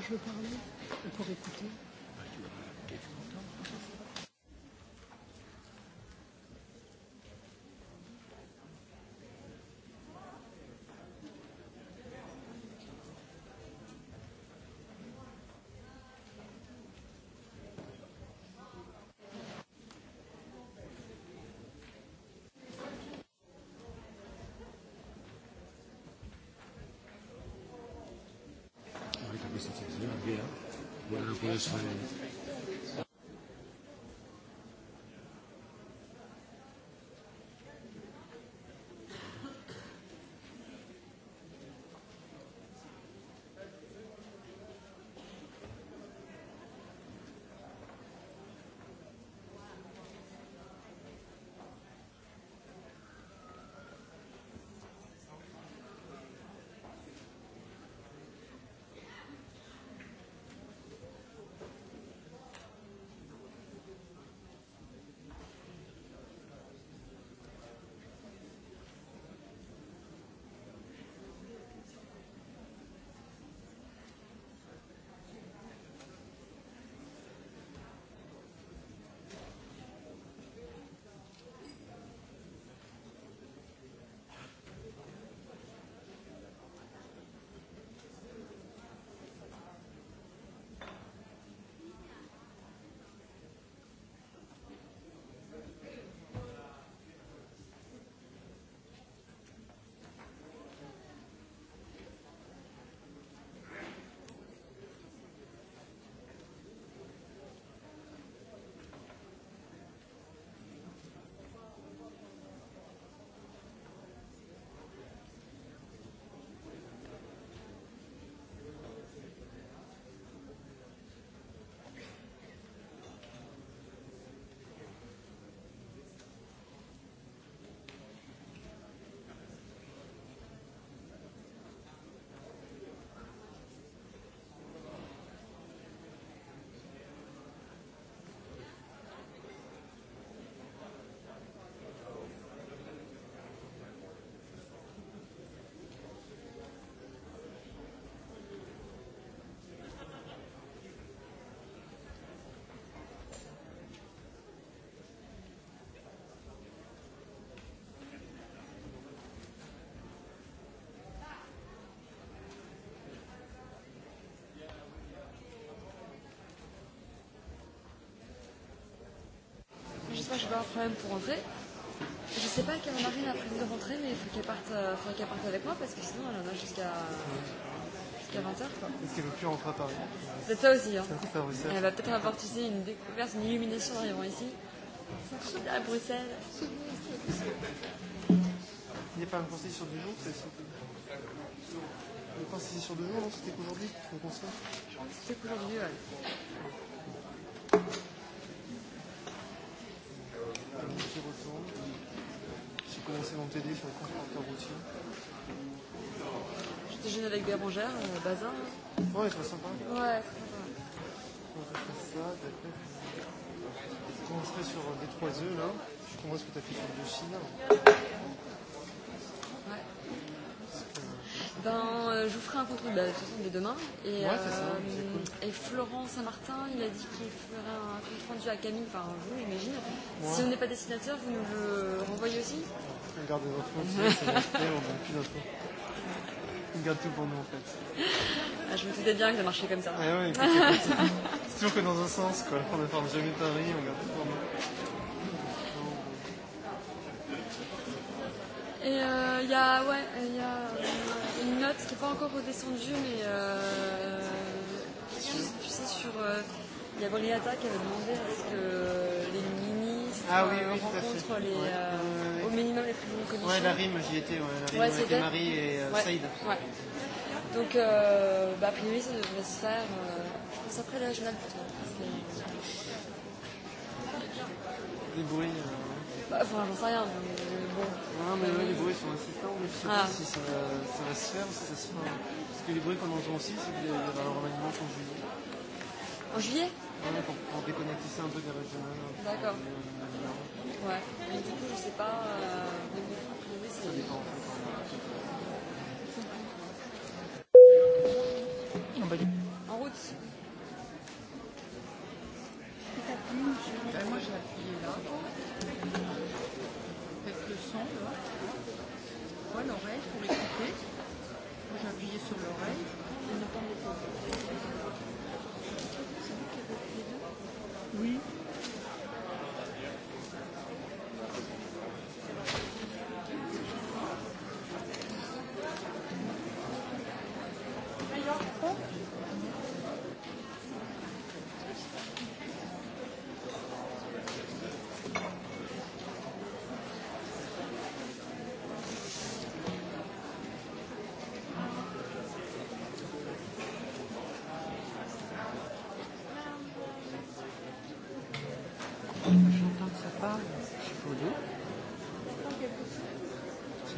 je veux parler ou pour écouter Thank fois, je vais avoir un problème pour rentrer. Je sais pas quelle Marine a prévu de rentrer, mais il faut qu'elle parte, euh, qu parte avec moi parce que sinon elle en a jusqu'à jusqu 20h. Est-ce qu'elle veut plus rentrer à Paris Peut-être ça aussi. Hein. Ça, ça, elle va peut-être avoir tu sais, une découverte, une illumination en arrivant ici. À Bruxelles. Il n'y a pas un conseil sur deux jours c'est... Le conseil sur deux jours, C'était qu'aujourd'hui le conseil C'était qu'aujourd'hui, ouais. passer mon TD sur le transporteur routier. J'étais gênée avec Bérangère, euh, Bazin. Ouais, très sympa. Ouais, très sympa. On Quand on serait sur des trois œufs, là, je comprends ce que tu as fait sur le Chine. Ouais. Ben, euh, je vous ferai un compte bah, de toute façon dès demain. Et, ouais, c'est ça, euh, cool. et Florent Saint-Martin, il a dit qu'il ferait un compte rendu à Camille, enfin vous, j'imagine. Ouais. Si on n'est pas dessinateur, vous nous le renvoyez aussi regarder votre foncier, c'est l'acheter, on n'a plus d'autre. On garde tout pour nous en fait. Ah, je me disais bien que ça marchait comme ça. Ah, ouais, c'est toujours que dans un sens, quoi. On ne forme jamais Paris, on garde tout pour nous. Et euh, il euh, y a, ouais, y a euh, une note qui n'est pas encore redescendue, mais euh, tu sais, sur. Euh, il euh, y a Briata qui avait demandé est ce que les lignes ah, oui, oui, euh, rencontre les, ouais, euh, au minimum les plus de commission. Oui, la rime, j'y étais, ouais, la rime ouais, avec Marie et euh, ouais. Saïd. Ouais. Donc, euh, bah, a priori, ça devrait se faire, euh, je pense, après la journal plutôt. Les bruits. Euh... Bah, enfin, j'en sais rien, mais euh, bon. Non, mais ouais, les bruits sont insistants, mais je sais ah. pas si ça, ça va se faire, si ça se fera. Parce que les bruits qu'on entend aussi, c'est qu'il y aura un remaniement en juillet. En juillet Ouais, pour, pour déconnecter ça un peu des régionales. D'accord. Euh, ouais. Mais du coup, je sais pas. Euh, ça dépend en fait. On va En route. moi j'ai appuyé là. Avec le son là. Moi l'oreille pour l'écouter. Moi j'ai appuyé sur l'oreille.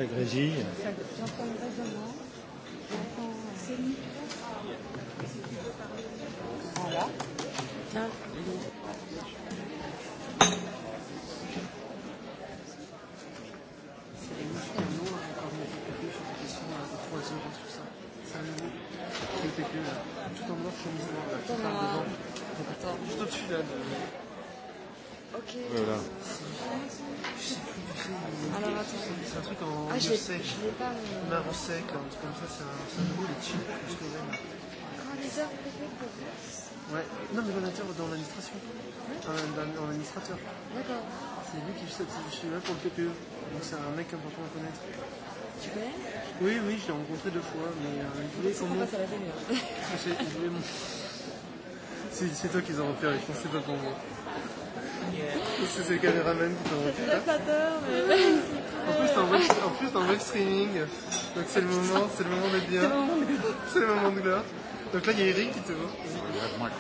grésille. Je sait. Non, on sait, quand, comme ça, ça, ça roule dessus. Quand les heures Ouais, non, mais donateur dans l'administration. Dans l'administrateur. D'accord. C'est lui qui fait je suis là pour le PPE. Donc c'est un mec important à connaître. Tu connais Oui, oui, je l'ai rencontré deux fois, mais euh, il voulait son nom. Je sais, Il voulait mon. C'est toi qui les as repérés, je pense que c'est pas pour moi. Yeah. C'est le caméraman qui t'a repéré. C'est le mais. En plus, en, web, en plus, en web streaming. Euh, donc, c'est le moment, c'est le moment d'être bien. C'est le moment de gloire. Donc là, il y a Eric qui te voit.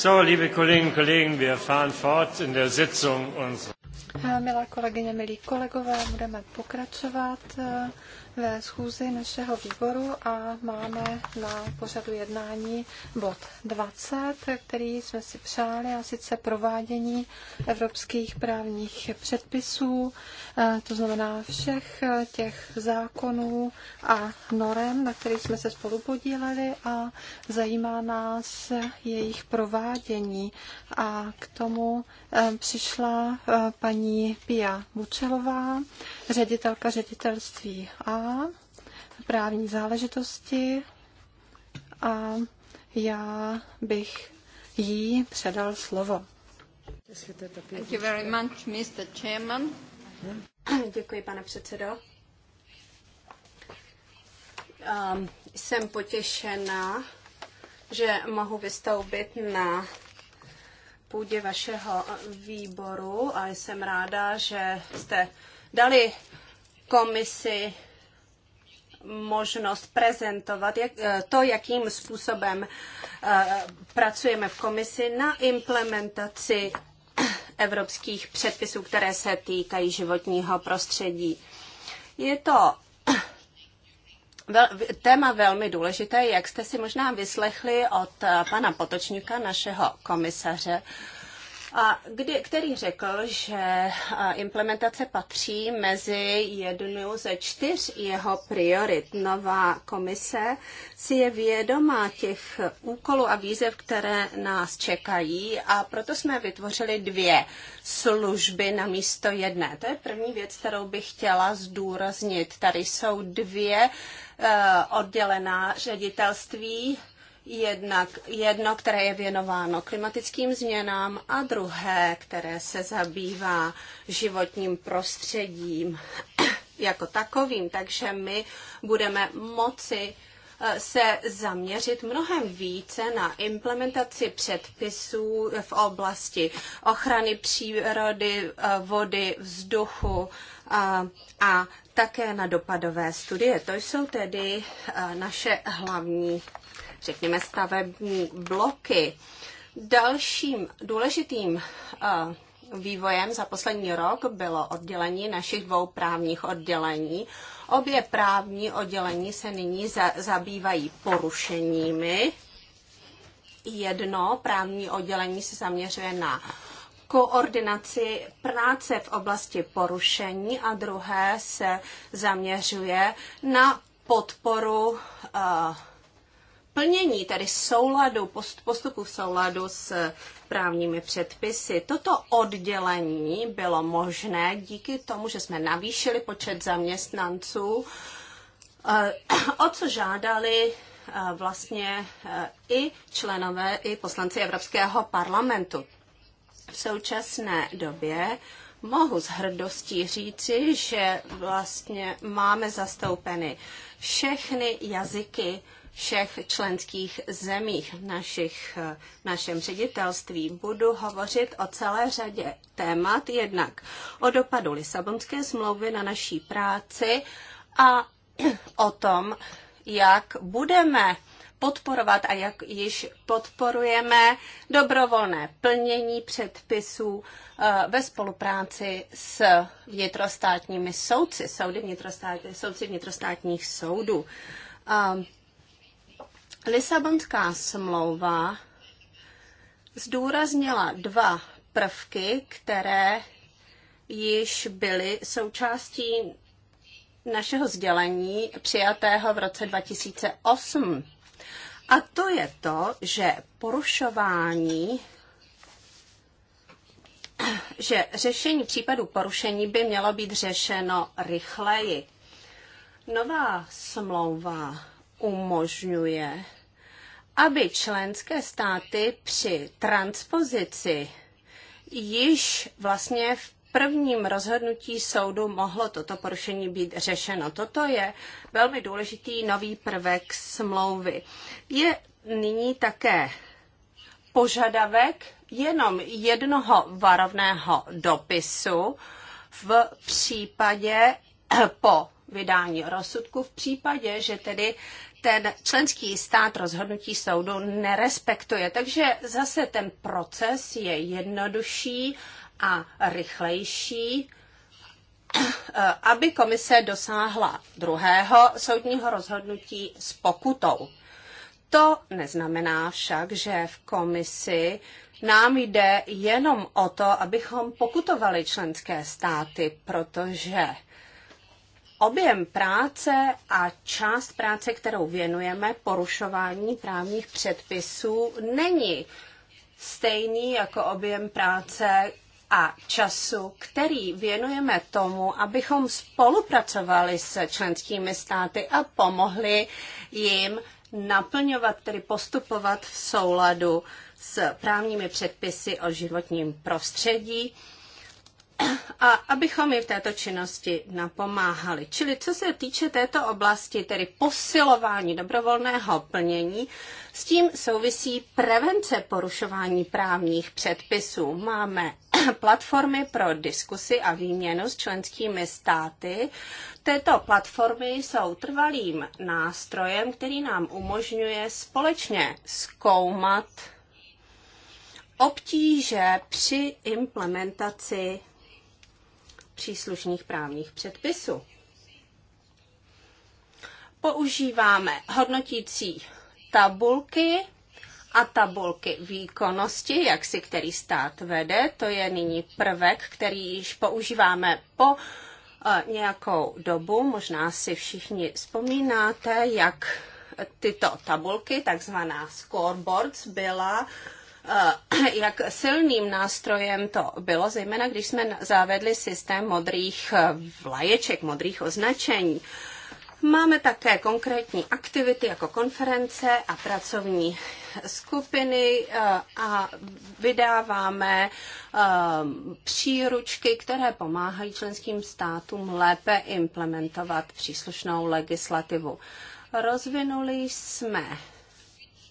So, liebe Kolleginnen und Kollegen, wir fahren fort in der Sitzung unserer. Milé kolegyně, milí kolegové, budeme pokračovat eh, ve schůzi našeho výboru a máme na pořadu jednání bod 20, který jsme si přáli, a sice provádění evropských právních předpisů, eh, to znamená všech těch zákonů a norem, na kterých jsme se spolu podíleli a zajímá nás jejich provádění. A k tomu eh, přišla eh, paní Pia Bučelová, ředitelka ředitelství A, právní záležitosti a já bych jí předal slovo. Thank you very much, Mr. Chairman. Děkuji, pane předsedo. Um, jsem potěšena, že mohu vystoupit na půdě vašeho výboru a jsem ráda, že jste dali komisi možnost prezentovat jak, eh, to, jakým způsobem eh, pracujeme v komisi na implementaci evropských předpisů, které se týkají životního prostředí. Je to vel, téma velmi důležité, jak jste si možná vyslechli od eh, pana Potočníka, našeho komisaře a kdy, který řekl, že implementace patří mezi jednu ze čtyř jeho priorit. Nová komise si je vědomá těch úkolů a výzev, které nás čekají a proto jsme vytvořili dvě služby na místo jedné. To je první věc, kterou bych chtěla zdůraznit. Tady jsou dvě e, oddělená ředitelství jednak jedno, které je věnováno klimatickým změnám a druhé, které se zabývá životním prostředím jako takovým. Takže my budeme moci eh, se zaměřit mnohem více na implementaci předpisů v oblasti ochrany přírody, eh, vody, vzduchu eh, a také na dopadové studie. To jsou tedy naše hlavní řekněme, stavební bloky. Dalším důležitým eh, vývojem za poslední rok bylo oddělení našich dvou právních oddělení. Obě právní oddělení se nyní za, zabývají porušeními. Jedno právní oddělení se zaměřuje na koordinaci práce v oblasti porušení a druhé se zaměřuje na podporu uh, plnění, tedy souladu, post, postupu v souladu s právními předpisy. Toto oddělení bylo možné díky tomu, že jsme navýšili počet zaměstnanců, eh, o co žádali eh, vlastně eh, i členové, i poslanci Evropského parlamentu. V současné době mohu s hrdostí říci, že vlastně máme zastoupeny všechny jazyky všech členských zemích v, našich, eh, v našem ředitelství. Budu hovořit o celé řadě témat, jednak o dopadu Lisabonské smlouvy na naší práci a o tom, jak budeme podporovat a jak již podporujeme dobrovolné plnění předpisů eh, ve spolupráci s vnitrostátními soudci, soudy vnitrostát, soudci vnitrostátních soudů. Ehm, Lisabonská smlouva zdůraznila dva prvky, které již byly součástí našeho sdělení přijatého v roce 2008. A to je to, že porušování, že řešení případů porušení by mělo být řešeno rychleji. Nová smlouva umožňuje, aby členské státy při transpozici již vlastně v prvním rozhodnutí soudu mohlo toto porušení být řešeno. Toto je velmi důležitý nový prvek smlouvy. Je nyní také požadavek jenom jednoho varovného dopisu v případě po vydání rozsudku v případě, že tedy ten členský stát rozhodnutí soudu nerespektuje. Takže zase ten proces je jednodušší a rychlejší, aby komise dosáhla druhého soudního rozhodnutí s pokutou. To neznamená však, že v komisi nám jde jenom o to, abychom pokutovali členské státy, protože objem práce a část práce, kterou věnujeme porušování právních předpisů, není stejný jako objem práce a času, který věnujeme tomu, abychom spolupracovali s členskými státy a pomohli jim naplňovat, tedy postupovat v souladu s právními předpisy o životním prostředí a abychom jim v této činnosti napomáhali. Čili co se týče této oblasti, tedy posilování dobrovolného plnění, s tím souvisí prevence porušování právních předpisů. Máme platformy pro diskusy a výměnu s členskými státy. Tyto platformy jsou trvalým nástrojem, který nám umožňuje společně zkoumat obtíže při implementaci příslušných právních předpisů. Používáme hodnotící tabulky a tabulky výkonnosti, jak si který stát vede. To je nyní prvek, který již používáme po eh, nějakou dobu. Možná si všichni vzpomínáte, jak tyto tabulky, takzvaná scoreboards, byla Eh, jak silným nástrojem to bylo, zejména když jsme zavedli systém modrých eh, vlaječek, modrých označení. Máme také konkrétní aktivity jako konference a pracovní skupiny eh, a vydáváme příručky, které pomáhají členským státům lépe implementovat příslušnou legislativu. Rozvinuli jsme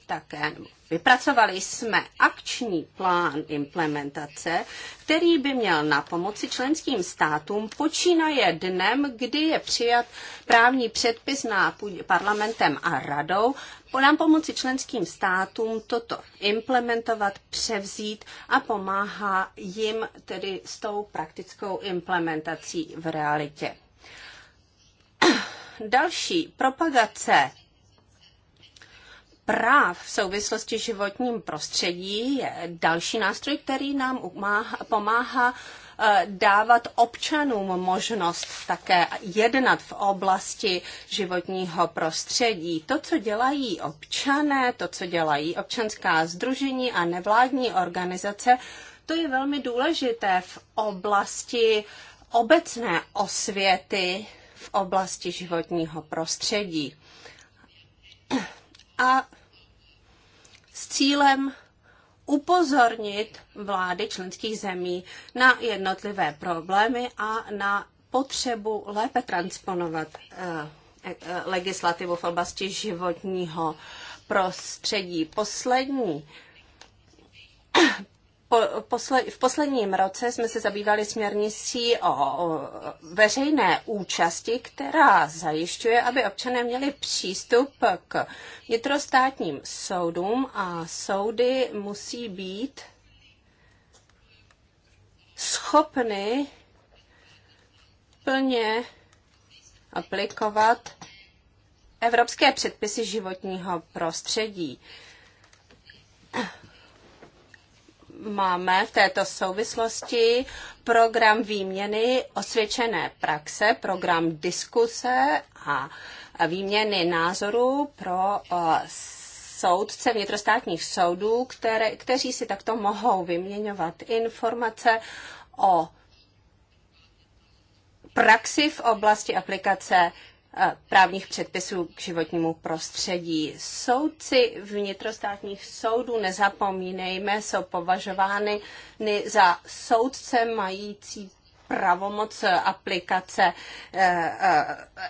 také, vypracovali jsme akční plán implementace, který by měl na pomoci členským státům počínaje dnem, kdy je přijat právní předpis na parlamentem a radou, po nám pomoci členským státům toto implementovat, převzít a pomáhá jim tedy s tou praktickou implementací v realitě. Další propagace práv v souvislosti s životním prostředí je další nástroj, který nám pomáhá eh, dávat občanům možnost také jednat v oblasti životního prostředí. To, co dělají občané, to, co dělají občanská združení a nevládní organizace, to je velmi důležité v oblasti obecné osvěty v oblasti životního prostředí. A s cílem upozornit vlády členských zemí na jednotlivé problémy a na potřebu lépe transponovat eh, eh, legislativu v oblasti životního prostředí. Poslední v posledním roce jsme se zabývali směrnicí o, veřejné účasti, která zajišťuje, aby občané měli přístup k vnitrostátním soudům a soudy musí být schopny plně aplikovat evropské předpisy životního prostředí. máme v této souvislosti program výměny osvědčené praxe, program diskuse a výměny názorů pro eh, soudce vnitrostátních soudů, které, kteří si takto mohou vyměňovat informace o praxi v oblasti aplikace Eh, právních předpisů k životnímu prostředí. Soudci vnitrostátních soudů, nezapomínejme, jsou považovány za soudce mající pravomoc aplikace eh, eh,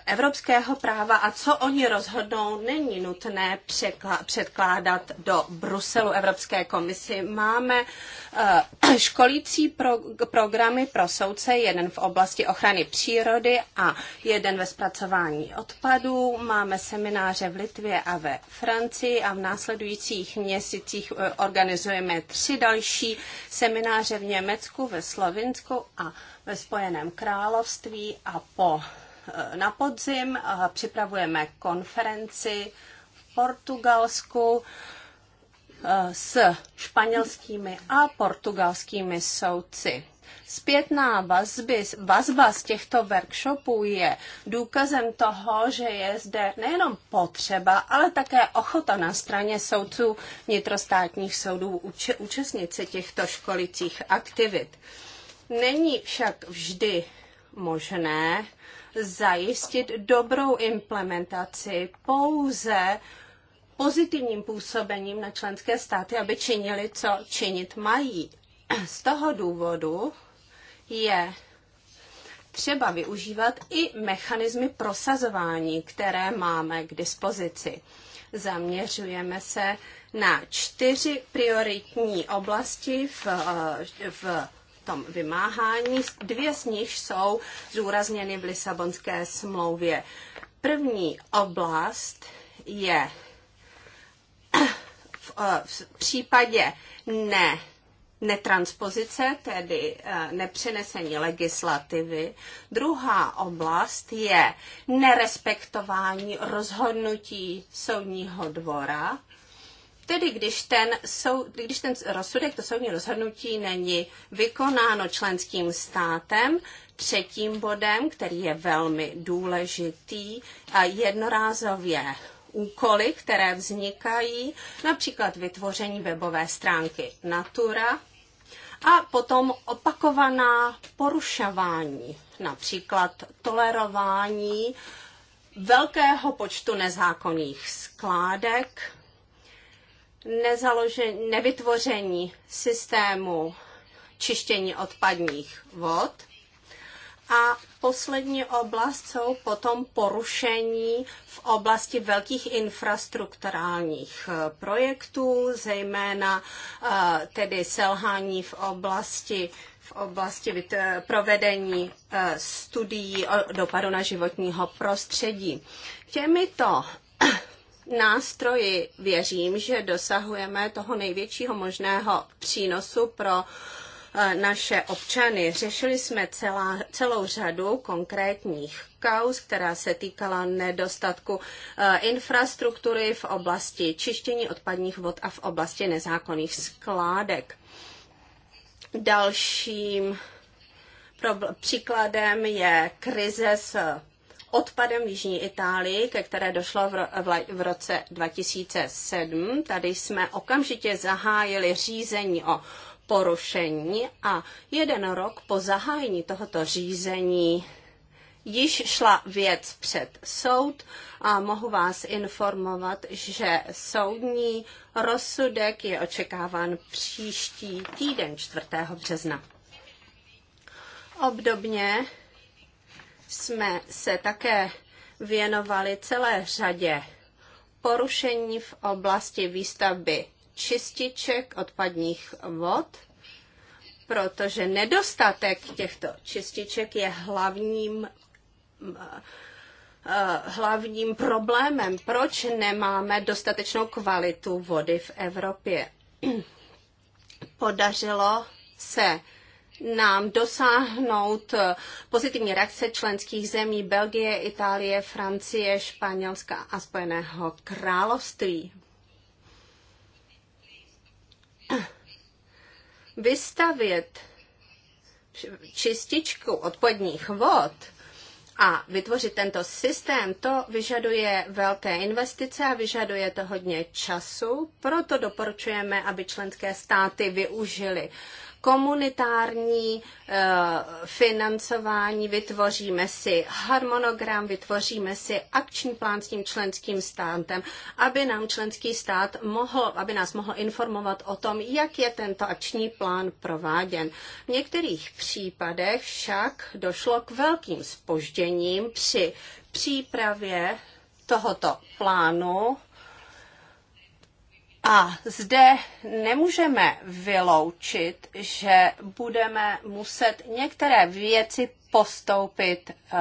evropského práva a co oni rozhodnou, není nutné předkládat do Bruselu Evropské komisi. Máme eh, školící programy pro soudce, jeden v oblasti ochrany přírody a jeden ve zpracování odpadů. Máme semináře v Litvě a ve Francii a v následujících měsících organizujeme tři další semináře v Německu, ve Slovinsku a ve Spojeném království a po, e, na podzim e, připravujeme konferenci v Portugalsku e, s španělskými a portugalskými soudci. Zpětná vazby, vazba z těchto workshopů je důkazem toho, že je zde nejenom potřeba, ale také ochota na straně soudců vnitrostátních soudů účastnit se těchto školicích aktivit. Není však vždy možné zajistit dobrou implementaci pouze pozitivním působením na členské státy, aby činili, co činit mají. Z toho důvodu je třeba využívat i mechanismy prosazování, které máme k dispozici. Zaměřujeme se na čtyři prioritní oblasti v, v tom vymáhání. Dvě z nich jsou zúrazněny v Lisabonské smlouvě. První oblast je v, eh, v případě ne netranspozice, tedy eh, nepřenesení legislativy. Druhá oblast je nerespektování rozhodnutí soudního dvora. Tedy když ten, sou, když ten rozsudek, to soudní rozhodnutí není vykonáno členským státem, třetím bodem, který je velmi důležitý, a jednorázově úkoly, které vznikají, například vytvoření webové stránky Natura, a potom opakovaná porušování, například tolerování velkého počtu nezákonných skládek, nezaložení, nevytvoření systému čištění odpadních vod. A poslední oblast jsou potom porušení v oblasti velkých infrastrukturálních eh, projektů, zejména eh, tedy selhání v oblasti v oblasti eh, provedení studií o dopadu na životního prostředí. Těmito nástroji věřím, že dosahujeme toho největšího možného přínosu pro eh, naše občany. Řešili jsme celá, celou řadu konkrétních kauz, která se týkala nedostatku eh, infrastruktury v oblasti čištění odpadních vod a v oblasti nezákonných skládek. Dalším Příkladem je krize s odpadem v Jižní Itálii, ke které došlo v roce 2007. Tady jsme okamžitě zahájili řízení o porušení a jeden rok po zahájení tohoto řízení již šla věc před soud a mohu vás informovat, že soudní rozsudek je očekáván příští týden 4. března. Obdobně jsme se také věnovali celé řadě porušení v oblasti výstavby čističek odpadních vod, protože nedostatek těchto čističek je hlavním eh, hlavním problémem, proč nemáme dostatečnou kvalitu vody v Evropě. Podařilo se nám dosáhnout eh, pozitivní reakce členských zemí Belgie, Itálie, Francie, Španělska a Spojeného království. Vystavět čističku odpadních vod a vytvořit tento systém, to vyžaduje velké investice a vyžaduje to hodně času, proto doporučujeme, aby členské státy využily uh, komunitární eh, financování, vytvoříme si harmonogram, vytvoříme si akční plán s tím členským státem, aby nám členský stát mohl, aby nás mohl informovat o tom, jak je tento akční plán prováděn. V některých případech však došlo k velkým spožděním při přípravě tohoto plánu a zde nemůžeme vyloučit, že budeme muset některé věci postoupit eh,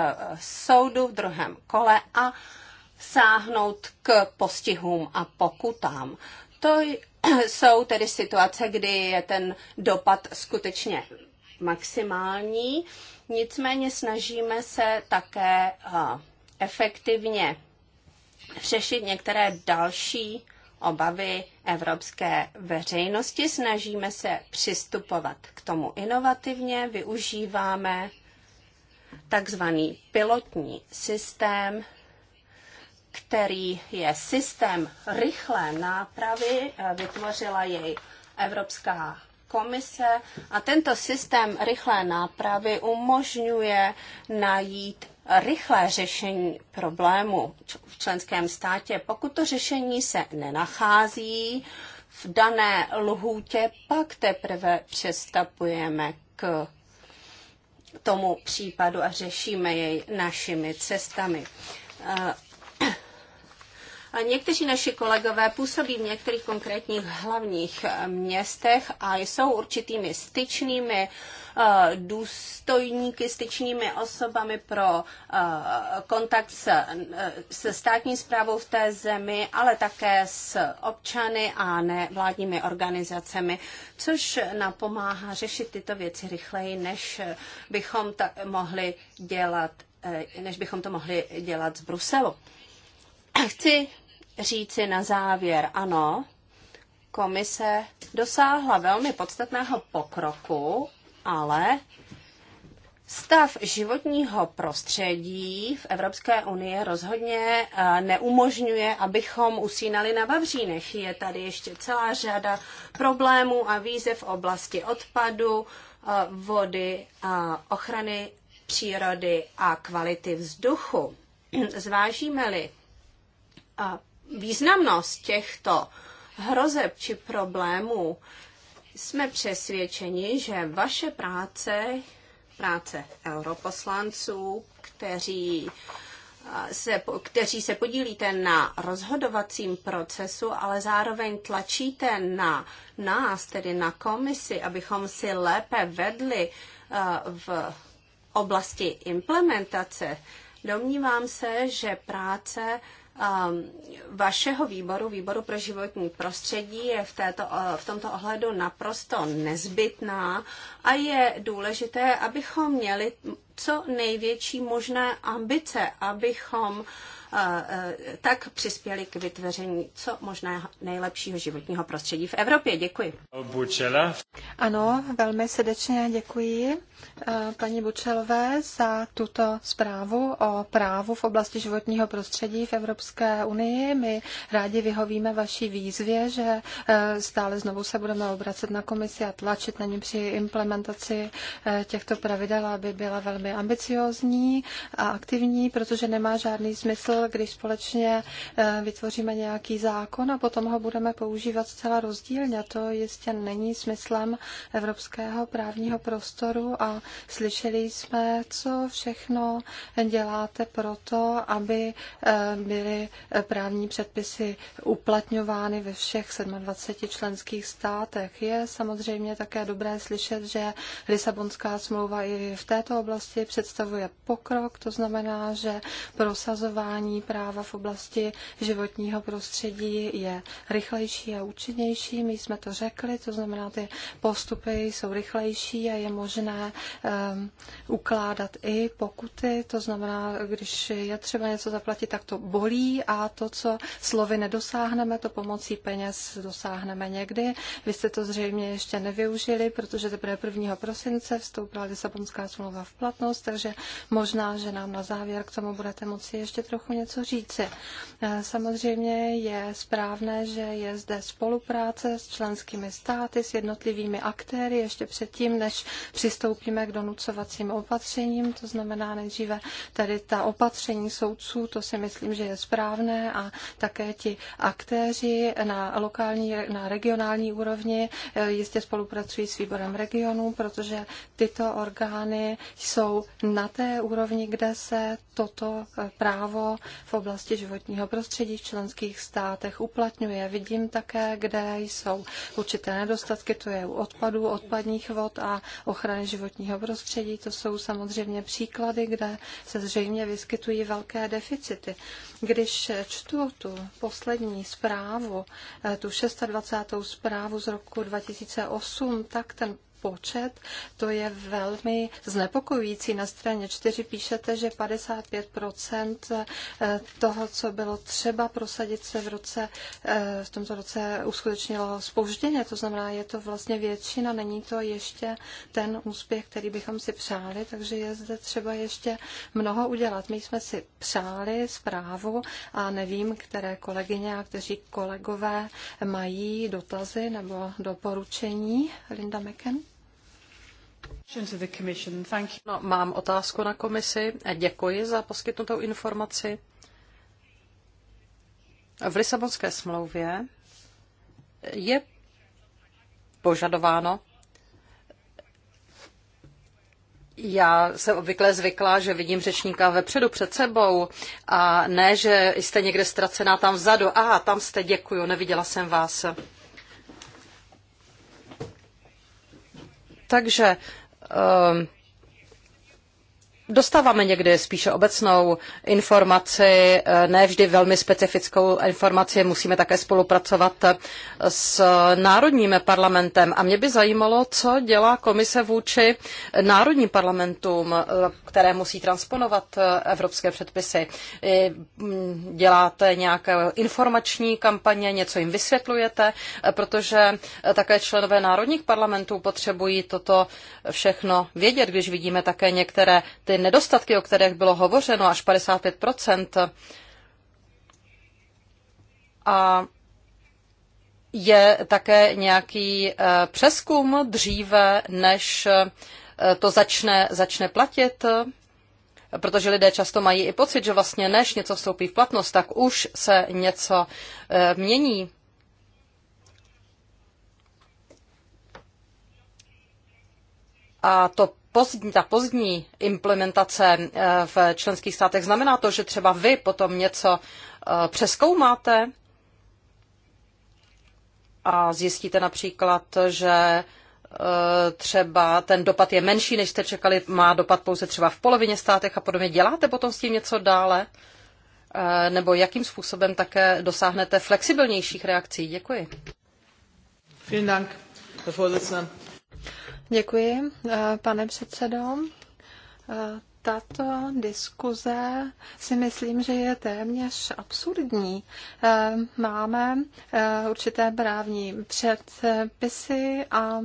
soudu v druhém kole a sáhnout k postihům a pokutám. To jsou tedy situace, kdy je ten dopad skutečně maximální, nicméně snažíme se také eh, efektivně řešit některé další obavy evropské veřejnosti. Snažíme se přistupovat k tomu inovativně, využíváme takzvaný pilotní systém, který je systém rychlé nápravy, eh, vytvořila jej Evropská komise a tento systém rychlé nápravy umožňuje najít rychlé řešení problému v členském státě, pokud to řešení se nenachází v dané lhůtě, pak teprve přestapujeme k tomu případu a řešíme jej našimi cestami. Někteří naši kolegové působí v některých konkrétních hlavních eh, městech a jsou určitými styčnými eh, důstojníky, styčnými osobami pro eh, kontakt se, se státní zprávou v té zemi, ale také s občany a nevládními organizacemi, což nám pomáhá řešit tyto věci rychleji, než bychom ta, mohli dělat než bychom to mohli dělat z Bruselu. Chci říci na závěr, ano, komise dosáhla velmi podstatného pokroku, ale Stav životního prostředí v Evropské unii rozhodně eh, neumožňuje, abychom usínali na vavřínech. Je tady ještě celá řada problémů a výzev v oblasti odpadu, eh, vody, ochrany přírody a kvality vzduchu. Zvážíme-li významnost těchto hrozeb či problémů, jsme přesvědčeni, že vaše práce, práce europoslanců, kteří se, kteří se podílíte na rozhodovacím procesu, ale zároveň tlačíte na nás, tedy na komisi, abychom si lépe vedli v oblasti implementace, domnívám se, že práce Ehm, vašeho výboru, výboru pro životní prostředí, je v, této, eh, v tomto ohledu naprosto nezbytná a je důležité, abychom měli co největší možné ambice, abychom uh, E, tak přispěli k vytvoření co možná nejlepšího životního prostředí v Evropě. Děkuji. Bučela. Ano, velmi srdečně děkuji e, paní Bučelové za tuto zprávu o právu v oblasti životního prostředí v Evropské unii. My rádi vyhovíme vaší výzvě, že e, stále znovu se budeme obracet na komisi a tlačit na ní při implementaci těchto pravidel, aby byla velmi ambiciózní a aktivní, protože nemá žádný smysl smysl, když společně eh, vytvoříme nějaký zákon a potom ho budeme používat zcela rozdílně. To jistě není smyslem evropského právního prostoru a slyšeli jsme, co všechno děláte pro to, aby eh, byly právní předpisy uplatňovány ve všech 27 členských státech. Je samozřejmě také dobré slyšet, že Lisabonská smlouva i v této oblasti představuje pokrok, to znamená, že prosazování sociální práva v oblasti životního prostředí je rychlejší a účinnější. My jsme to řekli, to znamená, ty postupy jsou rychlejší a je možné um, ukládat i pokuty. To znamená, když je třeba něco zaplatit, tak to bolí a to, co slovy nedosáhneme, to pomocí peněz dosáhneme někdy. Vy jste to zřejmě ještě nevyužili, protože teprve 1. prosince vstoupila Lisabonská smlouva v platnost, takže možná, že nám na závěr k tomu budete moci ještě trochu něco říci. Eh, samozřejmě je správné, že je zde spolupráce s členskými státy, s jednotlivými aktéry, ještě předtím, než přistoupíme k donucovacím opatřením, to znamená nejdříve tady ta opatření soudců, to si myslím, že je správné a také ti aktéři na lokální, na regionální úrovni eh, jistě spolupracují s výborem regionů, protože tyto orgány jsou na té úrovni, kde se toto eh, právo v oblasti životního prostředí v členských státech uplatňuje. Vidím také, kde jsou určité nedostatky, to je u odpadů, odpadních vod a ochrany životního prostředí. To jsou samozřejmě příklady, kde se zřejmě vyskytují velké deficity. Když čtu tu poslední zprávu, eh, tu 26. zprávu z roku 2008, tak ten počet, to je velmi znepokojující. Na straně 4 píšete, že 55 eh, toho, co bylo třeba prosadit se v, roce, eh, v tomto roce uskutečnilo spožděně. To znamená, je to vlastně většina, není to ještě ten úspěch, který bychom si přáli, takže je zde třeba ještě mnoho udělat. My jsme si přáli zprávu a nevím, které kolegyně a kteří kolegové mají dotazy nebo doporučení. Linda McKen? No, mám otázku na komisi. Děkuji za poskytnutou informaci. V Lisabonské smlouvě je požadováno, já jsem obvykle zvykla, že vidím řečníka vepředu před sebou a ne, že jste někde ztracená tam vzadu. A ah, tam jste, děkuju, neviděla jsem vás. Takže ehm, dostáváme někdy spíše obecnou informaci, eh, ne vždy velmi specifickou informaci. Musíme také spolupracovat s národním parlamentem. A mě by zajímalo, co dělá komise vůči národním parlamentům, eh, které musí transponovat eh, evropské předpisy. Mm, děláte nějaké informační kampaně, něco jim vysvětlujete, protože také členové národních parlamentů potřebují toto všechno vědět, když vidíme také některé ty nedostatky, o kterých bylo hovořeno, až 55 A je také nějaký eh, přeskum dříve, než eh, to začne, začne platit? Protože lidé často mají i pocit, že vlastně než něco vstoupí v platnost, tak už se něco eh, mění. A to pozdní, ta pozdní implementace eh, v členských státech, znamená to, že třeba vy potom něco eh, přeskoumáte a zjistíte například, že eh, třeba ten dopad je menší, než jste čekali, má dopad pouze třeba v polovině státech a podobně. Děláte potom s tím něco dále? Nebo jakým způsobem také dosáhnete flexibilnějších reakcí? Děkuji. Vielen Dank, Herr Vorsitzender. Děkuji, eh, pane předsedo. Eh, tato diskuze si myslím, že je téměř absurdní. Eh, máme určité právní předpisy a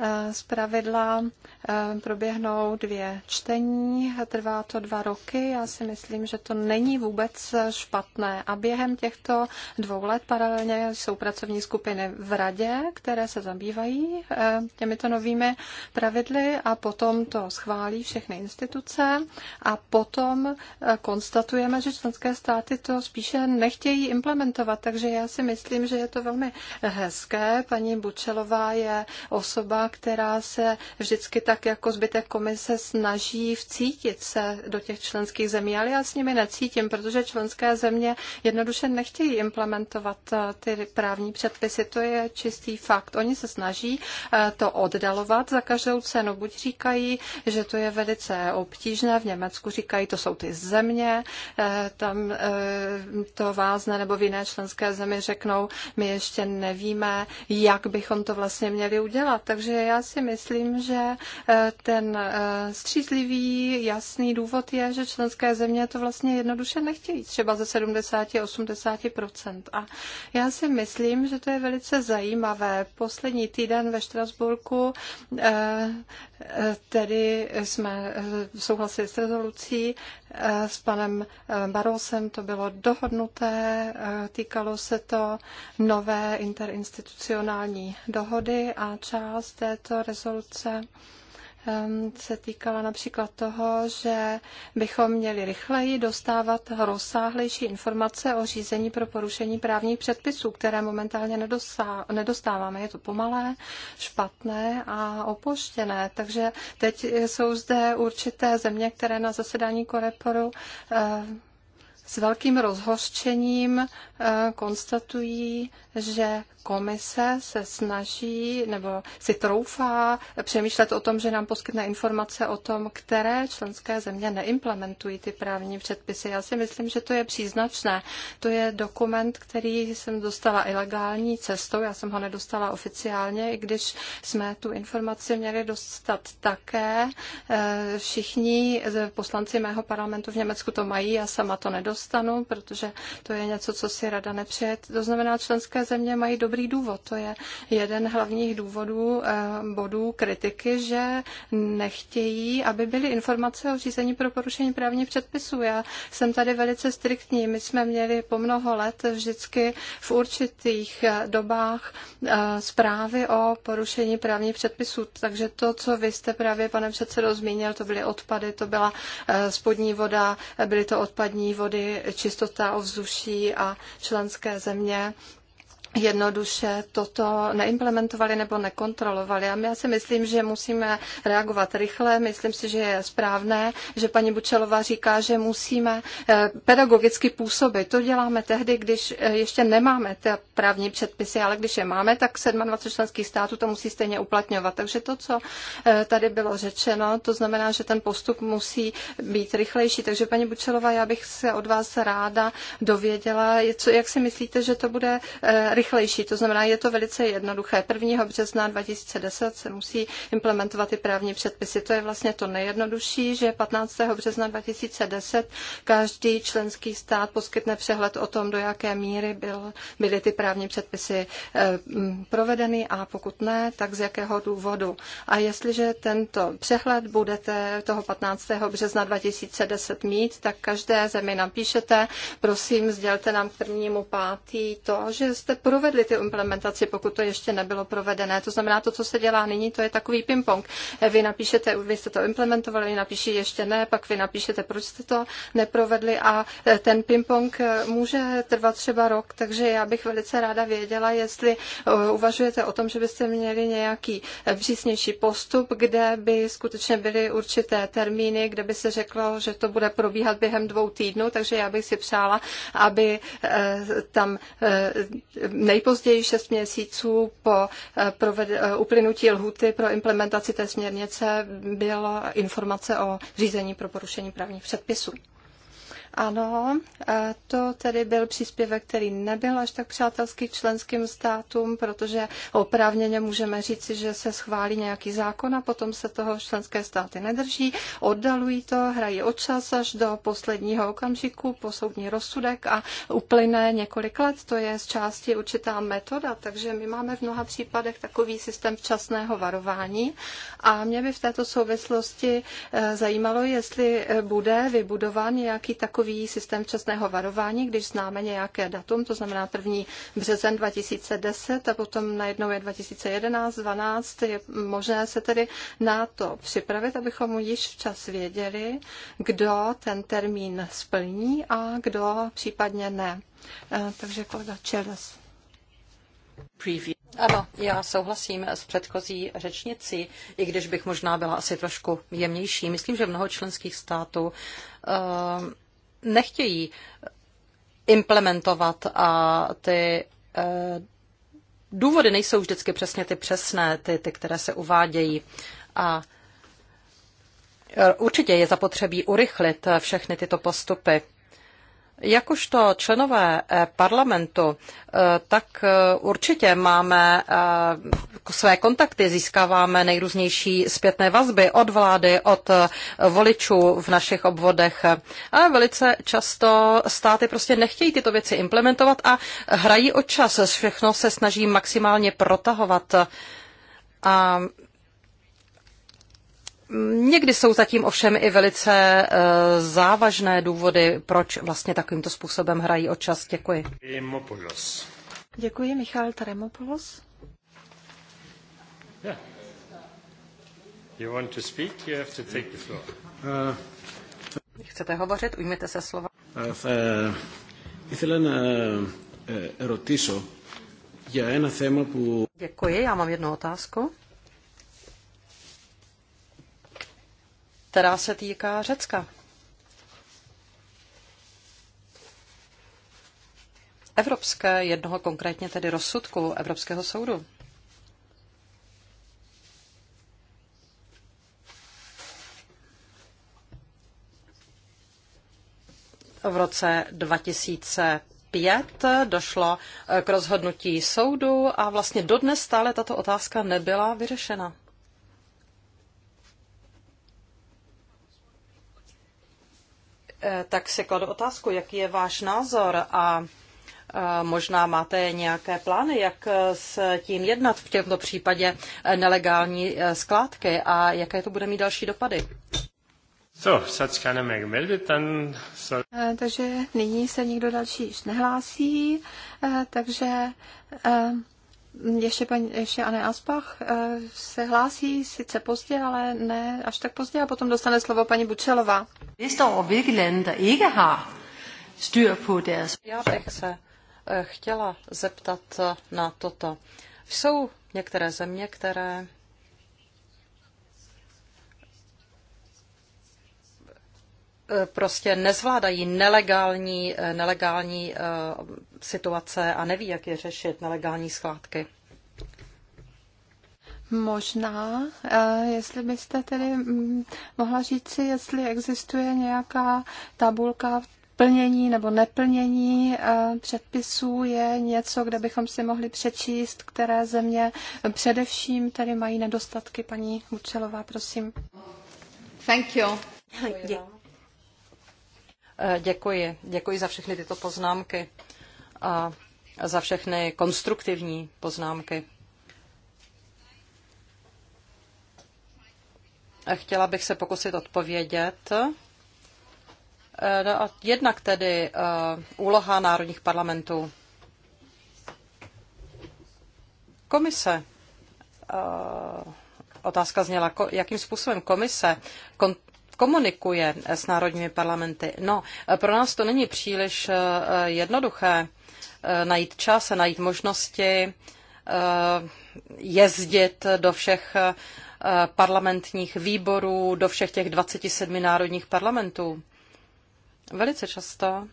Eh, Zpravidla eh, proběhnou dvě čtení, trvá to dva roky. Já si myslím, že to není vůbec špatné. A během těchto dvou let paralelně jsou pracovní skupiny v radě, které se zabývají eh, těmito novými pravidly a potom to schválí všechny instituce a potom konstatujeme, že členské státy to spíše nechtějí implementovat. Takže já si myslím, že je to velmi hezké. Paní Bučelová je osoba, která se vždycky tak jako zbytek komise snaží vcítit se do těch členských zemí, ale já s nimi necítím, protože členské země jednoduše nechtějí implementovat eh, ty právní předpisy. To je čistý fakt. Oni se snaží eh, to oddalovat za každou cenu. Buď říkají, že to je velice obtížné, v Německu říkají, to jsou ty země, eh, tam to vázne, nebo v jiné členské zemi řeknou, my ještě nevíme, jak bychom to vlastně měli udělat. Takže já si myslím, že eh, ten eh, střízlivý, jasný důvod je, že členské země to vlastně jednoduše nechtějí, třeba ze 70-80%. A já si myslím, že to je velice zajímavé. Poslední týden ve Štrasburku eh, tedy jsme souhlasili s rezolucí s panem Barosem, to bylo dohodnuté, týkalo se to nové interinstitucionální dohody a část této rezoluce ehm, se týkala například toho, že bychom měli rychleji dostávat rozsáhlejší informace o řízení pro porušení právních předpisů, které momentálně nedostáváme. Je to pomalé, špatné a opoštěné. Takže teď jsou zde určité země, které na zasedání Koreporu ehm, s velkým rozhořčením eh, konstatují, že komise se snaží nebo si troufá přemýšlet o tom, že nám poskytne informace o tom, které členské země neimplementují ty právní předpisy. Já si myslím, že to je příznačné. To je dokument, který jsem dostala ilegální cestou. Já jsem ho nedostala oficiálně, i když jsme tu informaci měli dostat také. Eh, všichni poslanci mého parlamentu v Německu to mají, já sama to nedostala dostanu, protože to je něco, co si rada nepřeje. To znamená, členské země mají dobrý důvod. To je jeden hlavních důvodů eh, bodů kritiky, že nechtějí, aby byly informace o řízení pro porušení právních předpisů. Já jsem tady velice striktní. My jsme měli po mnoho let vždycky v určitých eh, dobách eh, zprávy o porušení právních předpisů. Takže to, co vy jste právě, pane předsedo, zmínil, to byly odpady, to byla spodní voda, byly to odpadní vody, čistota ovzduší a členské země jednoduše toto neimplementovali nebo nekontrolovali. A já si myslím, že musíme reagovat rychle. Myslím si, že je správné, že paní Bučelová říká, že musíme eh, pedagogicky působit. To děláme tehdy, když eh, ještě nemáme ty právní předpisy, ale když je máme, tak 27 členských států to musí stejně uplatňovat. Takže to, co eh, tady bylo řečeno, to znamená, že ten postup musí být rychlejší. Takže paní Bučelová, já bych se od vás ráda dověděla, jak si myslíte, že to bude rychlejší. To znamená, je to velice jednoduché. 1. března 2010 se musí implementovat i právní předpisy. To je vlastně to nejjednodušší, že 15. března 2010 každý členský stát poskytne přehled o tom, do jaké míry byl, byly ty právní předpisy eh, mm, provedeny a pokud ne, tak z jakého důvodu. A jestliže tento přehled budete toho 15. března 2010 mít, tak každé zemi napíšete, prosím, sdělte nám k prvnímu pátý to, že jste provedli ty implementaci, pokud to ještě nebylo provedené. To znamená, to, co se dělá nyní, to je takový ping-pong. Vy napíšete, vy jste to implementovali, vy napíší ještě ne, pak vy napíšete, proč jste to neprovedli a e, ten ping-pong e, může trvat třeba rok, takže já bych velice ráda věděla, jestli e, uvažujete o tom, že byste měli nějaký přísnější postup, kde by skutečně byly určité termíny, kde by se řeklo, že to bude probíhat během dvou týdnů, takže já bych si přála, aby tam nejpozději 6 měsíců po eh, eh, uplynutí lhuty pro implementaci té směrnice byla informace o řízení pro porušení právních předpisů. Ano, to tedy byl příspěvek, který nebyl až tak přátelský k členským státům, protože oprávněně můžeme říci, že se schválí nějaký zákon a potom se toho členské státy nedrží, oddalují to, hrají od čas až do posledního okamžiku, posoudní rozsudek a uplyne několik let. To je z části určitá metoda, takže my máme v mnoha případech takový systém včasného varování a mě by v této souvislosti eh, zajímalo, jestli eh, bude vybudován nějaký takový krizový systém včasného varování, když známe nějaké datum, to znamená 1. březen 2010 a potom najednou je 2011, 12, je možné se tedy na to připravit, abychom již včas věděli, kdo ten termín splní a kdo případně ne. Eh, takže kolega Čeles. Ano, já souhlasím s předchozí řečnicí, i když bych možná byla asi trošku jemnější. Myslím, že mnoho členských států uh, nechtějí implementovat a ty eh, důvody nejsou vždycky přesně ty přesné, ty, ty které se uvádějí. A eh, určitě je zapotřebí urychlit eh, všechny tyto postupy. Jakožto členové eh, parlamentu, eh, tak eh, určitě máme své kontakty, získáváme nejrůznější zpětné vazby od vlády, od voličů v našich obvodech. A velice často státy prostě nechtějí tyto věci implementovat a hrají o čas. Všechno se snaží maximálně protahovat. A Někdy jsou zatím ovšem i velice uh, závažné důvody, proč vlastně takovýmto způsobem hrají o čas. Děkuji. Děkuji, Michal Taremopoulos. Yeah. You want to speak, you have to take the floor. Uh, Chcete hovořit? Ujměte se slova. Uh, eh, eh, Děkuji, já mám jednu otázku. která se týká Řecka. Evropské, jednoho konkrétně tedy rozsudku Evropského soudu. V roce 2005 došlo k rozhodnutí soudu a vlastně dodnes stále tato otázka nebyla vyřešena. Eh, tak si kladu otázku, jaký je váš názor a eh, Možná máte nějaké plány, jak eh, s tím jednat v tomto případě nelegální skládky a jaké to bude mít další dopady? So, gemeldet, Takže nyní se nikdo další již nehlásí, takže ještě, paní, ještě Anne Aspach eh, se hlásí sice pozdě, ale ne až tak pozdě a potom dostane slovo paní Bučelová. Já bych se eh, chtěla zeptat eh, na toto. Jsou některé země, které prostě nezvládají nelegální, nelegální situace a neví, jak je řešit nelegální skládky. Možná, eh, jestli byste tedy mm, mohla říct si, jestli existuje nějaká tabulka v plnění nebo neplnění eh, předpisů je něco, kde bychom si mohli přečíst, které země především tedy mají nedostatky. Paní Mučelová, prosím. Thank you. Děkuji. Děkuji. Děkuji za všechny tyto poznámky a za všechny konstruktivní poznámky. Chtěla bych se pokusit odpovědět. Eh, no jednak tedy eh, úloha národních parlamentů. Komise. Eh, otázka zněla, jakým způsobem komise komunikuje s národními parlamenty. No, pro nás to není příliš jednoduché Eh, najít čas a najít možnosti eh, jezdit do všech eh, parlamentních výborů, do všech těch 27 národních parlamentů. Velice často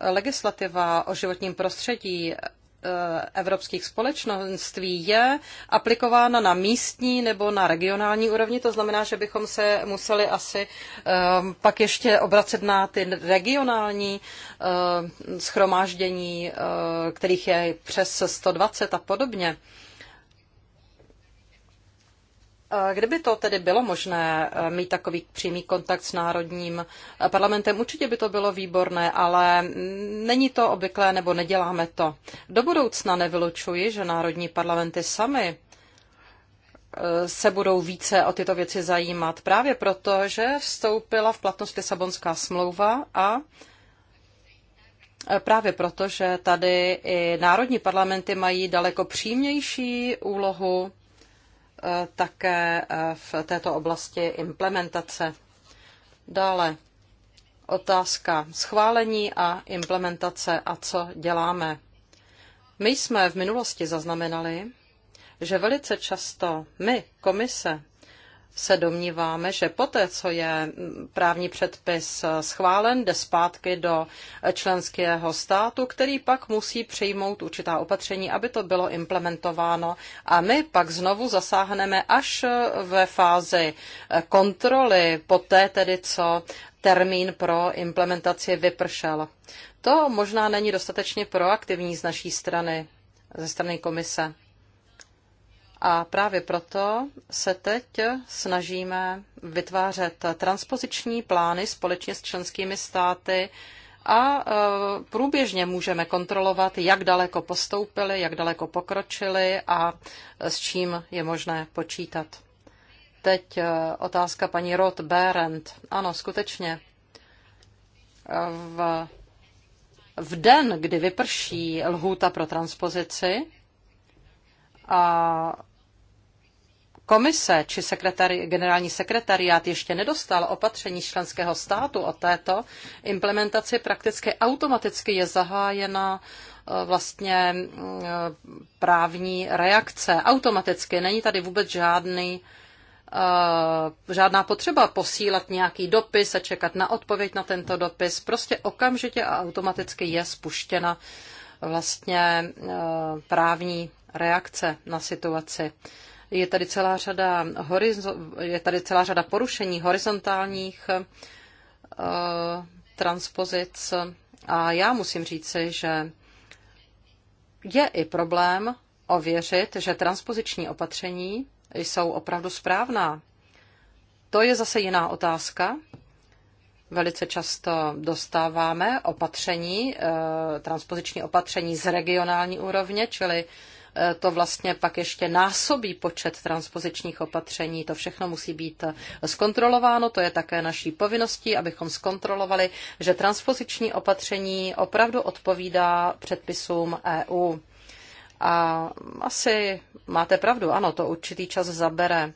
legislativa o životním prostředí Eh, evropských společenství je aplikována na místní nebo na regionální úrovni. To znamená, že bychom se museli asi eh, pak ještě obracet na ty regionální eh, schromáždění, kterých je přes 120 a podobně. Eh, kdyby to tedy bylo možné eh, mít takový přímý kontakt s Národním eh, parlamentem, určitě by to bylo výborné, ale není to obvyklé nebo neděláme to. Do budoucna nevylučuji, že Národní parlamenty sami se budou více o tyto věci zajímat. Právě proto, že vstoupila v platnost Lisabonská smlouva a Právě proto, že tady i národní parlamenty mají daleko přímější úlohu Eh, také eh, v této oblasti implementace. Dále otázka schválení a implementace a co děláme. My jsme v minulosti zaznamenali, že velice často my, komise, se domníváme, že poté, co je právní předpis schválen, jde zpátky do členského státu, který pak musí přijmout určitá opatření, aby to bylo implementováno. A my pak znovu zasáhneme až ve fázi kontroly, poté tedy, co termín pro implementaci vypršel. To možná není dostatečně proaktivní z naší strany, ze strany komise. A právě proto se teď snažíme vytvářet transpoziční plány společně s členskými státy a e, průběžně můžeme kontrolovat, jak daleko postoupili, jak daleko pokročili a s čím je možné počítat. Teď e, otázka paní Roth Berend. Ano, skutečně. E, v, v den, kdy vyprší lhůta pro transpozici, a komise či sekretari, generální sekretariát ještě nedostal opatření členského státu o této implementaci, prakticky automaticky je zahájena eh, vlastně eh, právní reakce. Automaticky není tady vůbec žádný eh, žádná potřeba posílat nějaký dopis a čekat na odpověď na tento dopis. Prostě okamžitě a automaticky je spuštěna vlastně právní reakce na situaci. Je tady celá řada, horizo- je tady celá řada porušení horizontálních uh, transpozic. A já musím říci, že je i problém ověřit, že transpoziční opatření jsou opravdu správná. To je zase jiná otázka. Velice často dostáváme opatření, eh, transpoziční opatření z regionální úrovně, čili E, to vlastně pak ještě násobí počet transpozičních opatření. To všechno musí být e, zkontrolováno, to je také naší povinností, abychom zkontrolovali, že transpoziční opatření opravdu odpovídá předpisům EU. A asi máte pravdu, ano, to určitý čas zabere.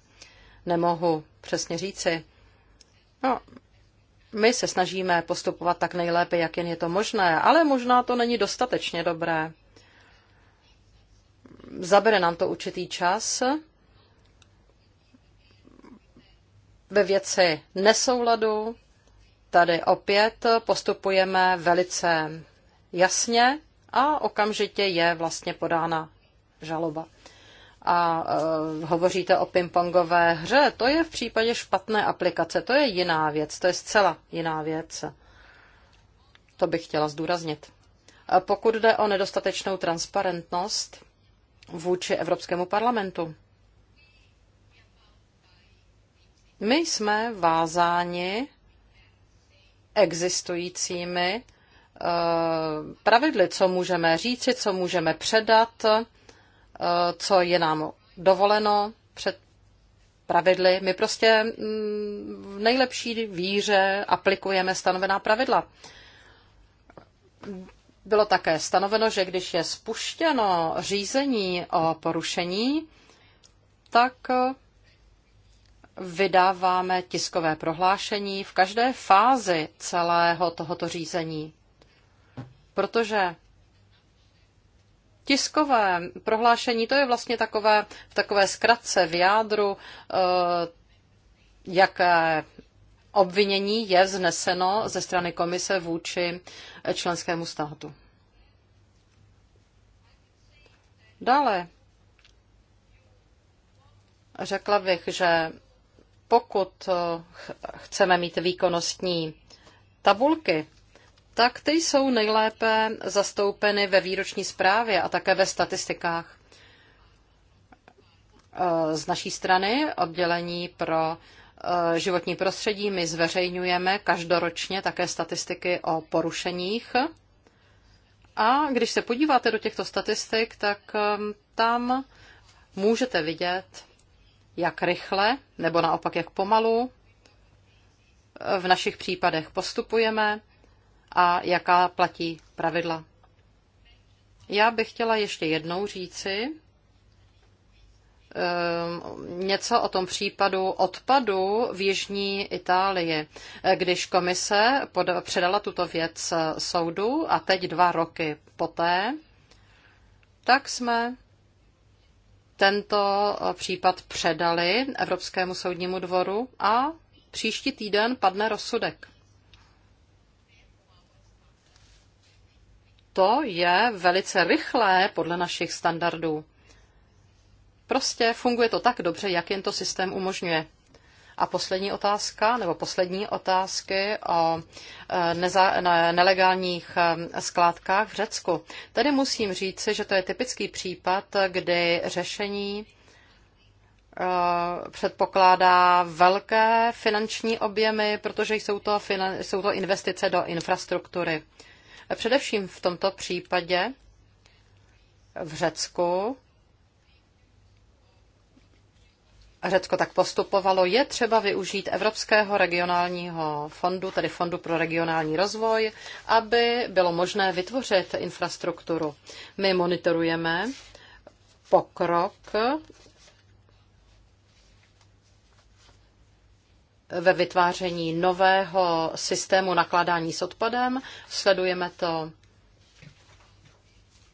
Nemohu přesně říci. No, my se snažíme postupovat tak nejlépe, jak jen je to možné, ale možná to není dostatečně dobré zabere nám to určitý čas ve věci nesouladu. Tady opět postupujeme velice jasně a okamžitě je vlastně podána žaloba. A e, hovoříte o pingpongové hře, to je v případě špatné aplikace, to je jiná věc, to je zcela jiná věc. To bych chtěla zdůraznit. A pokud jde o nedostatečnou transparentnost, vůči Evropskému parlamentu. My jsme vázáni existujícími eh, pravidly, co můžeme říci, co můžeme předat, eh, co je nám dovoleno před pravidly. My prostě mm, v nejlepší víře aplikujeme stanovená pravidla. Bylo také stanoveno, že když je spuštěno řízení o porušení, tak vydáváme tiskové prohlášení v každé fázi celého tohoto řízení. Protože tiskové prohlášení, to je vlastně takové, v takové zkratce v jádru, eh, jaké obvinění je zneseno ze strany komise vůči členskému státu. Dále řekla bych, že pokud eh, chceme mít výkonnostní tabulky, tak ty jsou nejlépe zastoupeny ve výroční zprávě a také ve statistikách. Eh, z naší strany oddělení pro Eh, životní prostředí my zveřejňujeme každoročně také statistiky o porušeních. A když se podíváte do těchto statistik, tak tam můžete vidět, jak rychle nebo naopak jak pomalu eh, v našich případech postupujeme a jaká platí pravidla. Já bych chtěla ještě jednou říci, Ehm, něco o tom případu odpadu v jižní Itálii, když komise předala tuto věc soudu a teď dva roky poté, tak jsme tento případ předali Evropskému soudnímu dvoru a příští týden padne rozsudek. To je velice rychlé podle našich standardů. Prostě funguje to tak dobře, jak jen to systém umožňuje. A poslední otázka, nebo poslední otázky o e, neza, ne, nelegálních e, skládkách v Řecku. Tady musím říci, že to je typický případ, kdy řešení e, předpokládá velké finanční objemy, protože jsou to, finan, jsou to investice do infrastruktury. Především v tomto případě v Řecku Řecko tak postupovalo, je třeba využít Evropského regionálního fondu, tedy Fondu pro regionální rozvoj, aby bylo možné vytvořit infrastrukturu. My monitorujeme pokrok ve vytváření nového systému nakládání s odpadem. Sledujeme to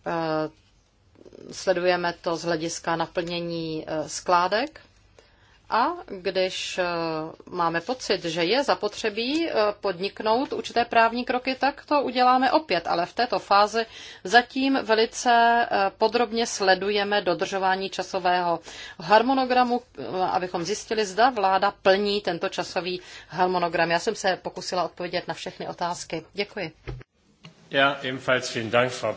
eh, sledujeme to z hlediska naplnění eh, skládek. A když eh, máme pocit, že je zapotřebí eh, podniknout určité právní kroky, tak to uděláme opět. Ale v této fázi zatím velice eh, podrobně sledujeme dodržování časového harmonogramu, abychom zjistili, zda vláda plní tento časový harmonogram. Já jsem se pokusila odpovědět na všechny otázky. Děkuji. Ja, ebenfalls vielen Dank, Frau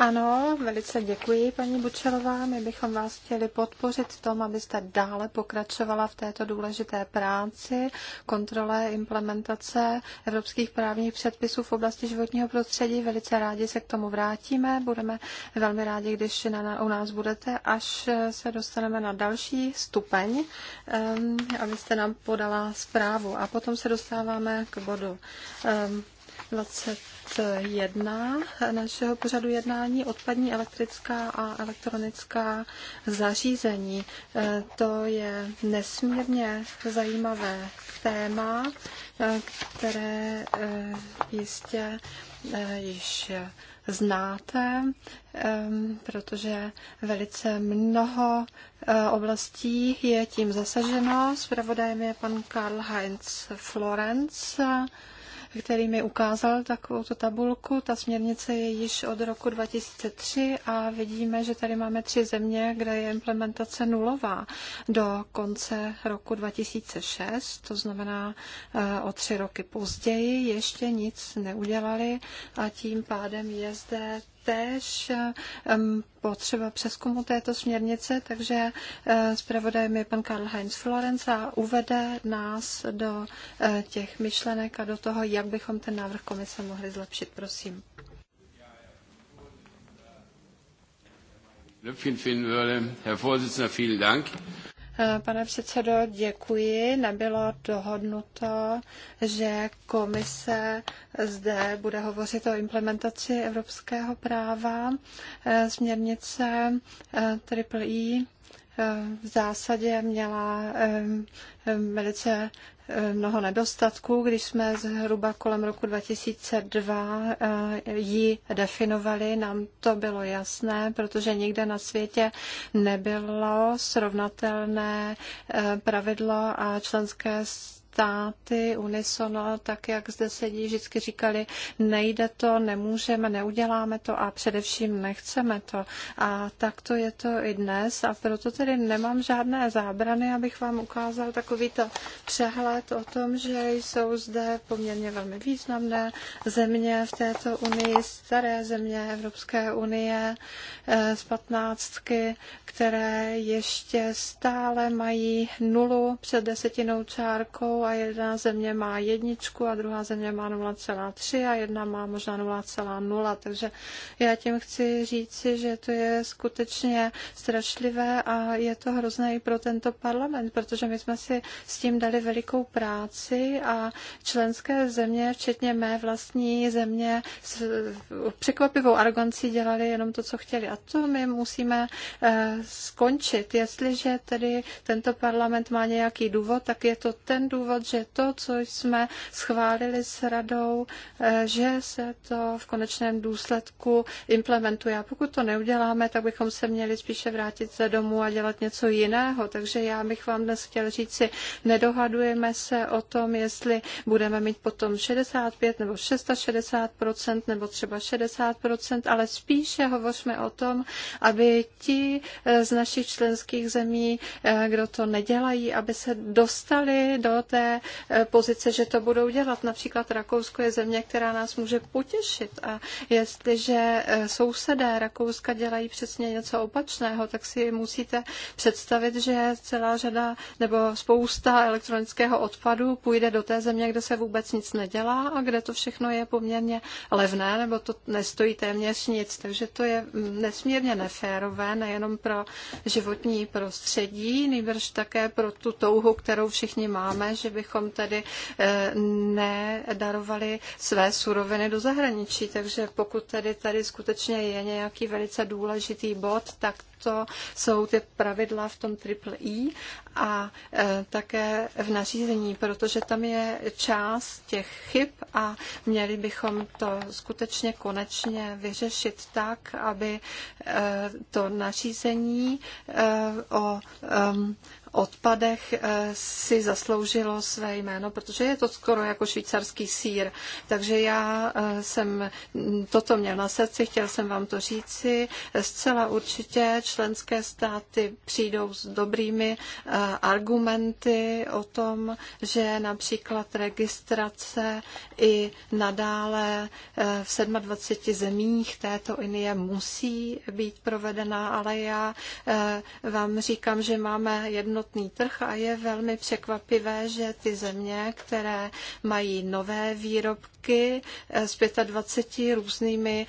ano, velice děkuji, paní Bučelová. My bychom vás chtěli podpořit v tom, abyste dále pokračovala v této důležité práci, kontrole implementace evropských právních předpisů v oblasti životního prostředí. Velice rádi se k tomu vrátíme. Budeme velmi rádi, když na, u nás budete, až se dostaneme na další stupeň, um, abyste nám podala zprávu. A potom se dostáváme k bodu um, 21 našeho pořadu jednání odpadní elektrická a elektronická zařízení. E, to je nesmírně zajímavé téma, e, které e, jistě již znáte, protože velice mnoho oblastí je tím zasaženo. Spravodajem je pan Karl Heinz Florenz který mi ukázal takovou tabulku. Ta směrnice je již od roku 2003 a vidíme, že tady máme tři země, kde je implementace nulová do konce roku 2006, to znamená eh, o tři roky později, ještě nic neudělali a tím pádem je zde též ehm, potřeba přeskumu této směrnice, takže eh, zpravodajem je pan Karl Heinz Florence a uvede nás do eh, těch myšlenek a do toho, jak bychom ten návrh komise mohli zlepšit. Prosím. Löpfchen finden würde. Herr Vorsitzender, vielen Dank. Eh, pane předsedo, děkuji. Nebylo dohodnuto, že komise zde bude hovořit o implementaci evropského práva eh, směrnice eh, III e, v zásadě měla velice Eh, mnoho nedostatků, když jsme zhruba kolem roku 2002 eh, ji definovali. Nám to bylo jasné, protože nikde na světě nebylo srovnatelné eh, pravidlo a členské státy unisono, tak jak zde sedí, vždycky říkali, nejde to, nemůžeme, neuděláme to a především nechceme to. A tak to je to i dnes a proto tedy nemám žádné zábrany, abych vám ukázal takovýto přehled o tom, že jsou zde poměrně velmi významné země v této unii, staré země Evropské unie eh, z patnáctky, které ještě stále mají nulu před desetinou čárkou a jedna země má jedničku a druhá země má 0,3 a jedna má možná 0,0. Takže já tím chci říci, že to je skutečně strašlivé a je to hrozné i pro tento parlament, protože my jsme si s tím dali velikou práci a členské země, včetně mé vlastní země, s překvapivou arogancí dělali jenom to, co chtěli. A to my musíme eh, skončit. Jestliže tedy tento parlament má nějaký důvod, tak je to ten důvod, důvod, že to, co jsme schválili s radou, eh, že se to v konečném důsledku implementuje. A pokud to neuděláme, tak bychom se měli spíše vrátit se domů a dělat něco jiného. Takže já bych vám dnes chtěl říci, nedohadujeme se o tom, jestli budeme mít potom 65 nebo 660 nebo třeba 60 ale spíše hovořme o tom, aby ti eh, z našich členských zemí, eh, kdo to nedělají, aby se dostali do té té eh, pozice, že to budou dělat. Například Rakousko je země, která nás může potěšit a jestliže eh, sousedé Rakouska dělají přesně něco opačného, tak si musíte představit, že celá řada nebo spousta elektronického odpadu půjde do té země, kde se vůbec nic nedělá a kde to všechno je poměrně levné, nebo to nestojí téměř nic. Takže to je mm, nesmírně neférové, nejenom pro životní prostředí, nejbrž také pro tu touhu, kterou všichni máme, že bychom tady eh, nedarovali své suroviny do zahraničí. Takže pokud tady tady skutečně je nějaký velice důležitý bod, tak to jsou ty pravidla v tom triple I e a eh, také v nařízení, protože tam je část těch chyb a měli bychom to skutečně konečně vyřešit tak, aby eh, to nařízení o ehm, odpadech eh, si zasloužilo své jméno, protože je to skoro jako švýcarský sír. Takže já eh, jsem toto měl na srdci, chtěl jsem vám to říci. Zcela určitě členské státy přijdou s dobrými eh, argumenty o tom, že například registrace i nadále v 27 zemích této unie musí být provedena, ale já vám říkám, že máme jedno jednotný trh a je velmi překvapivé, že ty země, které mají nové výrobky eh, s 25 různými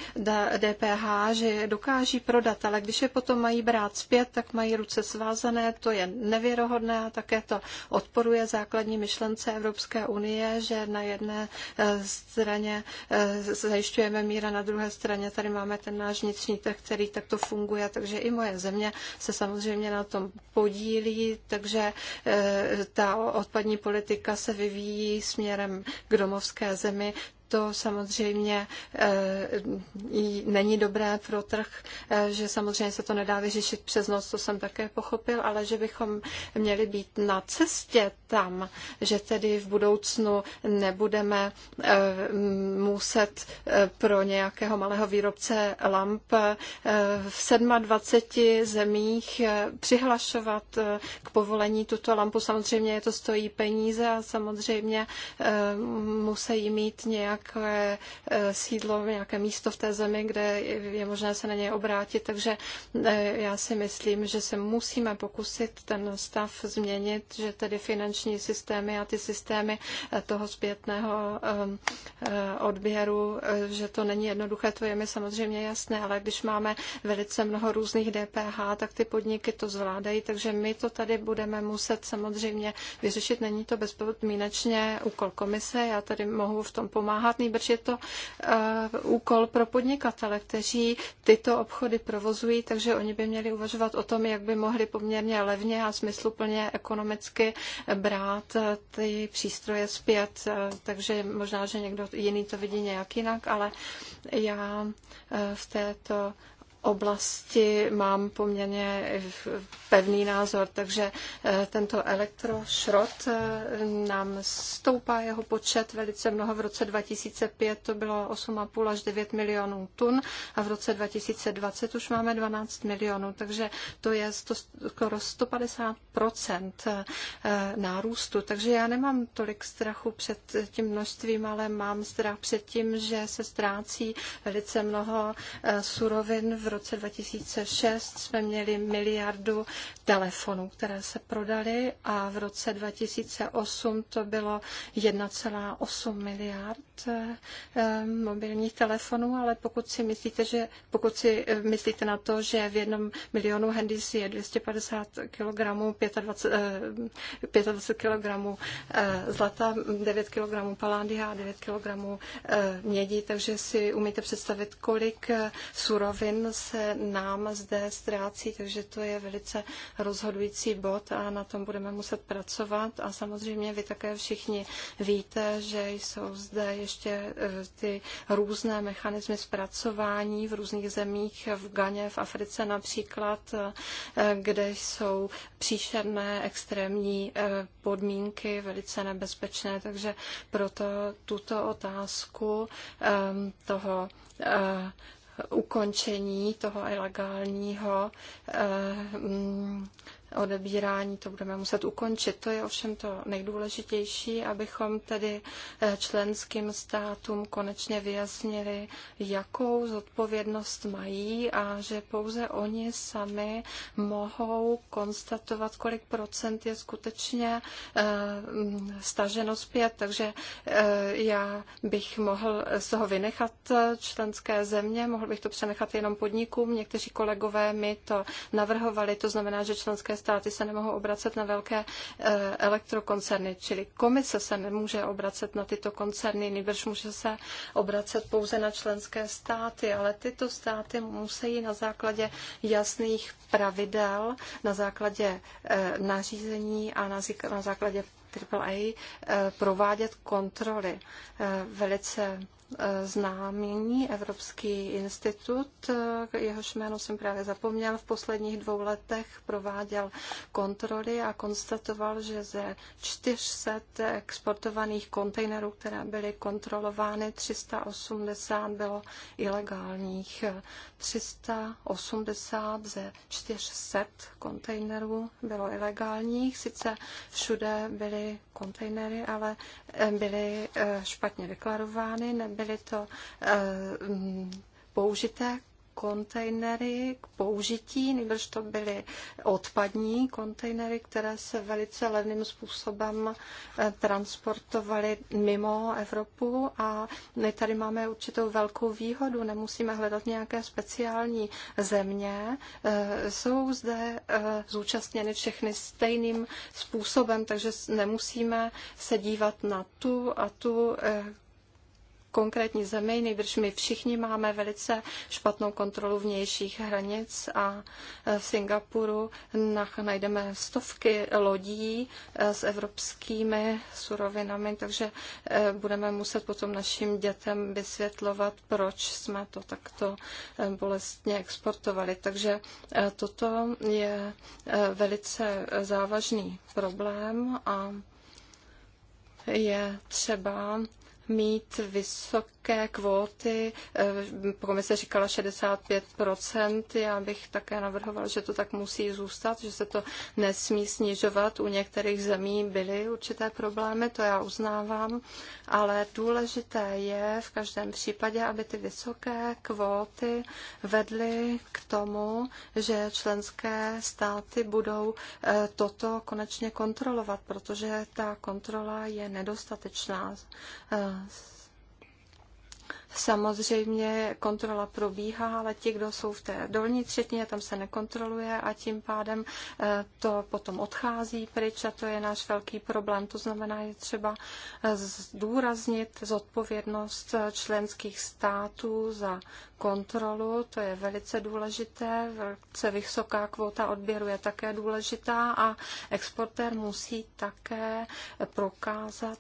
DPH, že je dokáží prodat, ale když je potom mají brát zpět, tak mají ruce svázané, to je nevěrohodné a také to odporuje základní myšlence Evropské unie, že na jedné eh, straně eh, zajišťujeme míra, na druhé straně tady máme ten náš vnitřní trh, který takto funguje, takže i moje země se samozřejmě na tom podílí, takže eh, ta odpadní politika se vyvíjí směrem k domovské zemi to samozřejmě eh, není dobré pro trh, eh, že samozřejmě se to nedá vyřešit přes noc, to jsem také pochopil, ale že bychom měli být na cestě tam, že tedy v budoucnu nebudeme eh, muset pro nějakého malého výrobce lamp v 27 zemích přihlašovat k povolení tuto lampu. Samozřejmě je to stojí peníze a samozřejmě musí mít nějak nějaké eh, sídlo, nějaké místo v té zemi, kde je možné se na něj obrátit. Takže eh, já si myslím, že se musíme pokusit ten stav změnit, že tedy finanční systémy a ty systémy eh, toho zpětného ehm, odběru, že to není jednoduché, to je mi samozřejmě jasné, ale když máme velice mnoho různých DPH, tak ty podniky to zvládají, takže my to tady budeme muset samozřejmě vyřešit. Není to bezpodmínečně úkol komise, já tady mohu v tom pomáhat stát, nejbrž je to eh, úkol pro podnikatele, kteří tyto obchody provozují, takže oni by měli uvažovat o tom, jak by mohli poměrně levně a smysluplně ekonomicky brát eh, ty přístroje zpět. Eh, takže možná, že někdo jiný to vidí nějak jinak, ale já v této oblasti mám poměrně pevný názor, takže eh, tento elektrošrot eh, nám stoupá jeho počet velice mnoho. V roce 2005 to bylo 8,5 až 9 milionů tun a v roce 2020 už máme 12 milionů, takže to je skoro 150 eh, nárůstu. Takže já nemám tolik strachu před tím množstvím, ale mám strach před tím, že se ztrácí velice mnoho surovin v roce 2006 jsme měli miliardu telefonů, které se prodaly a v roce 2008 to bylo 1,8 miliard eh, eh, mobilních telefonů, ale pokud si myslíte, že, pokud si eh, myslíte na to, že v jednom milionu handys je 250 kg, 25, 25 kg zlata, 9 kg paládia a 9 kg mědi, takže si umíte představit, kolik surovin se nám zde ztrácí, takže to je velice rozhodující bod a na tom budeme muset pracovat. A samozřejmě vy také všichni víte, že jsou zde ještě eh, ty různé mechanismy zpracování v různých zemích, v Ganě, v Africe například, eh, kde jsou příšerné extrémní eh, podmínky, velice nebezpečné, takže proto tuto otázku toho ukončení toho ilegálního eh, mm, odebírání, to budeme muset ukončit. To je ovšem to nejdůležitější, abychom tedy eh, členským státům konečně vyjasnili, jakou zodpovědnost mají a že pouze oni sami mohou konstatovat, kolik procent je skutečně eh, mm, staženo zpět. Takže eh, já bych mohl z toho vynechat členské země, mohl bych to přenechat jenom podnikům. Někteří kolegové mi to navrhovali, to znamená, že členské státy se nemohou obracet na velké eh, elektrokoncerny, čili komise se nemůže obracet na tyto koncerny, nebož může se obracet pouze na členské státy, ale tyto státy musí na základě jasných pravidel, na základě eh, nařízení a na základě AAA eh, provádět kontroly. Velice známý Evropský institut, jehož jméno jsem právě zapomněl, v posledních dvou letech prováděl kontroly a konstatoval, že ze 400 exportovaných kontejnerů, které byly kontrolovány, 380 bylo ilegálních. 380 ze 400 kontejnerů bylo ilegálních. Sice všude byly kontejnery, ale byly eh, špatně deklarovány, nebyly byly to eh, použité kontejnery k použití, nebož to byly odpadní kontejnery, které se velice levným způsobem eh, transportovaly mimo Evropu a my tady máme určitou velkou výhodu, nemusíme hledat nějaké speciální země. Eh, jsou zde zúčastněny všechny stejným způsobem, takže nemusíme se dívat na tu a tu konkrétní zemi, nejbrž my všichni máme velice špatnou kontrolu vnějších hranic a e, v Singapuru najdeme stovky lodí e, s evropskými surovinami, takže e, budeme muset potom našim dětem vysvětlovat, proč jsme to takto bolestně exportovali. Takže toto je velice závažný problém a je třeba mít vysok jaké kvóty. Eh, komise říkala 65%. Já bych také navrhoval, že to tak musí zůstat, že se to nesmí snižovat. U některých zemí byly určité problémy, to já uznávám, ale důležité je v každém případě, aby ty vysoké kvóty vedly k tomu, že členské státy budou eh, toto konečně kontrolovat, protože ta kontrola je nedostatečná eh, Samozřejmě kontrola probíhá, ale ti, kdo jsou v té dolní třetině, tam se nekontroluje a tím pádem eh, to potom odchází pryč a to je náš velký problém. To znamená, je třeba eh, zdůraznit zodpovědnost eh, členských států za kontrolu, to je velice důležité, velice vysoká kvota odběru je také důležitá a exportér musí také prokázat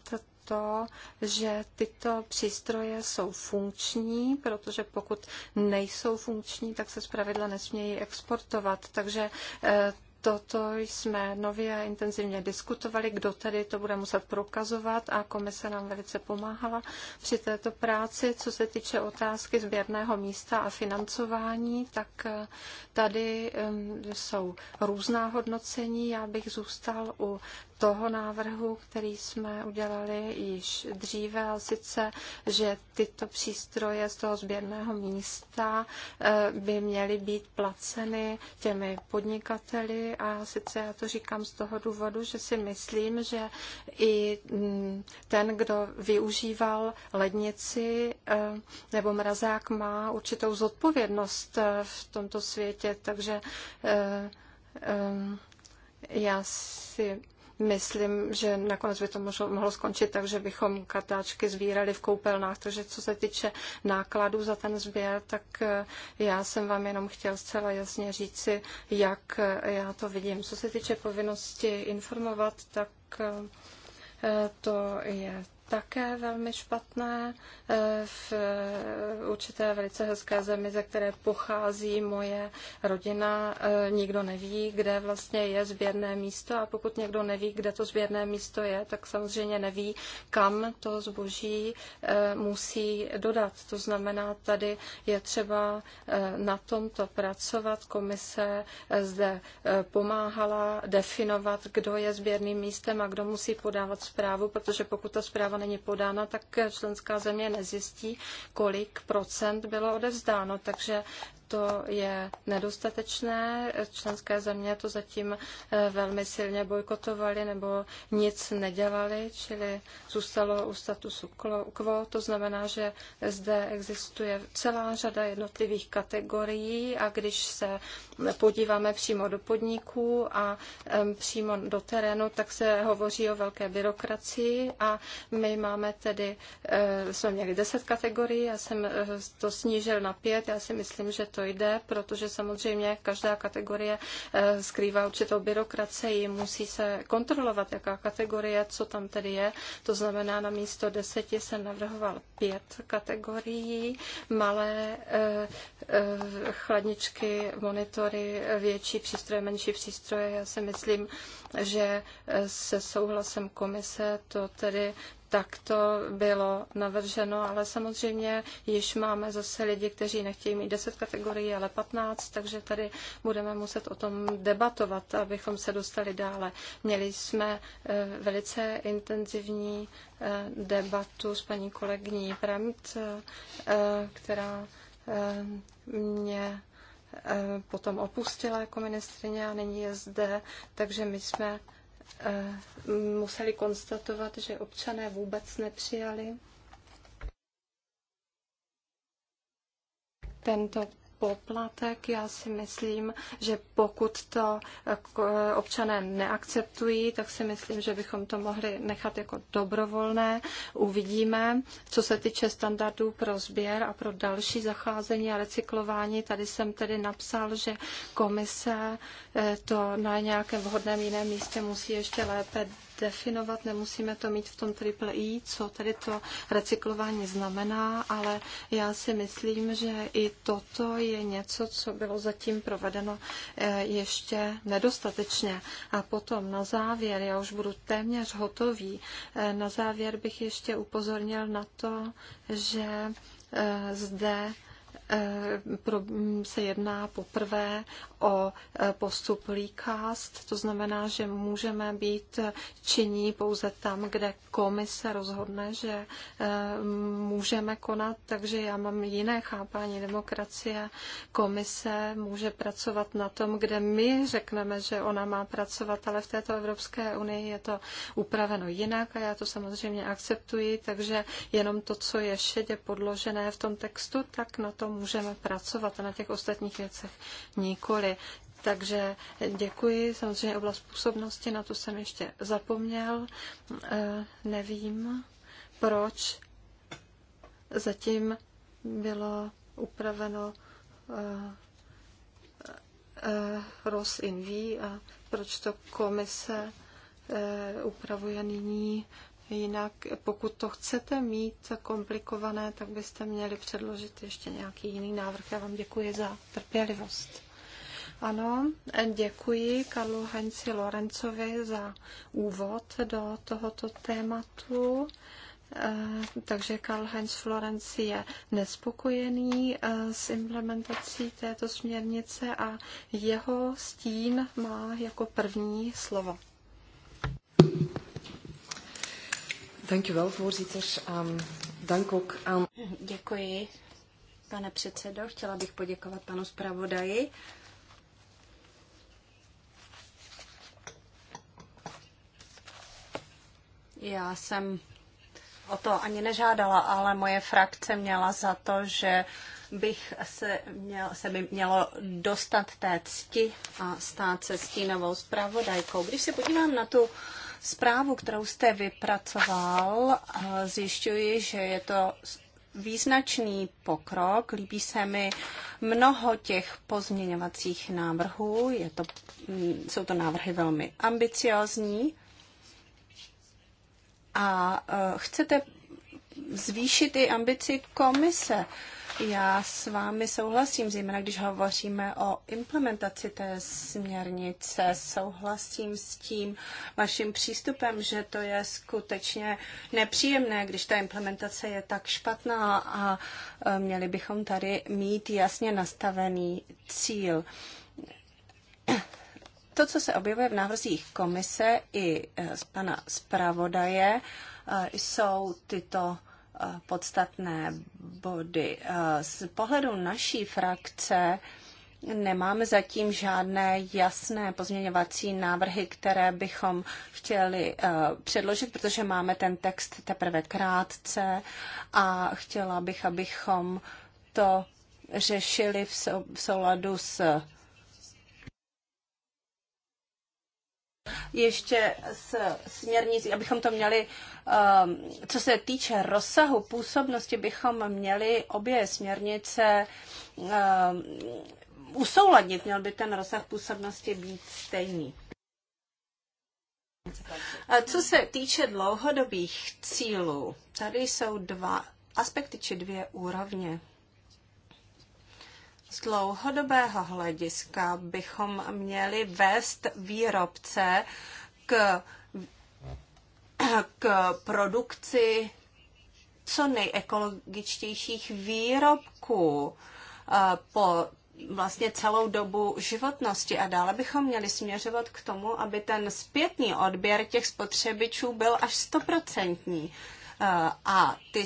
to, že tyto přístroje jsou funkční, protože pokud nejsou funkční, tak se zpravidla nesmějí exportovat. Takže eh, Toto jsme nově intenzivně diskutovali, kdo tedy to bude muset prokazovat a komise nám velice pomáhala při této práci. Co se týče otázky sběrného místa a financování, tak eh, tady ehm, jsou různá hodnocení. Já bych zůstal u toho návrhu, který jsme udělali již dříve, a sice, že tyto přístroje z toho sběrného místa eh, by měly být placeny těmi podnikateli a sice já to říkám z toho důvodu, že si myslím, že i mm, ten, kdo využíval lednici eh, nebo mrazák, má určitou zodpovědnost eh, v tomto světě, takže já si myslím, že nakonec by to mohlo, mohlo skončit tak, že bychom kartáčky zvírali v koupelnách. Takže co se týče nákladů za ten sběr, tak eh, já jsem vám jenom chtěl zcela jasně říci, jak eh, já to vidím. Co se týče povinnosti informovat, tak eh, to je také velmi špatné eh, v eh, určité velice hezké zemi, ze které pochází moje rodina. Eh, nikdo neví, kde vlastně je sběrné místo a pokud někdo neví, kde to sběrné místo je, tak samozřejmě neví, kam to zboží musí dodat. To znamená, tady je třeba na tomto pracovat. Komise zde pomáhala definovat, kdo je sběrným místem a kdo musí podávat zprávu, protože pokud ta zpráva není podána, tak členská země nezjistí, kolik procent bylo odevzdáno. Takže to je nedostatečné. Členské země to zatím eh, velmi silně nebo nic nedělali, čili zůstalo u statusu quo. To znamená, že zde existuje celá řada jednotlivých kategorií a když se podíváme přímo do podniků a přímo do terénu, tak se hovoří o velké byrokracii a my máme tedy, e, jsme měli deset kategorií, já jsem e, to snížil na pět, já si myslím, že to jde, protože samozřejmě každá kategorie e, skrývá určitou byrokracii, musí se kontrolovat, jaká kategorie, co tam tedy je, to znamená na místo deseti jsem navrhoval pět kategorií, malé chladničky, monitory, motory, větší přístroje, menší přístroje. Já si myslím, že se souhlasem komise to tedy takto bylo navrženo, ale samozřejmě již máme zase lidi, kteří nechtějí mít 10 kategorií, ale 15, takže tady budeme muset o tom debatovat, abychom se dostali dále. Měli jsme eh, velice intenzivní eh, debatu s paní kolegyní Premt, eh, která mě Eh, potom opustila jako ministrině a nyní je zde, takže my jsme eh, museli konstatovat, že občané vůbec nepřijali tento poplatek, já si myslím, že pokud to eh, eh, občané neakceptují, tak si myslím, že bychom to mohli nechat jako dobrovolné. Uvidíme, co se týče standardů pro sběr a pro další zacházení a recyklování. Tady jsem tedy napsal, že komise eh, to na nějakém vhodném jiném místě musí ještě lépe definovat, nemusíme to mít v tom triple I, co tady to recyklování znamená, ale já si myslím, že i toto je něco, co bylo zatím provedeno eh, ještě nedostatečně. A potom na závěr, já už budu téměř hotový, eh, na závěr bych ještě upozornil na to, že eh, zde mm, se jedná poprvé o e, postup recast, to znamená, že můžeme být činní pouze tam, kde komise rozhodne, že e, můžeme konat, takže já mám jiné chápání demokracie. Komise může pracovat na tom, kde my řekneme, že ona má pracovat, ale v této Evropské unii je to upraveno jinak a já to samozřejmě akceptuji, takže jenom to, co je šedě podložené v tom textu, tak na to můžeme pracovat a na těch ostatních věcech nikoli státy. Takže děkuji. Samozřejmě oblast působnosti, na to jsem ještě zapomněl. Eh, nevím, proč zatím bylo upraveno eh, eh, Ros in V a proč to komise upravuje nyní Jinak, pokud to chcete mít komplikované, tak byste měli předložit ještě nějaký jiný návrh. Já vám děkuji za trpělivost. Ano, děkuji Karlu Hanci Lorencovi za úvod do tohoto tématu. Eh, takže Karl Heinz Florenci je nespokojený eh, s implementací této směrnice a jeho stín má jako první slovo. Ehm, děkuji, pane předsedo. Chtěla bych poděkovat panu zpravodaji Já jsem o to ani nežádala, ale moje frakce měla za to, že bych se, měl, se by mělo dostat té cti a stát se stínovou zpravodajkou. Když se podívám na tu zprávu, kterou jste vypracoval, zjišťuji, že je to význačný pokrok. Líbí se mi mnoho těch pozměňovacích návrhů. Je to, mm, jsou to návrhy velmi ambiciozní a e, chcete zvýšit i ambici komise. Já s vámi souhlasím, zejména když hovoříme o implementaci té směrnice. Souhlasím s tím vaším přístupem, že to je skutečně nepříjemné, když ta implementace je tak špatná a e, měli bychom tady mít jasně nastavený cíl. To, co se objevuje v návrzích komise i eh, z pana zpravodaje, eh, jsou tyto eh, podstatné body. Z pohledu naší frakce Nemáme zatím žádné jasné pozměňovací návrhy, které bychom chtěli předložit, protože máme ten text teprve krátce a chtěla bych, abychom to řešili v, v souladu s ještě s směrnicí, abychom to měli, um, co se týče rozsahu působnosti, bychom měli obě směrnice um, usouladnit, měl by ten rozsah působnosti být stejný. A co se týče dlouhodobých cílů, tady jsou dva aspekty či dvě úrovně. Z dlouhodobého hlediska bychom měli vést výrobce k, k produkci co nejekologičtějších výrobků eh, po vlastně celou dobu životnosti a dále bychom měli směřovat k tomu, aby ten zpětný odběr těch spotřebičů byl až stoprocentní. Eh, a ty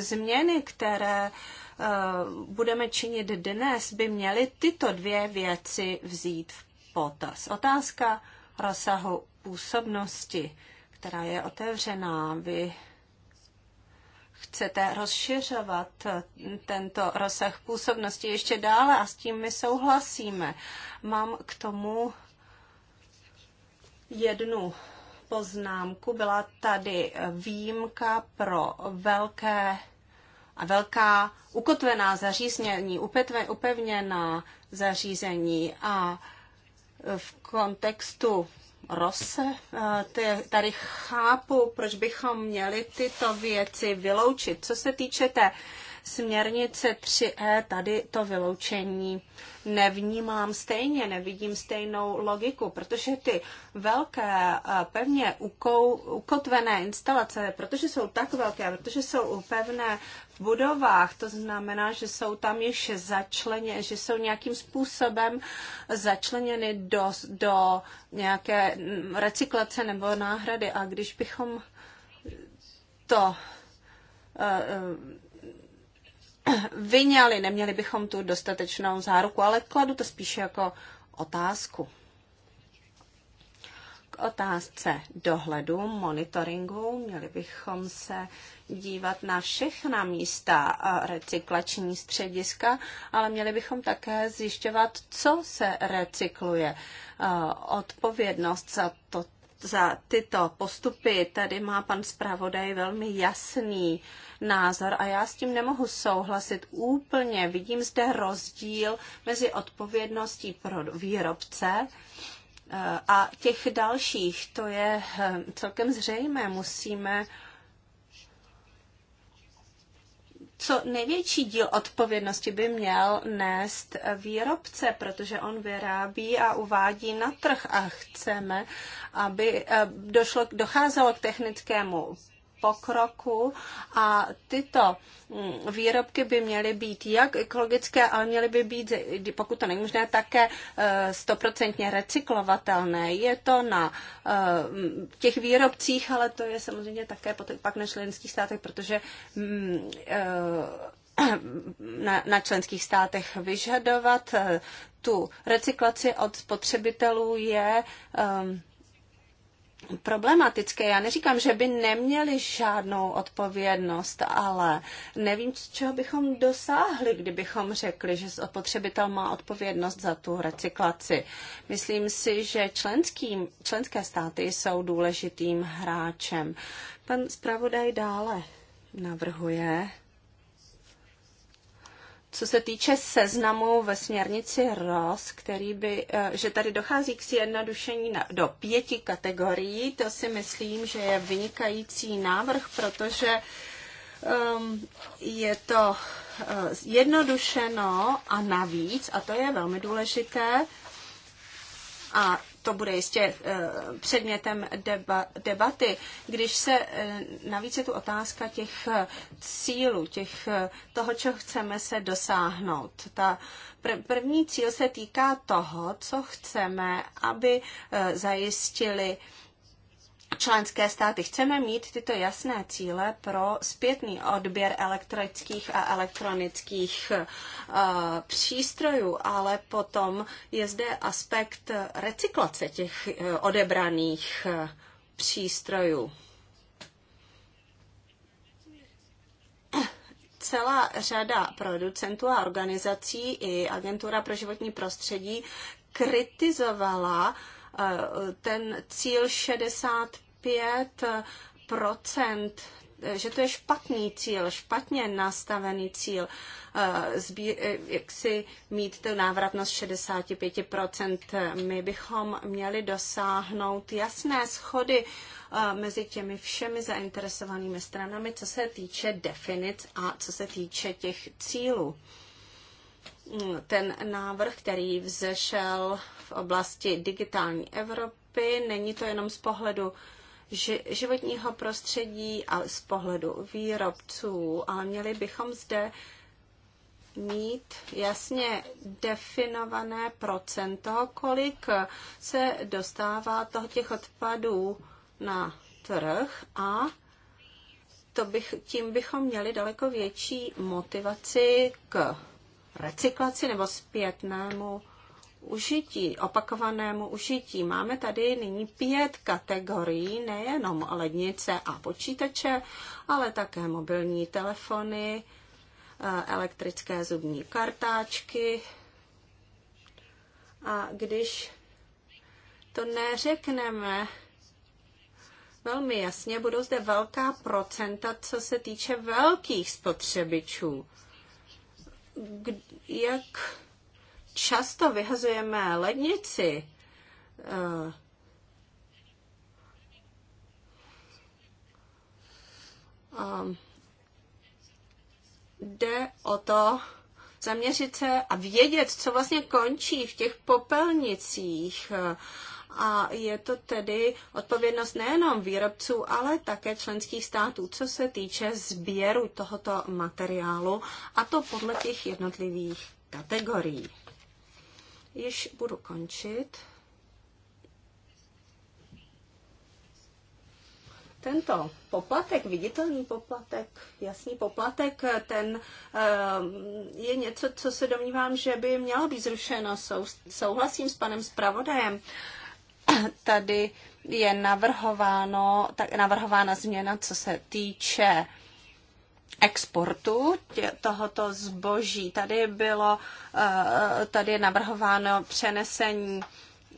změny, které uh, Eh, budeme činit dnes, by měly tyto dvě věci vzít v potaz. Otázka rozsahu působnosti, která je otevřená. Vy chcete rozšiřovat tento rozsah působnosti ještě dále a s tím my souhlasíme. Mám k tomu jednu poznámku. Byla tady výjimka pro velké a velká ukotvená zařízení, upevněná zařízení a v kontextu Rose, eh, tady chápu, proč bychom měli tyto věci vyloučit. Co se týče té směrnice 3E, tady to vyloučení nevnímám stejně, nevidím stejnou logiku, protože ty velké, eh, pevně ukotvené instalace, protože jsou tak velké, protože jsou upevné, v budovách. To znamená, že jsou tam ještě začleně, že jsou nějakým způsobem začleněny do, do nějaké recyklace nebo náhrady. A když bychom to eh, eh, vyňali, neměli bychom tu dostatečnou záruku, ale kladu to spíše jako otázku. K otázce dohledu, monitoringu, měli bychom se dívat na všechna místa recyklační střediska, ale měli bychom také zjišťovat, co se recykluje. Odpovědnost za to, za tyto postupy. Tady má pan zpravodaj velmi jasný názor a já s tím nemohu souhlasit úplně. Vidím zde rozdíl mezi odpovědností pro výrobce a těch dalších, to je eh, celkem zřejmé, musíme co největší díl odpovědnosti by měl nést výrobce, protože on vyrábí a uvádí na trh a chceme, aby eh, došlo, docházelo k technickému pokroku a tyto mm, výrobky by měly být jak ekologické, ale měly by být, pokud to není možné, také eh, stoprocentně recyklovatelné. Je to na eh, těch výrobcích, ale to je samozřejmě také pak na členských státech, protože mm, eh, na, členských státech vyžadovat tu recyklaci od spotřebitelů je um, problematické. Já neříkám, že by neměli žádnou odpovědnost, ale nevím, z čeho bychom dosáhli, kdybychom řekli, že spotřebitel má odpovědnost za tu recyklaci. Myslím si, že členský, členské státy jsou důležitým hráčem. Pan zpravodaj dále navrhuje co se týče seznamu ve směrnici ROS, který by, eh, že tady dochází k zjednodušení do pěti kategorií, to si myslím, že je vynikající návrh, protože um, je to jednodušeno eh, zjednodušeno a navíc, a to je velmi důležité, a to bude jistě eh, předmětem deba, debaty. Když se eh, navíc je tu otázka těch eh, cílů, těch, toho, čeho chceme se dosáhnout. Ta první cíl se týká toho, co chceme, aby zajistili členské státy. Chceme mít tyto jasné cíle pro zpětný odběr elektrických a elektronických uh, přístrojů, ale potom je zde aspekt recyklace těch uh, odebraných uh, přístrojů. Celá řada producentů a organizací i Agentura pro životní prostředí kritizovala uh, Eh, ten cíl 65 eh, eh, že to je špatný cíl, špatně nastavený cíl, zbí, jak si mít tu návratnost 65%. My bychom měli dosáhnout jasné schody mezi těmi všemi zainteresovanými stranami, co se týče definic a co se týče těch cílů ten návrh, který vzešel v oblasti digitální Evropy. Není to jenom z pohledu životního prostředí ale z pohledu výrobců, ale měli bychom zde mít jasně definované procento, kolik se dostává toho těch odpadů na trh a to bych, tím bychom měli daleko větší motivaci k recyklaci nebo zpětnému užití, opakovanému užití. Máme tady nyní pět kategorií, nejenom lednice a počítače, ale také mobilní telefony, eh, elektrické zubní kartáčky. A když to neřekneme, velmi jasně, budou zde velká procenta, co se týče velkých spotřebičů jak často vyhazujeme lednici, eh, um, jde o to zaměřit se a vědět, co vlastně končí v těch popelnicích. Eh, a je to tedy odpovědnost nejenom výrobců, ale také členských států, co se týče sběru tohoto materiálu a to podle těch jednotlivých kategorií. Již budu končit. Tento poplatek, viditelný poplatek, jasný poplatek, ten eh, je něco, co se domnívám, že by mělo být zrušeno. Souhlasím s panem zpravodajem. tady je navrhováno, tak navrhována změna, co se týče exportu tě, tohoto zboží. Tady bylo, eh, tady je navrhováno přenesení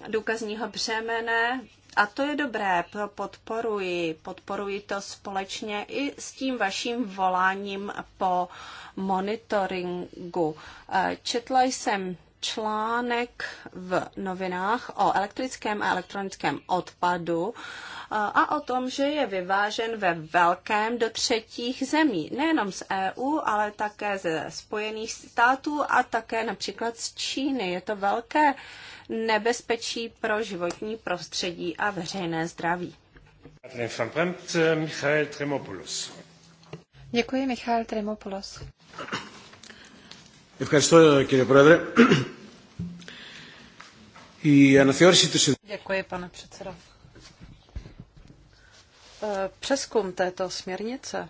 důkazního břemene a to je dobré, podporuji, podporuji to společně i s tím vaším voláním po monitoringu. Eh, četla jsem článek v novinách o elektrickém a elektronickém odpadu a o tom, že je vyvážen ve velkém do třetích zemí, nejenom z EU, ale také ze Spojených států a také například z Číny. Je to velké nebezpečí pro životní prostředí a veřejné zdraví. Děkuji, Michal Tremopoulos. Děkuji, pane předsedo. Eh, přeskum této směrnice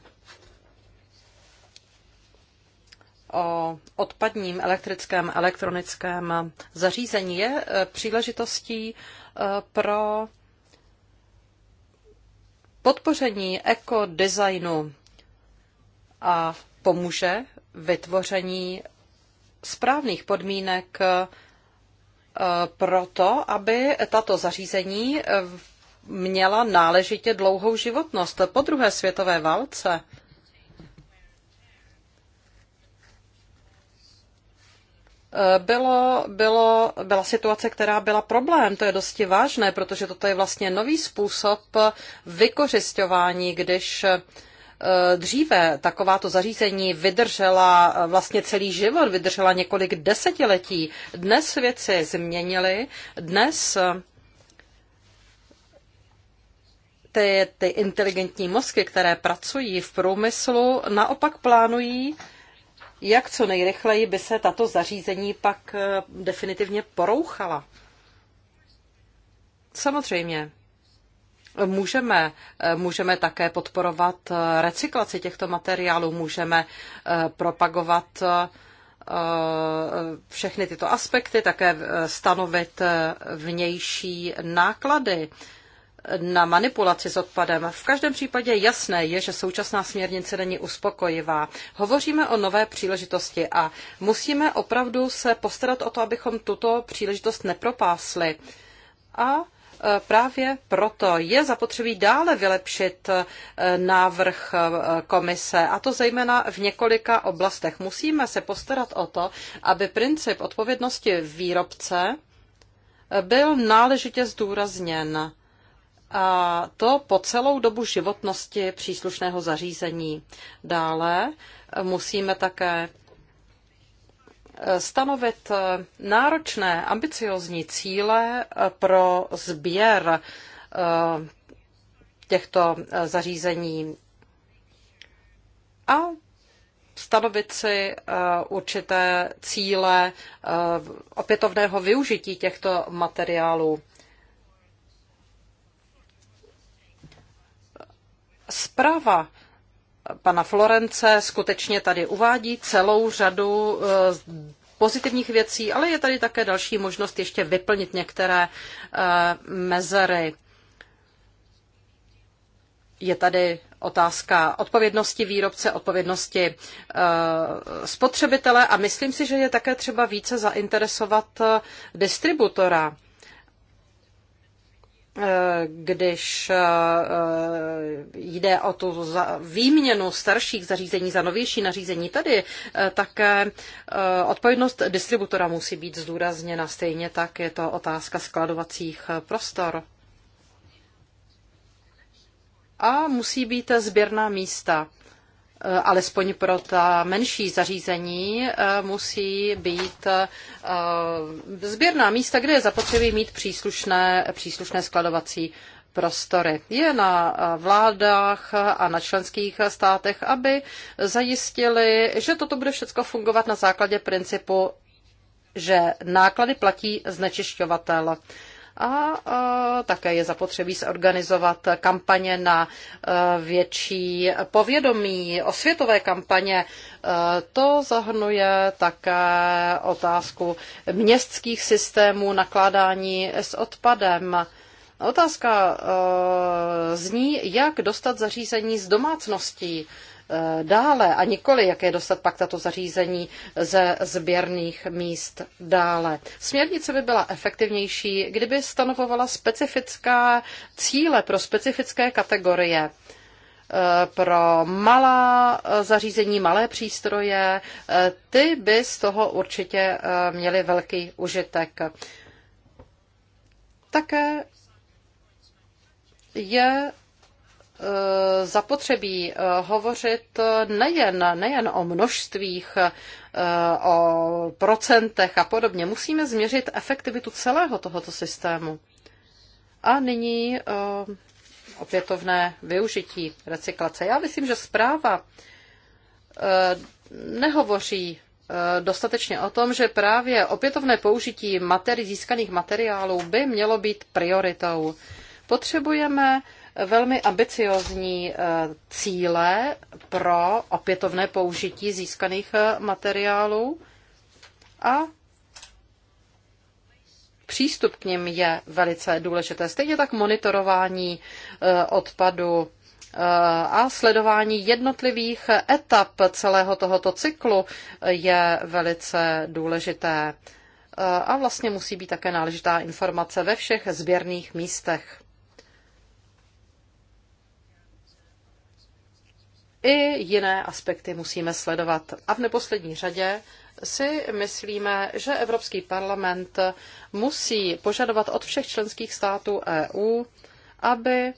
o odpadním elektrickém elektronickém zařízení je eh, příležitostí eh, pro podpoření ekodesignu a pomůže vytvoření správných podmínek eh, pro to, aby tato zařízení eh, měla náležitě dlouhou životnost. Po druhé světové válce eh, bylo, bylo, byla situace, která byla problém. To je dosti vážné, protože toto je vlastně nový způsob vykořišťování, když uh, Eh, dříve takováto zařízení vydržela eh, vlastně celý život, vydržela několik desetiletí. Dnes věci změnily, dnes eh, ty, ty inteligentní mozky, které pracují v průmyslu, naopak plánují, jak co nejrychleji by se tato zařízení pak definitivně porouchala. Samozřejmě, Můžeme, eh, můžeme také podporovat eh, recyklaci těchto materiálů, můžeme eh, propagovat všechny tyto aspekty, také stanovit vnější náklady na manipulaci s odpadem. V každém případě jasné je, že současná směrnice není uspokojivá. Hovoříme o nové příležitosti a musíme opravdu se postarat o to, abychom tuto příležitost nepropásli. A E, právě proto je zapotřebí dále vylepšit e, návrh e, komise, a to zejména v několika oblastech. Musíme se postarat o to, aby princip odpovědnosti výrobce byl náležitě zdůrazněn. A to po celou dobu životnosti příslušného zařízení. Dále musíme také stanovit eh, náročné, ambiciozní cíle eh, pro sběr eh, těchto zařízení a stanovit si určité cíle opětovného využití těchto materiálů. Zpráva pana Florence skutečně tady uvádí celou řadu eh, pozitivních věcí, ale je tady také další možnost ještě vyplnit některé eh, mezery. Je tady otázka odpovědnosti výrobce, odpovědnosti eh, spotřebitele a myslím si, že je také třeba více zainteresovat distributora. Eh, když eh, jde o tu výměnu starších zařízení za novější nařízení, tady eh, tak odpovědnost distributora musí být zdůrazněna. Stejně tak je to otázka skladovacích prostor. A musí být sběrná místa Eh, alespoň pro ta menší zařízení, eh, musí být eh, sběrná místa, kde je zapotřebí mít příslušné, příslušné skladovací prostory. Je na vládách a na členských státech, aby zajistili, že toto bude všechno fungovat na základě principu, že náklady platí znečišťovatel a také je zapotřebí zorganizovat kampaně na e, větší povědomí, osvětové kampaně. E, to zahrnuje také otázku městských systémů nakládání s odpadem. Otázka e, zní, jak dostat zařízení z domácností Eh, dále a nikoli, jak je dostat pak tato zařízení ze sběrných míst dále. Směrnice by byla efektivnější, kdyby stanovovala specifická cíle pro specifické kategorie eh, pro malá zařízení, malé přístroje, eh, ty by z toho určitě měly velký užitek. Také je Eh, zapotřebí eh, hovořit nejen, nejen o množstvích, eh, o procentech a podobně. Musíme změřit efektivitu celého tohoto systému. A nyní opětovné využití recyklace. Já myslím, že zpráva nehovoří dostatečně o tom, že právě opětovné použití materi- získaných materiálů by mělo být prioritou. Potřebujeme velmi ambiciozní eh, cíle pro opětovné použití získaných eh, materiálů a přístup k nim je velice důležité. Stejně tak monitorování eh, odpadu a sledování jednotlivých etap celého tohoto cyklu je velice důležité. A vlastně musí být také náležitá informace ve všech sběrných místech. I jiné aspekty musíme sledovat. A v neposlední řadě si myslíme, že Evropský parlament musí požadovat od všech členských států EU, aby e,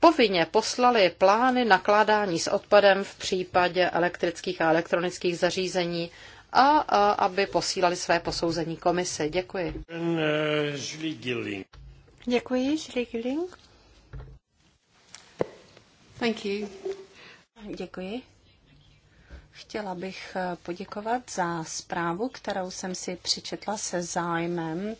povinně poslali plány nakládání s odpadem v případě elektrických a elektronických zařízení a, a aby posílali své posouzení komise. Děkuji. E, Děkuji, Julie Gilling. Thank you. Děkuji. Chtěla bych eh, poděkovat za zprávu, kterou jsem si přečetla se zájmem.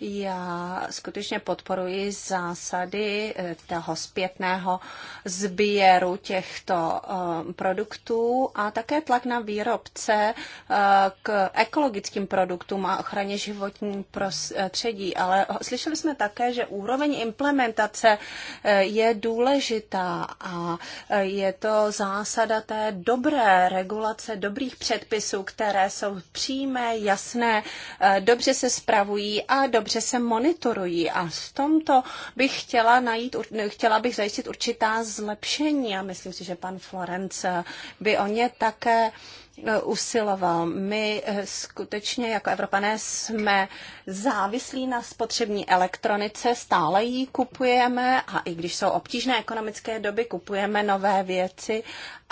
Já skutečně podporuji zásady eh, toho zpětného sběru těchto eh, produktů a také tlak na výrobce eh, k ekologickým produktům a ochraně životní prostředí. Ale slyšeli jsme také, že úroveň implementace je důležitá a je to zásada té dobré regulace, dobrých předpisů, které jsou přímé, jasné, dobře se spravují a dobře dobře se monitorují a v tomto bych chtěla najít, chtěla bych zajistit určitá zlepšení a myslím si, že pan Florence by o ně také e, usiloval. My e, skutečně jako Evropané jsme závislí na spotřební elektronice, stále ji kupujeme a i když jsou obtížné ekonomické doby, kupujeme nové věci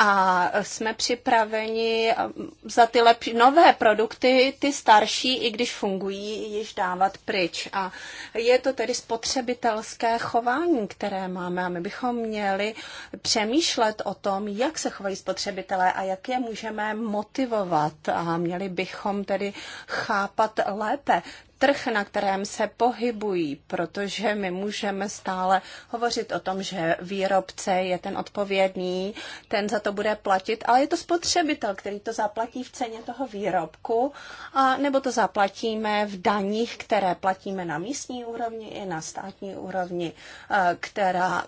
a jsme připraveni um, za ty lepší nové produkty, ty starší, i když fungují, již dávat pryč. A je to tedy spotřebitelské chování, které máme a my bychom měli přemýšlet o tom, jak se chovají spotřebitelé a jak je můžeme motivovat a měli bychom tedy chápat lépe trh, na kterém se pohybují, protože my můžeme stále hovořit o tom, že výrobce je ten odpovědný, ten za to bude platit, ale je to spotřebitel, který to zaplatí v ceně toho výrobku, a nebo to zaplatíme v daních, které platíme na místní úrovni i na státní úrovni, eh, která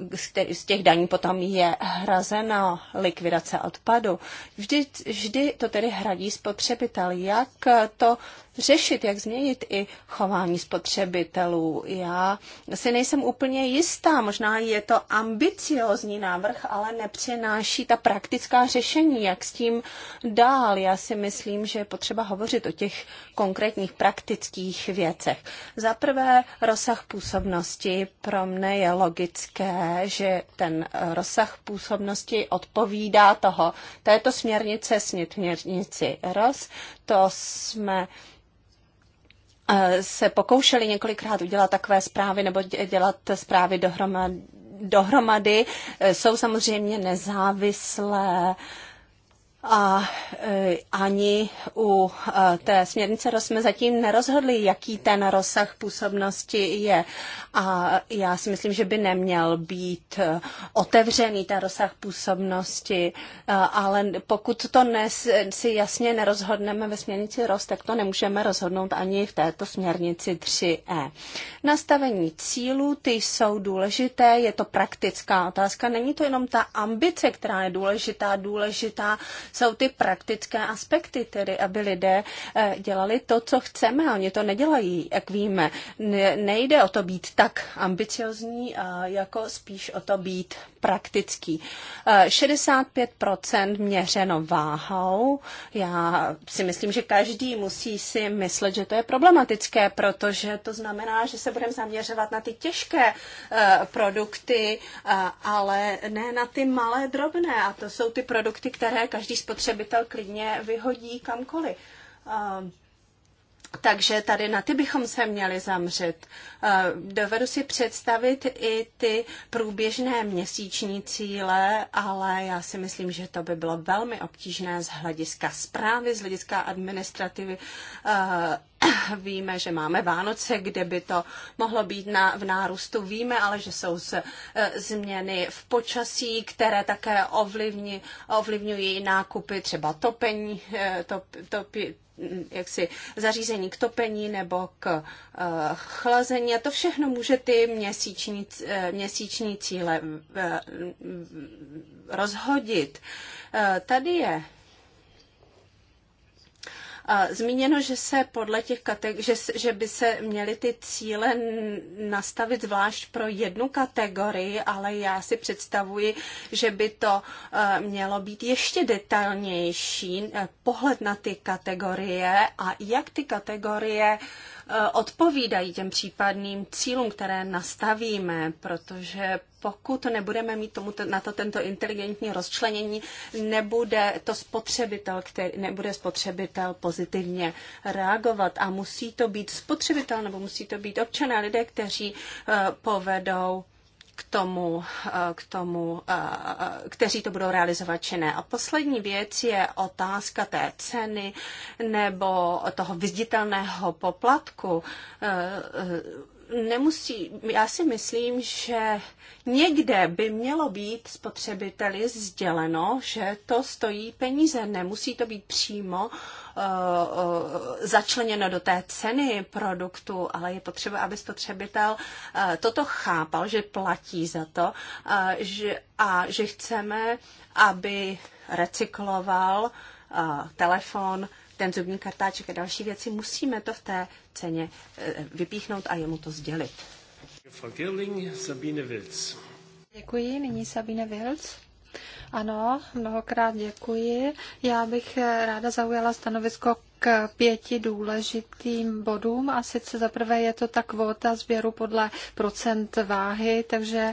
z těch daní potom je hrazena likvidace odpadu. Vždy, vždy to tedy hradí spotřebitel. Jak to řešit, jak změnit i chování spotřebitelů. Já si nejsem úplně jistá, možná je to ambiciozní návrh, ale nepřináší ta praktická řešení, jak s tím dál. Já si myslím, že je potřeba hovořit o těch konkrétních praktických věcech. Za prvé rozsah působnosti pro mne je logické, že ten rozsah působnosti odpovídá toho této směrnice směrnici ROS. To jsme Eh, se pokoušeli několikrát udělat takové zprávy nebo dělat zprávy dohromady, dohromady eh, jsou samozřejmě nezávislé a e, ani u e, té směrnice jsme zatím nerozhodli, jaký ten rozsah působnosti je. A já si myslím, že by neměl být e, otevřený ten rozsah působnosti, ale pokud to nes, si jasně nerozhodneme ve směrnici ROS, tak to nemůžeme rozhodnout ani v této směrnici 3E. Nastavení cílů, ty jsou důležité, je to praktická otázka. Není to jenom ta ambice, která je důležitá, důležitá jsou ty praktické aspekty, tedy aby lidé eh, dělali to, co chceme. Oni to nedělají, jak víme. Nejde o to být tak ambiciozní, eh, jako spíš o to být praktický. 65% eh, měřeno váhou. Já si myslím, že každý musí si myslet, že to je problematické, protože to znamená, že se budeme zaměřovat na ty těžké produkty, ale ne na ty malé, drobné. A to jsou ty produkty, které každý spotřebitel klidně vyhodí kamkoliv. Ehm, takže tady na ty bychom se měli zamřet. Eh, dovedu si představit i ty průběžné měsíční cíle, ale já si myslím, že to by bylo velmi obtížné z hlediska zprávy, z hlediska administrativy. Eh, víme, že máme Vánoce, kde by to mohlo být na, v nárůstu. Víme ale, že jsou z, eh, změny v počasí, které také ovlivní, ovlivňují nákupy třeba topení, top, top, jaksi zařízení k topení nebo k eh, chlazení a to všechno může ty měsíční, eh, měsíční cíle eh, rozhodit. Tady je Zmíněno, že se podle těch že, že by se měly ty cíle nastavit zvlášť pro jednu kategorii, ale já si představuji, že by to eh, mělo být ještě detailnější eh, pohled na ty kategorie a jak ty kategorie uh, Eh, odpovídají těm případným cílům, které nastavíme, protože pokud nebudeme mít tomu, na to tento inteligentní rozčlenění, nebude to spotřebitel, který, nebude spotřebitel pozitivně reagovat a musí to být spotřebitel nebo musí to být občané lidé, kteří eh, povedou k tomu, eh, k tomu, eh, kteří to budou realizovat či ne. A poslední věc je otázka té ceny nebo toho viditelného poplatku. Eh, nemusí, já si myslím, že někde by mělo být spotřebiteli sděleno, že to stojí peníze. Nemusí to být přímo eh, eh, začleněno do té ceny produktu, ale je potřeba, aby spotřebitel eh, toto chápal, že platí za to že, a že chceme, aby recykloval telefon, ten zubní kartáček a další věci, musíme to v té ceně eh, vypíchnout a jemu to sdělit. Děkuji, nyní Sabine Wilc. Ano, mnohokrát děkuji. Já bych eh, ráda zaujala stanovisko k pěti důležitým bodům a sice zaprvé je to ta kvóta sběru podle procent váhy, takže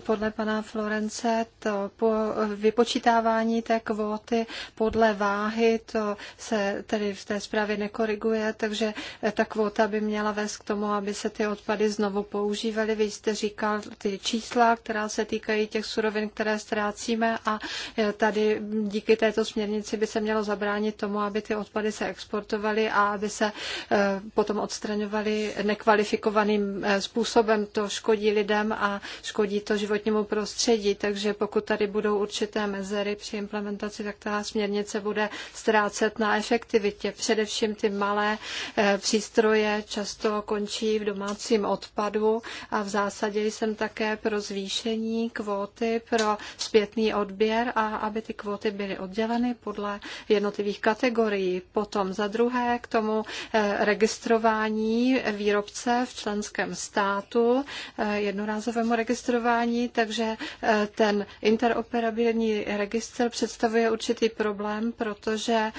podle pana Florence to po vypočítávání té kvóty podle váhy, to se tedy v té zprávě nekoriguje, takže eh, ta kvóta by měla vést k tomu, aby se ty odpady znovu používaly. Vy jste říkal ty čísla, která se týkají těch surovin, které ztrácíme a eh, tady díky této směrnici by se mělo zabránit tomu, aby ty odpady se exportovaly a aby se eh, potom odstraňovaly nekvalifikovaným eh, způsobem. To škodí lidem a škodí to životnímu prostředí, takže pokud tady budou určité mezery při implementaci, tak ta směrnice bude ztrácet na efektivitě. Především ty malé eh, přístroje často končí v domácím odpadu a v zásadě jsem také pro zvýšení kvóty pro zpětný odběr a aby ty kvóty byly odděleny podle jednotlivých kategorií. Po Potom za druhé k tomu eh, registrování výrobce v členském státu, eh, jednorázovému registrování, takže eh, ten interoperabilní registr představuje určitý problém, protože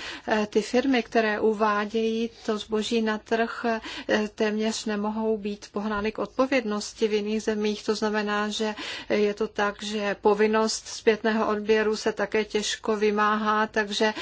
ty firmy, které uvádějí to zboží na trh, téměř nemohou být pohnány k odpovědnosti v jiných zemích. To znamená, že je to tak, že povinnost zpětného odběru se také těžko vymáhá, takže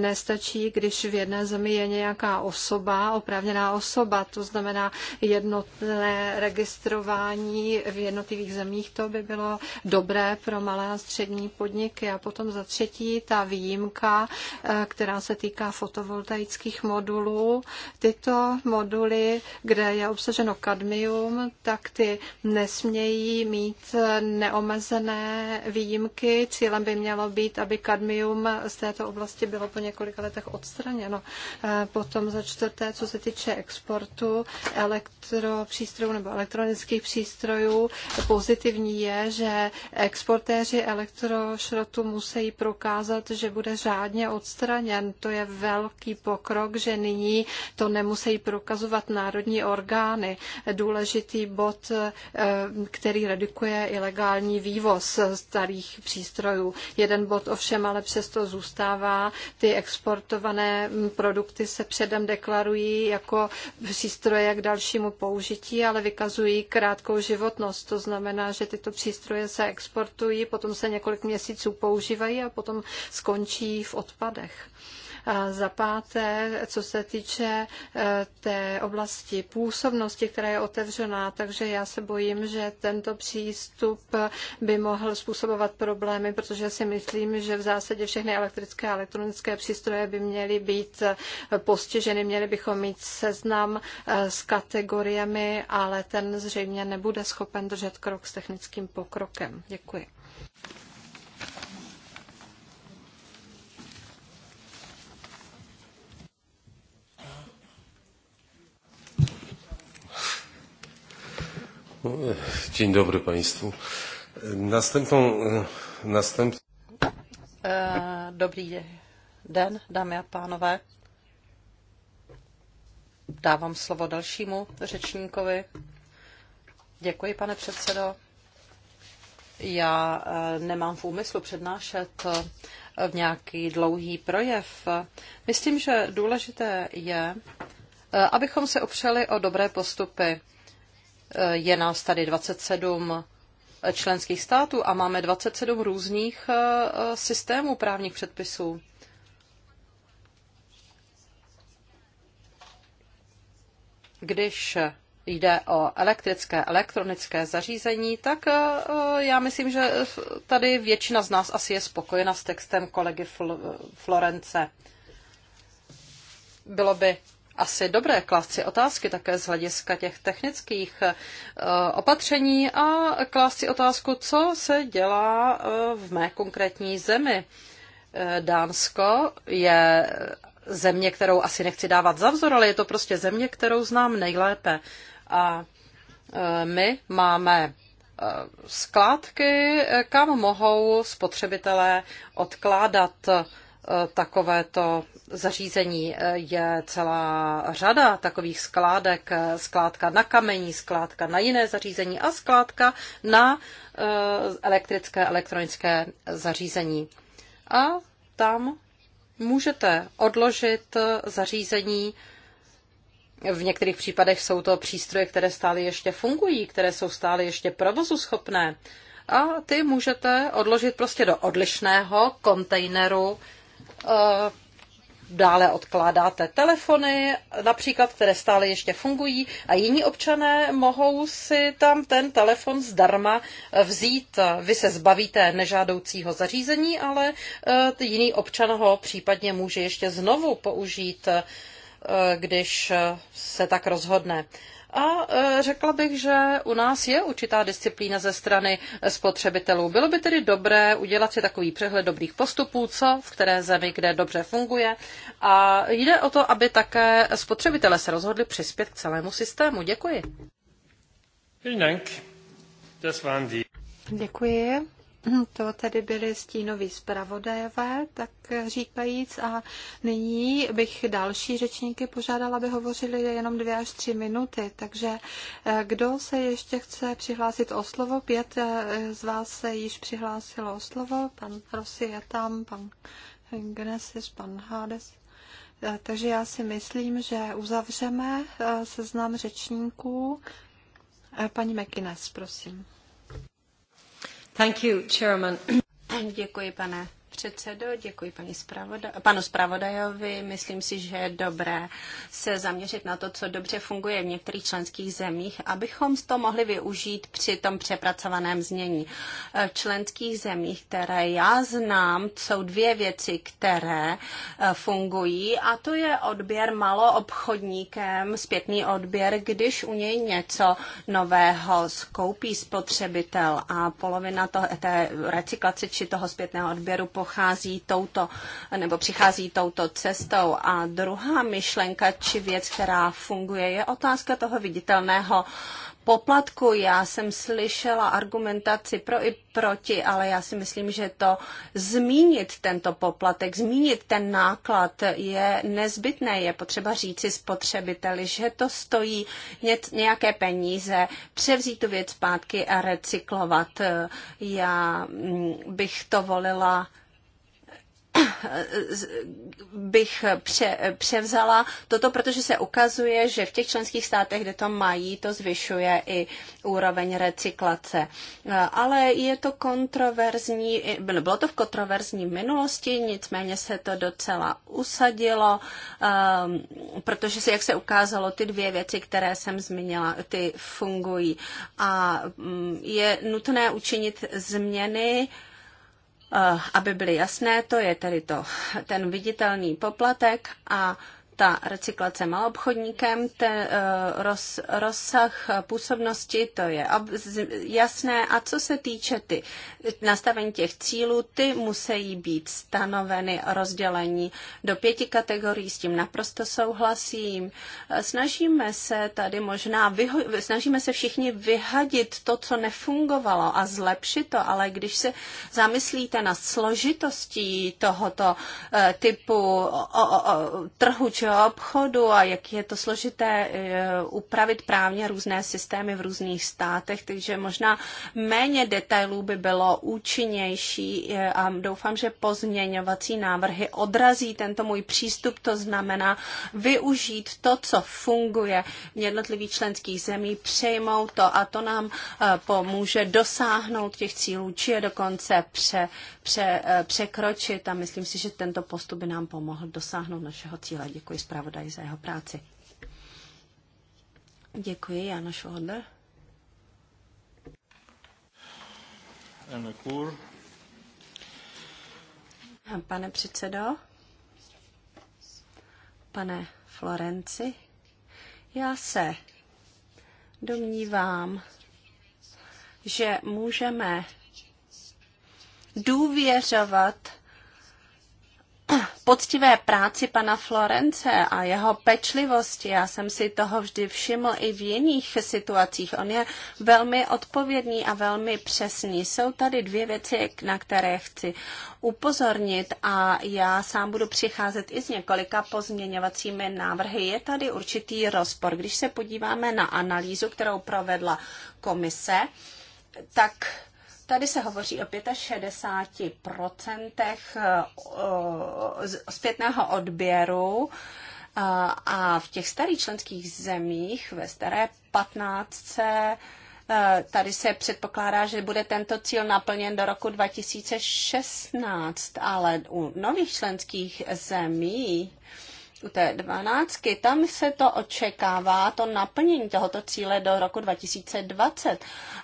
nestačí, když když v jedné zemi je nějaká osoba, oprávněná osoba, to znamená jednotné registrování v jednotlivých zemích, to by bylo dobré pro malé a střední podniky. A potom za třetí ta výjimka, eh, která se týká fotovoltaických modulů. Tyto moduly, kde je obsaženo kadmium, tak ty nesmějí mít neomezené výjimky. Cílem by mělo být, aby kadmium z této oblasti bylo po několika letech odstraněno odstraněno. E, potom za čtvrté, co se týče exportu elektropřístrojů nebo elektronických přístrojů, pozitivní je, že exportéři elektrošrotu musí prokázat, že bude řádně odstraněn. To je velký pokrok, že nyní to nemusí prokazovat národní orgány. Důležitý bod, e, který redukuje ilegální vývoz starých přístrojů. Jeden bod ovšem ale přesto zůstává ty exportované dané produkty se předem deklarují jako přístroje k dalšímu použití, ale vykazují krátkou životnost. To znamená, že tyto přístroje se exportují, potom se několik měsíců používají a potom skončí v odpadech. Za páté, co se týče eh, té oblasti působnosti, která je otevřená, takže já se bojím, že tento přístup by mohl způsobovat problémy, protože si myslím, že v zásadě všechny elektrické a elektronické přístroje by měly být eh, postiženy, měli bychom mít seznam eh, s kategoriemi, ale ten zřejmě nebude schopen držet krok s technickým pokrokem. Děkuji. Dzień dobry Państwu. Następną, następ... E, dobrý den, dámy a pánové. Dávám slovo dalšímu řečníkovi. Děkuji, pane předsedo. Já e, nemám v úmyslu přednášet e, v nějaký dlouhý projev. Myslím, že důležité je, abychom se opřeli o dobré postupy. Je nás tady 27 členských států a máme 27 různých eh, systémů právních předpisů. Když jde o elektrické, elektronické zařízení, tak eh, já myslím, že tady většina z nás asi je spokojena s textem kolegy Florence. Bylo by asi dobré klást si otázky také z hlediska těch technických eh, opatření a klást si otázku, co se dělá eh, v mé konkrétní zemi. Eh, Dánsko je země, kterou asi nechci dávat za vzor, ale je to prostě země, kterou znám nejlépe. A my máme skládky, kam mohou spotřebitelé odkládat takovéto zařízení eh, je celá řada takových skládek, eh, skládka na kamení, skládka na jiné zařízení a skládka na eh, elektrické, elektronické zařízení. A tam můžete odložit zařízení, v některých případech jsou to přístroje, které stále ještě fungují, které jsou stále ještě provozuschopné. A ty můžete odložit prostě do odlišného kontejneru Eh, dále odkládáte telefony, například, které stále ještě fungují a jiní občané mohou si tam ten telefon zdarma eh, vzít. Vy se zbavíte nežádoucího zařízení, ale eh, jiný občan ho případně může ještě znovu použít, když se tak rozhodne. A e, řekla bych, že u nás je určitá disciplína ze strany e, spotřebitelů. Bylo by tedy dobré udělat si takový přehled dobrých postupů, co v které zemi, kde dobře funguje. A jde o to, aby také spotřebitelé se rozhodli přispět k celému systému. Děkuji. Děkuji. Hm, to tedy byly stínoví zpravodajové, tak říkajíc. A nyní bych další řečníky požádala, aby hovořili jenom dvě až tři minuty. Takže eh, kdo se ještě chce přihlásit o slovo? Pět eh, z vás se již přihlásilo o slovo. Pan Rosy je tam, pan Gnesis, pan Hades. Eh, takže já si myslím, že uzavřeme seznam řečníků. Paní Mekines, prosím. Thank you, pro Děkuji, pane předsedo, děkuji paní spravoda, panu zpravodajovi. Myslím si, že je dobré se zaměřit na to, co dobře funguje v některých členských zemích, abychom to mohli využít při tom přepracovaném znění. Eh, v členských zemích, které já znám, jsou dvě věci, které eh, fungují a to je odběr maloobchodníkem, zpětný odběr, když u něj něco nového skoupí spotřebitel a polovina toho, té recyklace či toho zpětného odběru po pochází touto, nebo přichází touto cestou. A druhá myšlenka či věc, která funguje, je otázka toho viditelného poplatku. Já jsem slyšela argumentaci pro i proti, ale já si myslím, že to zmínit tento poplatek, zmínit ten náklad je nezbytné. Je potřeba říci spotřebiteli, že to stojí nějaké peníze, převzít tu věc zpátky a recyklovat. Já mm, bych to volila bych pře, převzala toto, protože se ukazuje, že v těch členských státech, kde to mají, to zvyšuje i úroveň recyklace. Ale je to kontroverzní, bylo to v kontroverzní minulosti, nicméně se to docela usadilo, ehm, protože se, jak se ukázalo, ty dvě věci, které jsem zmínila, ty fungují. A mm, je nutné učinit změny, Eh, aby byly jasné, to je tedy to, ten viditelný poplatek a ta recyklace má obchodníkem, ten eh, roz, rozsah působnosti, to je jasné. A co se týče ty, nastavení těch cílů, ty musí být stanoveny rozdělení do pěti kategorií, s tím naprosto souhlasím. Eh, snažíme se tady možná, vyho, snažíme se všichni vyhadit to, co nefungovalo a zlepšit to, ale když se zamyslíte na složitostí tohoto eh, typu o, o, o, trhu či obchodu a jak je to složité eh, upravit právně různé systémy v různých státech, takže možná méně detailů by bylo účinnější eh, a doufám, že pozměňovací návrhy odrazí tento můj přístup, to znamená využít to, co funguje v jednotlivých členských zemí, přejmout to a to nám eh, pomůže dosáhnout těch cílů, či je dokonce pře, pře, překročit a myslím si, že tento postup by nám pomohl dosáhnout našeho cíle. Děkuji děkuji zpravodaji za jeho práci. Děkuji, Jana Švohodler. Pane předsedo, pane Florenci, já se domnívám, že můžeme důvěřovat poctivé práci pana Florence a jeho pečlivosti. Já jsem si toho vždy všiml i v jiných situacích. On je velmi odpovědný a velmi přesný. Jsou tady dvě věci, na které chci upozornit a já sám budu přicházet i s několika pozměňovacími návrhy. Je tady určitý rozpor. Když se podíváme na analýzu, kterou provedla komise, tak Tady se hovoří o 65% eh, zpětného odběru eh, a v těch starých členských zemích, ve staré 15 eh, Tady se předpokládá, že bude tento cíl naplněn do roku 2016, ale u nových členských zemí té dvanáctky, tam se to očekává, to naplnění tohoto cíle do roku 2020.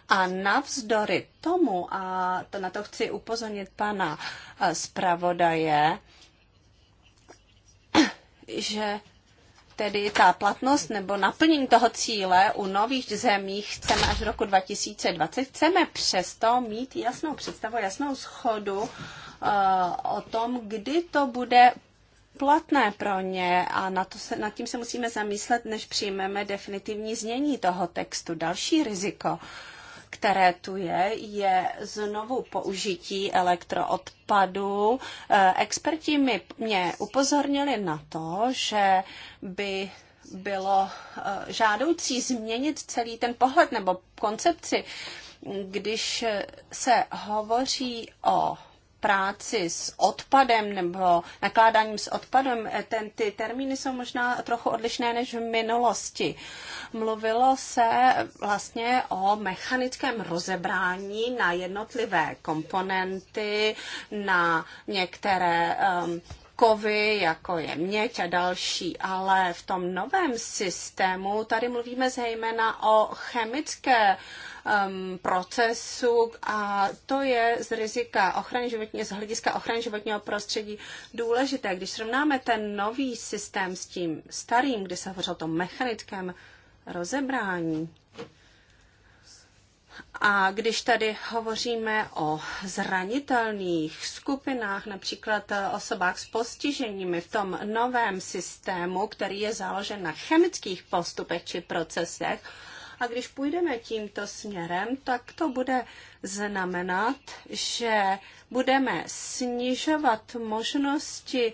A navzdory tomu, a to na to chci upozornit pana eh, zpravodaje, že tedy ta platnost nebo naplnění toho cíle u nových zemí chceme až v roku 2020. Chceme přesto mít jasnou představu, jasnou schodu eh, o tom, kdy to bude platné pro ně a na to se, nad tím se musíme zamyslet, než přijmeme definitivní znění toho textu. Další riziko, které tu je, je znovu použití elektroodpadu. Eh, experti mi, mě upozornili na to, že by bylo eh, žádoucí změnit celý ten pohled nebo koncepci, když se hovoří o práci s odpadem nebo nakládáním s odpadem, eh, ten, ty termíny jsou možná trochu odlišné než v minulosti. Mluvilo se vlastně o mechanickém rozebrání na jednotlivé komponenty, na některé um, kovy, jako je měť a další, ale v tom novém systému tady mluvíme zejména o chemické uh, um, procesu a to je z rizika ochrany životního, z hlediska ochrany životního prostředí důležité. Když srovnáme ten nový systém s tím starým, kdy se hovořilo o tom mechanickém rozebrání, a když tady hovoříme o zranitelných skupinách, například eh, osobách s postiženími v tom novém systému, který je založen na chemických postupech či procesech, a když půjdeme tímto směrem, tak to bude znamenat, že budeme snižovat možnosti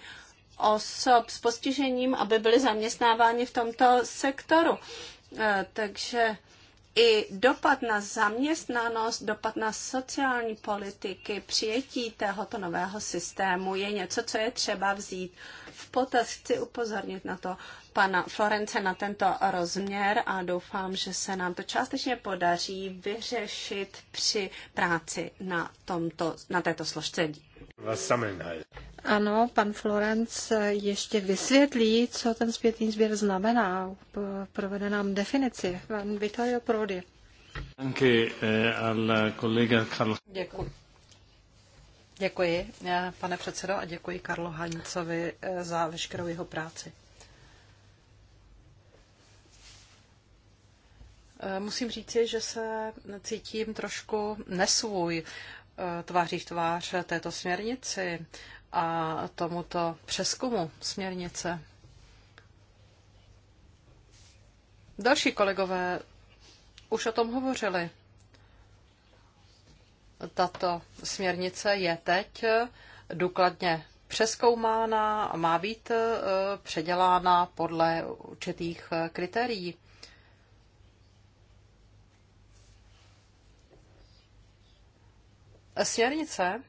osob s postižením, aby byly zaměstnáváni v tomto sektoru. E, takže i dopad na zaměstnanost, dopad na sociální politiky, přijetí tohoto nového systému je něco, co je třeba vzít v potaz. Chci upozornit na to, pana Florence na tento rozměr a doufám, že se nám to částečně podaří vyřešit při práci na, tomto, na této složce. Ano, pan Florenc ještě vysvětlí, co ten zpětný sběr znamená. Provede nám definici. Pan Vittorio Prodi. Eh, děkuji. Děkuji, eh, pane předsedo, a děkuji Karlo Hanicovi eh, za veškerou jeho práci. Eh, musím říci, že se cítím trošku nesvůj eh, tváří v tvář této směrnici a tomuto přeskumu směrnice. Další kolegové už o tom hovořili. Tato směrnice je teď eh, důkladně přeskoumána a má být předělána podle určitých kritérií. Směrnice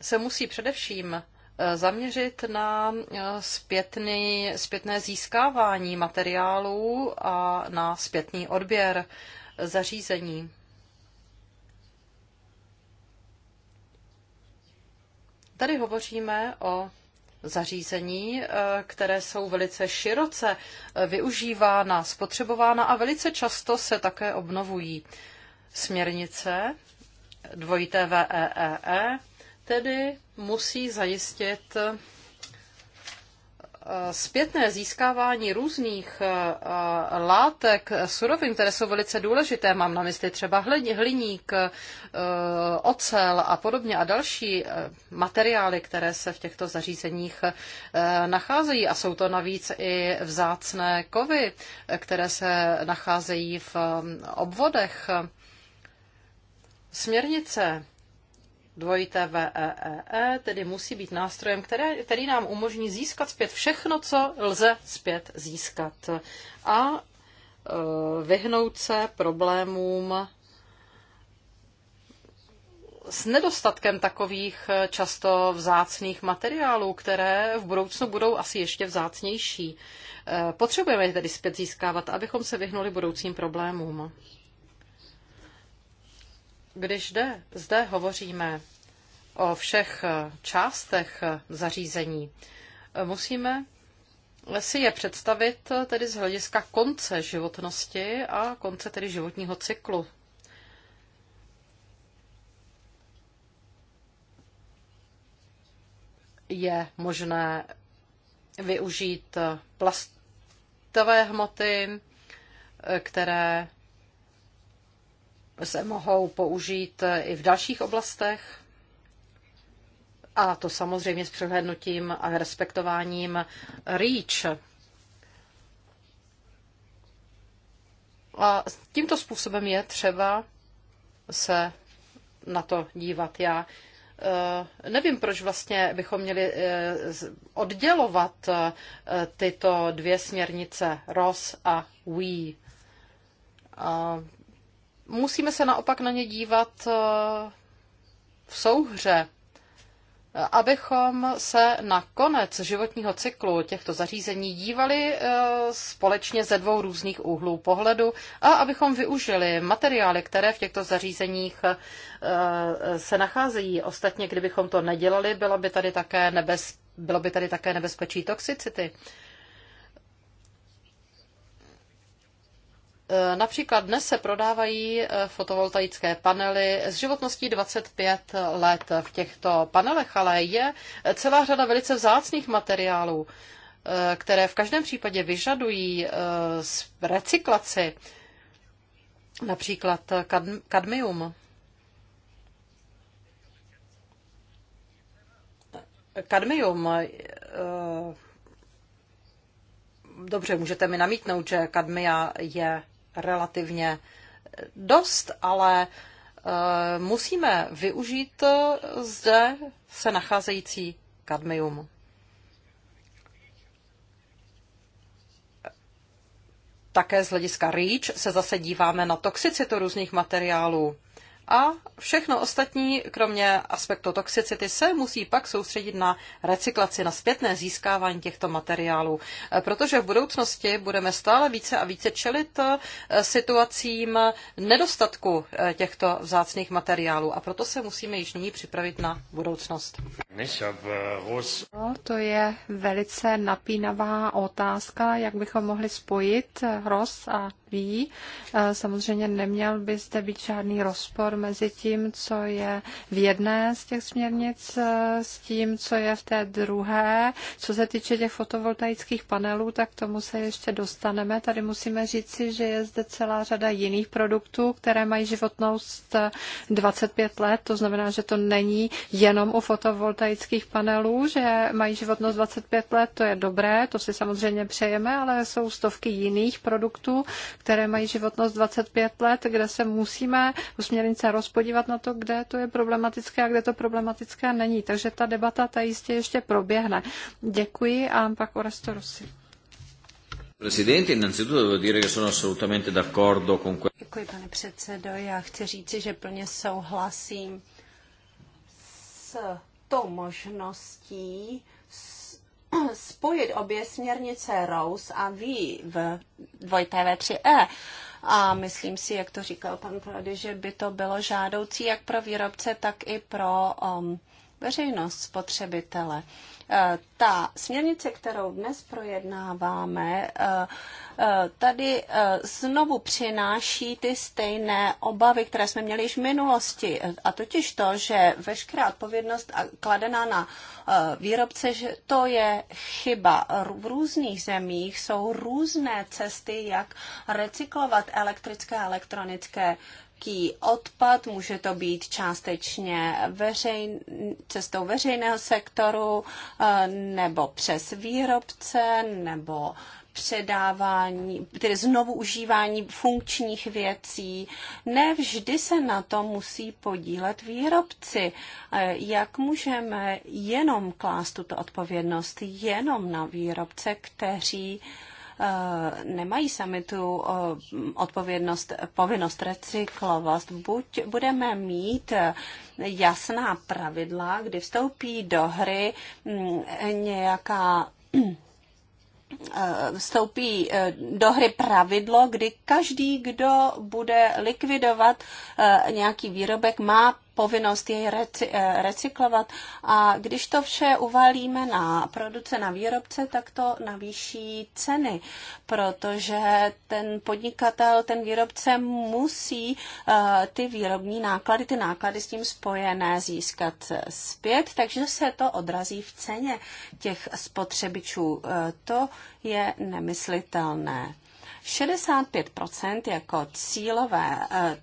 se musí především eh, zaměřit na eh, zpětný, zpětné získávání materiálů a na zpětný odběr zařízení. Tady hovoříme o zařízení, eh, které jsou velice široce využívána, spotřebována a velice často se také obnovují. Směrnice dvojité VEEE, e e, tedy musí zajistit eh, zpětné získávání různých eh, eh, látek, surovin, které jsou velice důležité, mám na mysli třeba hliník, ocel a podobně a další materiály, které se v těchto zařízeních nacházejí. A jsou to navíc i vzácné kovy, které se nacházejí v obvodech Směrnice dvojité VEEE e e tedy musí být nástrojem, které, který nám umožní získat zpět všechno, co lze zpět získat a e, vyhnout se problémům s nedostatkem takových často vzácných materiálů, které v budoucnu budou asi ještě vzácnější. Potřebujeme je tedy zpět získávat, abychom se vyhnuli budoucím problémům. Když zde, zde hovoříme o všech částech zařízení, musíme si je představit tedy z hlediska konce životnosti a konce tedy životního cyklu. Je možné využít plastové hmoty, které se mohou použít eh, i v dalších oblastech. A to samozřejmě s přehlednutím a respektováním REACH. A tímto způsobem je třeba se na to dívat. Já eh, nevím, proč vlastně bychom měli eh, oddělovat tyto dvě směrnice ROS a WE musíme se naopak na ně dívat eh, v souhře, abychom se na konec životního cyklu těchto zařízení dívali eh, společně ze dvou různých úhlů pohledu a abychom využili materiály, které v těchto zařízeních eh, se nacházejí. Ostatně, kdybychom to nedělali, bylo by tady také, nebez, bylo by tady také nebezpečí toxicity. Eh, například dnes se prodávají eh, fotovoltaické panely s životností 25 let. V těchto panelech ale je eh, celá řada velice vzácných materiálů, které v každém případě vyžadují recyklaci, například kadmium. Kadmium dobře, můžete mi namítnout, že kadmia je relativně dost, ale eh, musíme využít eh, zde se nacházející kadmium. Také z hlediska REACH se zase díváme na toxicitu různých materiálů a všechno ostatní, kromě aspektu toxicity, se musí pak soustředit na recyklaci, na zpětné získávání těchto materiálů, e, protože v budoucnosti budeme stále více a více čelit e, situacím nedostatku e, těchto vzácných materiálů a proto se musíme již nyní připravit na budoucnost. Eh, no, to je velice napínavá otázka, jak bychom mohli spojit eh, roz a zdraví. Samozřejmě neměl by zde být žádný rozpor mezi tím, co je v jedné z těch směrnic e, s tím, co je v té druhé. Co se týče těch fotovoltaických panelů, tak tomu se ještě dostaneme. Tady musíme říci, že je zde celá řada jiných produktů, které mají životnost 25 e, let. To znamená, že to není jenom u fotovoltaických panelů, že mají životnost 25 let, to je dobré, to si samozřejmě přejeme, ale jsou stovky jiných produktů, které mají životnost 25 let, kde se musíme u směrnice rozpodívat na to, kde to je problematické a kde to problematické není. Takže ta debata ta jistě ještě proběhne. Děkuji a pak Oresto Rossi. Presidente, innanzitutto devo dire che sono assolutamente d'accordo con questo. Děkuji, pane předsedo. Já chci říci, že plně souhlasím s tou možností, spojit obě směrnice ROUS a V v 2TV3E. E. A myslím si, jak to říkal pan Prady, že by to bylo žádoucí jak pro výrobce, tak i pro um, veřejnost, spotřebitele. Eh, ta směrnice, kterou dnes projednáváme, eh, eh, tady znovu přináší ty stejné obavy, které jsme měli již v minulosti. A totiž to, že veškerá odpovědnost kladená na výrobce, že to je chyba. V různých zemích jsou různé cesty, jak recyklovat elektrické a elektronické velký odpad, může to být částečně veřejn, cestou veřejného sektoru eh, nebo přes výrobce nebo předávání, tedy znovu užívání funkčních věcí. Ne vždy se na to musí podílet výrobci. Eh, jak můžeme jenom klást tuto odpovědnost jenom na výrobce, kteří uh, Eh, nemají sami tu eh, odpovědnost, povinnost recyklovat, Buď budeme mít eh, jasná pravidla, kdy vstoupí do hry mm, nějaká vstoupí do hry pravidlo, kdy každý, kdo bude likvidovat nějaký výrobek, má povinnost jej eh, recyklovat. A když to vše uvalíme na produce, na výrobce, tak to navýší ceny, protože ten podnikatel, ten výrobce musí eh, ty výrobní náklady, ty náklady s tím spojené získat zpět, takže se to odrazí v ceně těch spotřebičů. Eh, to je nemyslitelné. 65 jako cílové, eh,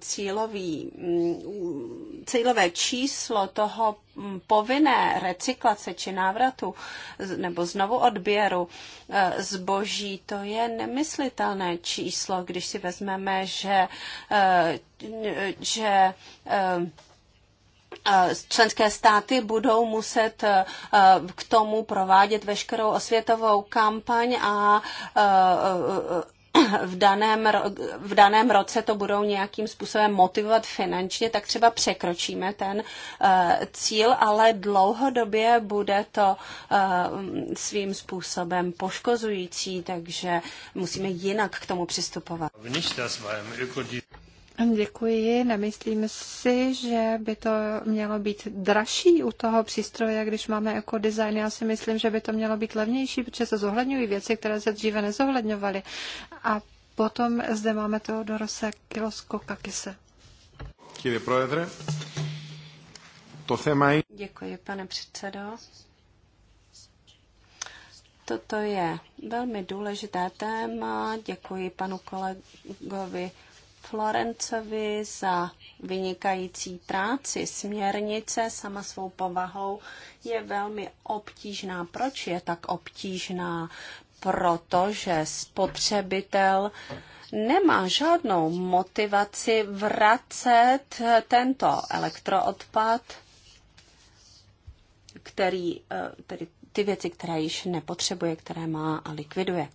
cílový, mm, cílové číslo toho mm, povinné recyklace či návratu nebo znovu odběru eh, zboží, to je nemyslitelné číslo, když si vezmeme, že, eh, že členské státy budou muset e, k tomu provádět veškerou osvětovou kampaň a e, e, v daném, v daném roce to budou nějakým způsobem motivovat finančně, tak třeba překročíme ten cíl, ale dlouhodobě bude to svým způsobem poškozující, takže musíme jinak k tomu přistupovat. Děkuji. Nemyslím si, že by to mělo být dražší u toho přístroje, když máme jako design. Já si myslím, že by to mělo být levnější, protože se zohledňují věci, které se dříve nezohledňovaly. A potom zde máme toho Dorose Kilosko Kakise. Děkuji, pane předsedo. Toto je velmi důležité téma. Děkuji panu kolegovi Florencovi za vynikající práci. Směrnice sama svou povahou je velmi obtížná. Proč je tak obtížná? Protože spotřebitel nemá žádnou motivaci vracet tento elektroodpad, který, eh, tedy ty věci, které již nepotřebuje, které má a likviduje.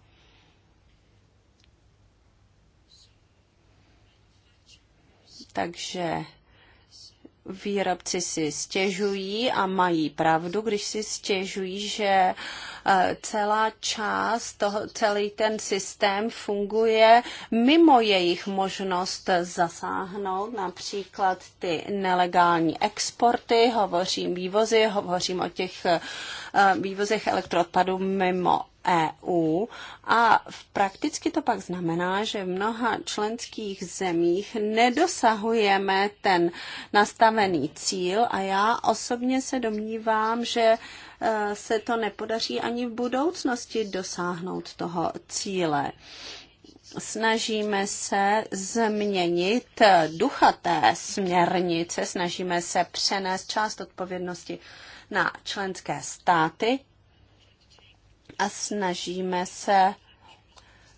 takže výrobci si stěžují a mají pravdu, když si stěžují, že eh, celá část, toho, celý ten systém funguje mimo jejich možnost zasáhnout, například ty nelegální exporty, hovořím vývozy, hovořím o těch eh, vývozech elektroodpadu mimo EU a prakticky to pak znamená, že v mnoha členských zemích nedosahujeme ten nastavený cíl a já osobně se domnívám, že e, se to nepodaří ani v budoucnosti dosáhnout toho cíle snažíme se změnit ducha té směrnice, snažíme se přenést část odpovědnosti na členské státy a snažíme se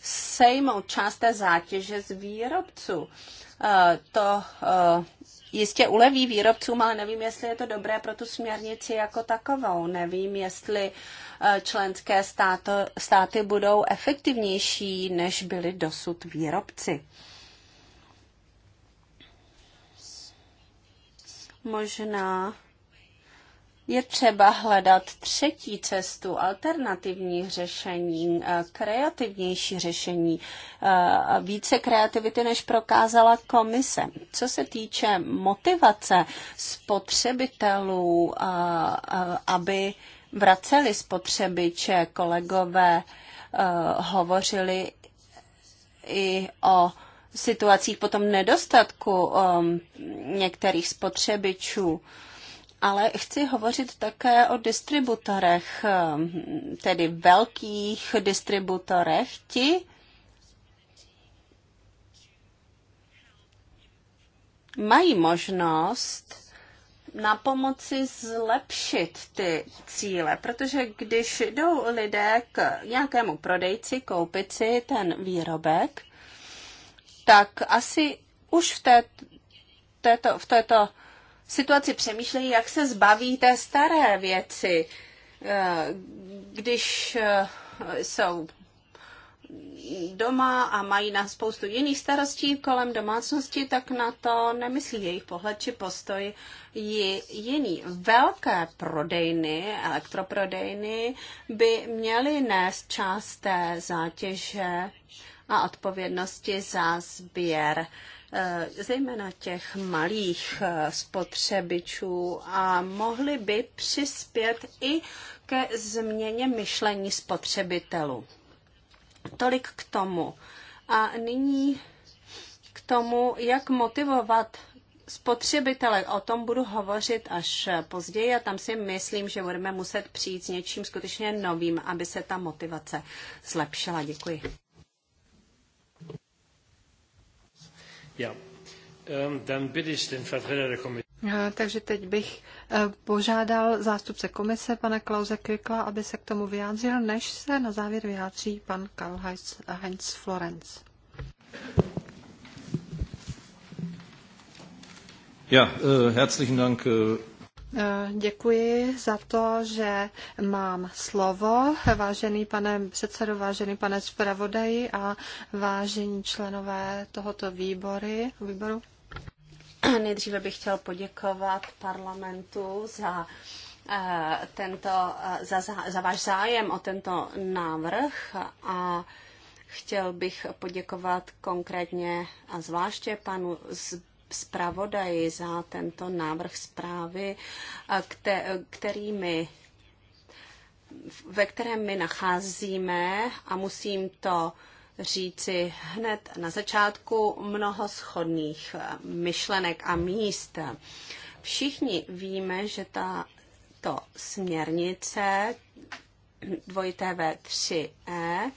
sejmout část té zátěže z výrobců. Eh, to eh, jistě uleví výrobcům, ale nevím, jestli je to dobré pro tu směrnici jako takovou. Nevím, jestli eh, členské státo, státy budou efektivnější, než byli dosud výrobci. Možná je třeba hledat třetí cestu, alternativní řešení, eh, kreativnější řešení, eh, více kreativity, než prokázala komise. Co se týče motivace spotřebitelů, eh, aby vraceli spotřebiče, kolegové hovořili i o situacích potom nedostatku některých spotřebičů ale chci hovořit také o distributorech, eh, tedy velkých distributorech. Ti mají možnost na pomoci zlepšit ty cíle, protože když jdou lidé k nějakému prodejci koupit si ten výrobek, tak asi už v té, této, v této situaci přemýšlejí, jak se zbaví té staré věci, eh, když eh, jsou doma a mají na spoustu jiných starostí kolem domácnosti, tak na to nemyslí jejich pohled či postoj je jiný. Velké prodejny, elektroprodejny by měly nést část té zátěže a odpovědnosti za sběr Eh, zejména těch malých eh, spotřebičů a mohly by přispět i ke změně myšlení spotřebitelů. Tolik k tomu. A nyní k tomu, jak motivovat spotřebitele. O tom budu hovořit až později a tam si myslím, že budeme muset přijít s něčím skutečně novým, aby se ta motivace zlepšila. Děkuji. Ja. Ehm, Dann bitte ich den Vertreter der Kommission. Eh, takže teď bych eh, požádal zástupce komise pana Klause Kvikla, aby se k tomu vyjádřil, než se na závěr vyjádří pan Karl Heinz, Heinz Florenz. Ja, eh, herzlichen Dank. Eh, děkuji za to, že mám slovo. Vážený pane předsedo, vážený pane zpravodaji a vážení členové tohoto výbory, výboru. Eh, nejdříve bych chtěl poděkovat parlamentu za eh, tento, za, za, za váš zájem o tento návrh a chtěl bych poděkovat konkrétně a zvláště panu Zb zpravodaji za tento návrh zprávy, eh, který mi ve kterém my nacházíme, a musím to říci hned na začátku, mnoho schodných eh, myšlenek a míst. Všichni víme, že ta to směrnice 2TV3E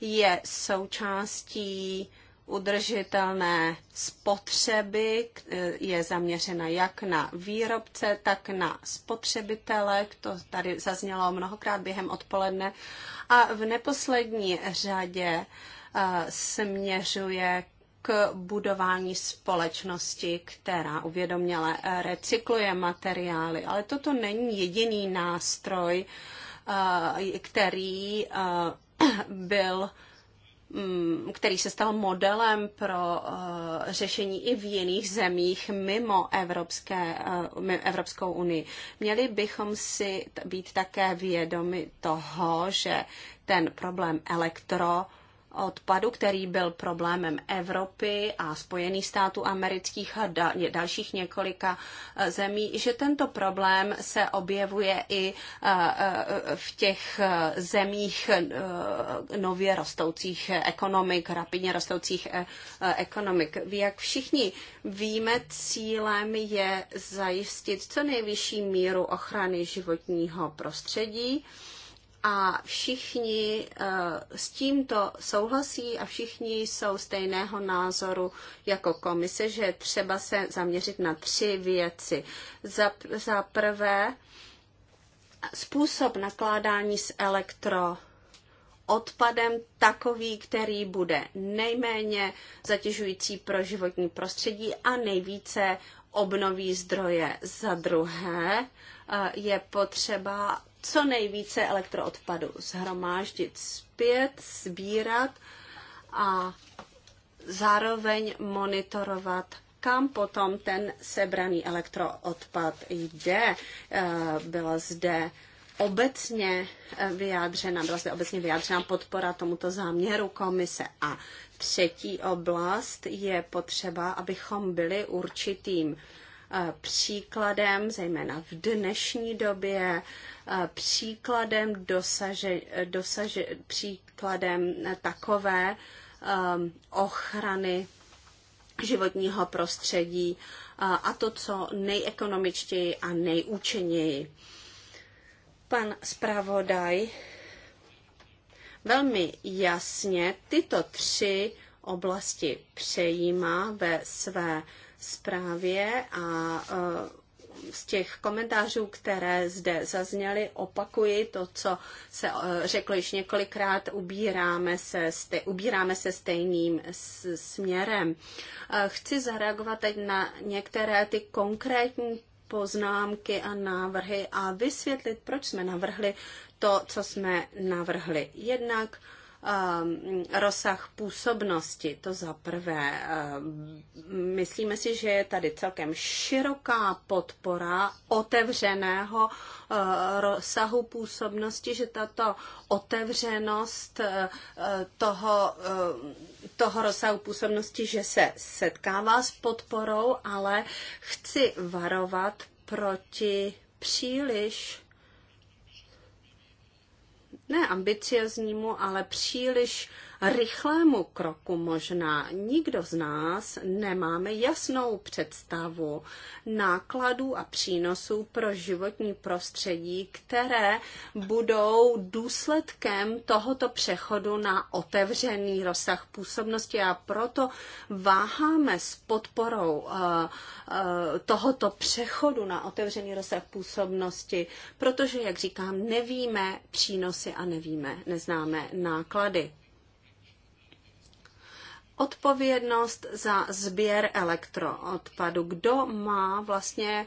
je součástí udržitelné spotřeby eh, je zaměřena jak na výrobce, tak na spotřebitele. To tady zaznělo mnohokrát během odpoledne. A v neposlední řadě eh, směřuje k budování společnosti, která uvědoměle eh, recykluje materiály. Ale toto není jediný nástroj, který byl Mm, který se stal modelem pro eh, řešení i v jiných zemích mimo Evropské, eh, Evropskou unii. Měli bychom si být také vědomi toho, že ten problém elektro odpadu, který byl problémem Evropy a Spojených států amerických a dalších několika eh, zemí, že tento problém se objevuje i eh, eh, v těch zemích nově rostoucích ekonomik, rapidně rostoucích ekonomik. Jak všichni víme, cílem je zajistit co nejvyšší míru ochrany životního prostředí a všichni eh, s tímto souhlasí a všichni jsou stejného názoru jako komise, že je třeba se zaměřit na tři věci. Za, za prvé, způsob nakládání s elektro odpadem takový, který bude nejméně zatěžující pro životní prostředí a nejvíce obnoví zdroje. Za druhé eh, je potřeba co nejvíce elektroodpadu zhromáždit zpět, sbírat a zároveň monitorovat kam potom ten sebraný elektroodpad jde. Eh, byla zde obecně eh, vyjádřena, byla zde obecně vyjádřena podpora tomuto záměru komise. A třetí oblast je potřeba, abychom byli určitým Eh, příkladem, zejména v dnešní době, eh, příkladem, dosaže, eh, dosaže, příkladem takové ochrany životního prostředí a to, co nejekonomičtěji a nejúčinněji. Pan zpravodaj velmi jasně tyto tři oblasti přejímá ve své zprávě a e, z těch komentářů, které zde zazněly, opakuji to, co se e, řeklo již několikrát, ubíráme se, ubíráme se stejným směrem. E, chci zareagovat teď na některé ty konkrétní poznámky a návrhy a vysvětlit, proč jsme navrhli to, co jsme navrhli. Jednak uh, Um, rozsah působnosti, to za prvé. Um, myslíme si, že je tady celkem široká podpora otevřeného uh, rozsahu působnosti, že tato otevřenost uh, toho, uh, toho rozsahu působnosti, že se setkává s podporou, ale chci varovat proti příliš ne ambicioznímu, ale příliš rychlému kroku možná. Nikdo z nás nemáme jasnou představu nákladů a přínosů pro životní prostředí, které budou důsledkem tohoto přechodu na otevřený rozsah působnosti a proto váháme s podporou eh, eh, tohoto přechodu na otevřený rozsah působnosti, protože, jak říkám, nevíme přínosy a nevíme, neznáme náklady odpovědnost za sběr elektroodpadu. Kdo má vlastně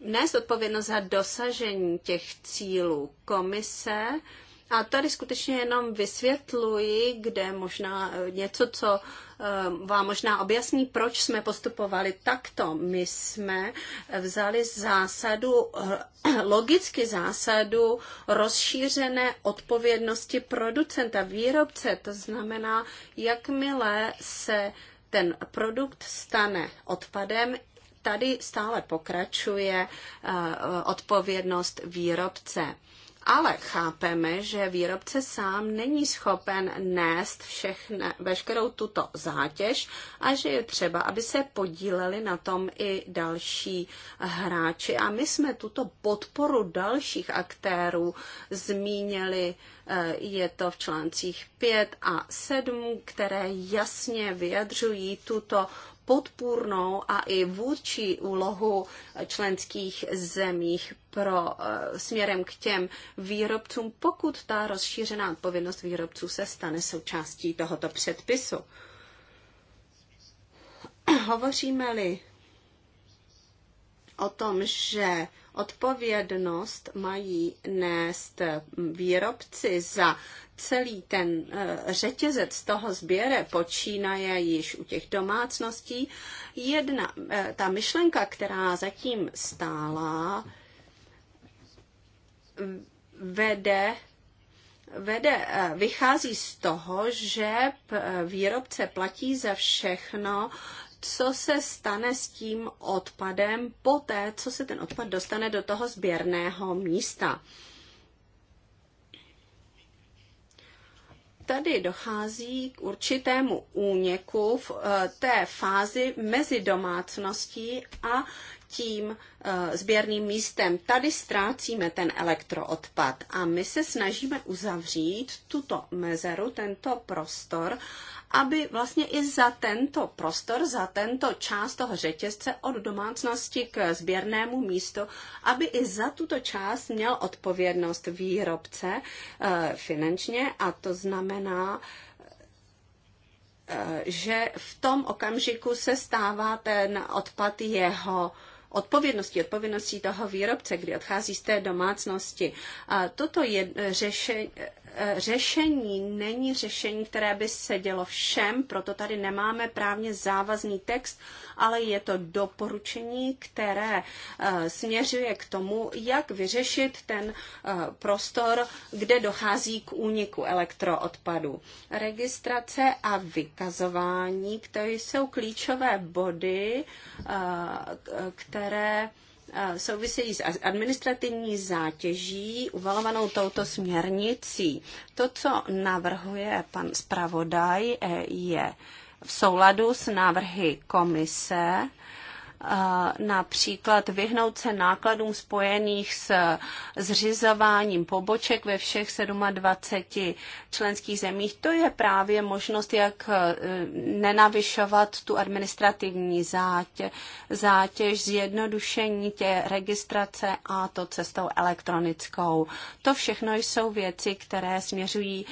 nést odpovědnost za dosažení těch cílů? Komise a tady skutečně jenom vysvětluji, kde možná eh, něco, co eh, vám možná objasní, proč jsme postupovali takto. My jsme vzali zásadu, eh, logicky zásadu rozšířené odpovědnosti producenta, výrobce. To znamená, jakmile se ten produkt stane odpadem, tady stále pokračuje odpovědnost výrobce ale chápeme, že výrobce sám není schopen nést všechne, veškerou tuto zátěž a že je třeba, aby se podíleli na tom i další hráči. A my jsme tuto podporu dalších aktérů zmínili, eh, je to v článcích 5 a 7, které jasně vyjadřují tuto podpůrnou a i vůdčí úlohu členských zemích pro eh, směrem k těm výrobcům, pokud ta rozšířená odpovědnost výrobců se stane součástí tohoto předpisu. Hovoříme-li o tom, že Odpovědnost mají nést mm, výrobci za celý ten eh, řetězec toho sběre počínaje již u těch domácností. Jedna, eh, ta myšlenka, která zatím stála, vede vede, eh, vychází z toho, že výrobce platí za všechno, co se stane s tím odpadem poté, co se ten odpad dostane do toho sběrného místa. tady dochází k určitému úněku v eh, té fázi mezi domácností a tím eh, sběrným místem. Tady ztrácíme ten elektroodpad a my se snažíme uzavřít tuto mezeru, tento prostor aby vlastně i za tento prostor, za tento část toho řetězce od domácnosti k sběrnému místu, aby i za tuto část měl odpovědnost výrobce eh, finančně a to znamená, eh, že v tom okamžiku se stává ten odpad jeho odpovědností, odpovědností toho výrobce, kdy odchází z té domácnosti. A toto je řešení, E, řešení není řešení, které by sedělo všem, proto tady nemáme právně závazný text, ale je to doporučení, které e, směřuje k tomu, jak vyřešit ten e, prostor, kde dochází k úniku elektroodpadu. Registrace a vykazování, které jsou klíčové body, které souvisejí s administrativní zátěží uvalovanou touto směrnicí. To, co navrhuje pan zpravodaj, eh, je v souladu s návrhy komise například vyhnout se nákladům spojených s zřizováním poboček ve všech 27 členských zemích. To je právě možnost, jak e, nenavyšovat tu administrativní zátěž, zjednodušení tě registrace a to cestou elektronickou. To všechno jsou věci, které směřují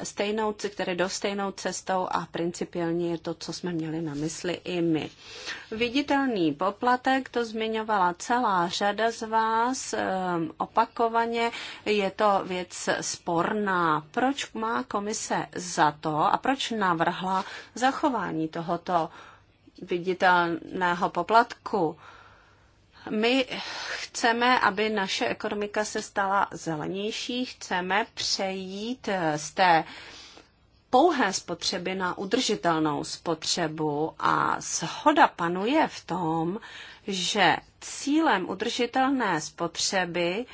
e, stejnou, které do stejnou cestou a principiálně je to, co jsme měli na mysli i my. Viditelný správný poplatek, to zmiňovala celá řada z vás ehm, opakovaně, je to věc sporná. Proč má komise za to a proč navrhla zachování tohoto viditelného poplatku? My chceme, aby naše ekonomika se stala zelenější, chceme přejít z té pouhé spotřeby na udržitelnou spotřebu a shoda panuje v tom, že cílem udržitelné spotřeby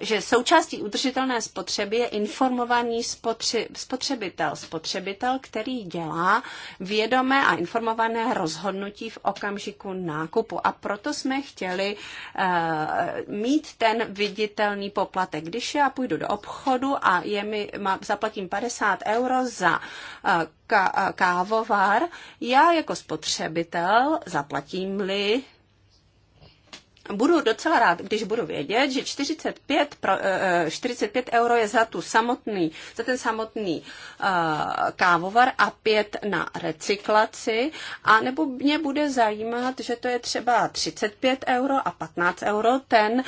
že součástí udržitelné spotřeby je informovaný spotři, spotřebitel. Spotřebitel, který dělá vědomé a informované rozhodnutí v okamžiku nákupu. A proto jsme chtěli uh, mít ten viditelný poplatek. Když já půjdu do obchodu a je mi, má, zaplatím 50 euro za uh, kávovar, já jako spotřebitel zaplatím-li budu docela rád, když budu vědět, že 45, pro, 45 eh, eh, euro je za, tu samotný, za ten samotný eh, kávovar a 5 na recyklaci. A nebo mě bude zajímat, že to je třeba 35 euro a 15 euro ten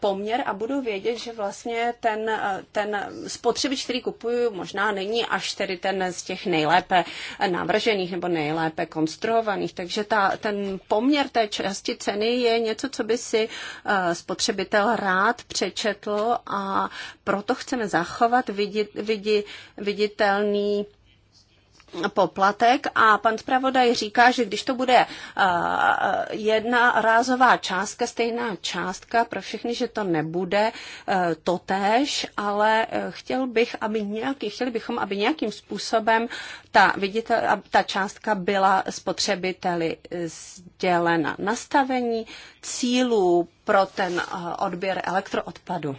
poměr a budu vědět, že vlastně ten, ten spotřebič, který kupuju, možná není až tedy ten z těch nejlépe navržených nebo nejlépe konstruovaných. Takže ta, ten poměr té části ceny je něco, co by si eh, spotřebitel rád přečetl a proto chceme zachovat vidit, vidit, viditelný poplatek a pan zpravodaj říká, že když to bude eh, jedna rázová částka, stejná částka pro všechny, že to nebude eh, totéž, ale eh, chtěl bych, aby nějaký, chtěli bychom, aby nějakým způsobem ta, vidíte, ta částka byla spotřebiteli sdělena. Nastavení cílů pro ten odběr elektroodpadu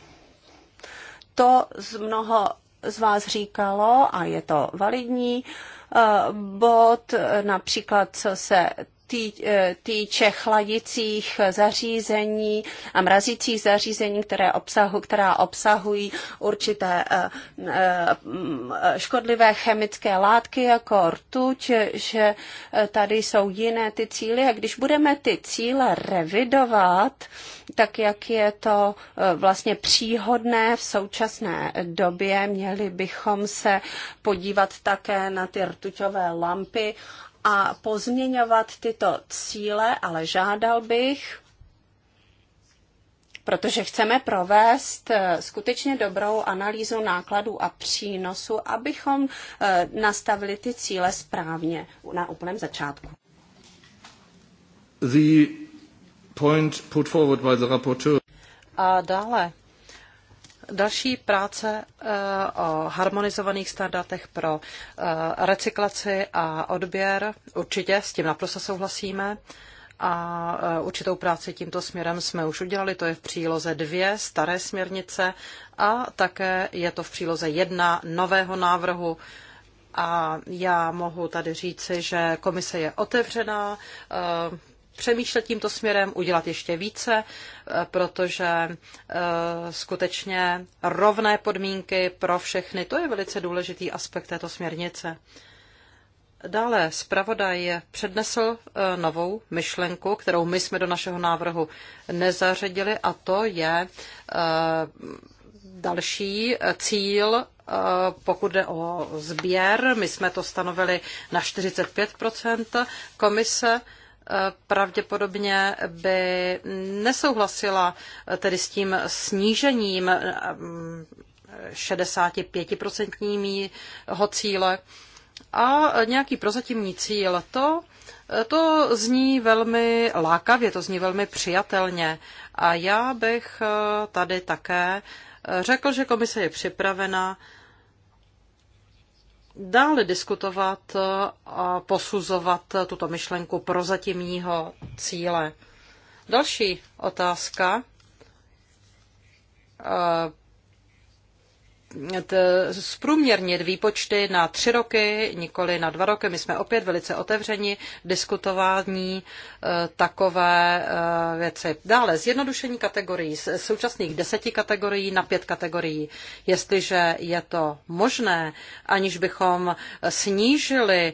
to z mnoho z vás říkalo, a je to validní eh, bod, například co se ty e, ty chladicích zařízení a mrazicích zařízení, které obsahu, která obsahují určité e, e, škodlivé chemické látky jako rtuť, že tady jsou jiné ty cíly a když budeme ty cíle revidovat, tak jak je to vlastně příhodné v současné době, měli bychom se podívat také na ty rtuťové lampy a pozměňovat tyto cíle, ale žádal bych, protože chceme provést eh, skutečně dobrou analýzu nákladů a přínosu, abychom eh, nastavili ty cíle správně na úplném začátku. The point put forward by the rapporteur. A dále Další práce eh, o harmonizovaných standardech pro eh, recyklaci a odběr, určitě s tím naprosto souhlasíme. A eh, určitou práci tímto směrem jsme už udělali, to je v příloze dvě staré směrnice a také je to v příloze jedna nového návrhu a já mohu tady říci, že komise je otevřená přemýšlet tímto směrem, udělat ještě více, eh, protože eh, skutečně rovné podmínky pro všechny, to je velice důležitý aspekt této směrnice. Dále zpravodaj přednesl eh, novou myšlenku, kterou my jsme do našeho návrhu nezařadili, a to je další cíl, pokud jde o sběr. My jsme to stanovili na 45 komise pravděpodobně by nesouhlasila tedy s tím snížením 65% cíle a nějaký prozatímní cíl. To, to zní velmi lákavě, to zní velmi přijatelně. A já bych tady také řekl, že komise je připravena dále diskutovat a posuzovat tuto myšlenku prozatímního cíle. Další otázka zprůměrnit výpočty na tři roky, nikoli na dva roky. My jsme opět velice otevřeni diskutování e, takové e, věci. Dále zjednodušení kategorií z současných deseti kategorií na pět kategorií. Jestliže je to možné, aniž bychom snížili e,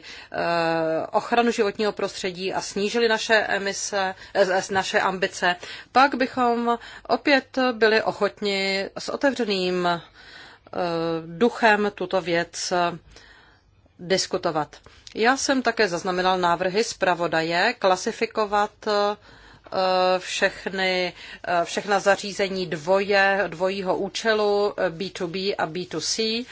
ochranu životního prostředí a snížili naše emise, naše ambice, pak bychom opět byli ochotni s otevřeným Eh, duchem tuto věc eh, diskutovat. Já jsem také zaznamenal návrhy zpravodaje klasifikovat eh, všechny, všechna zařízení dvoje, dvojího účelu B2B a B2C.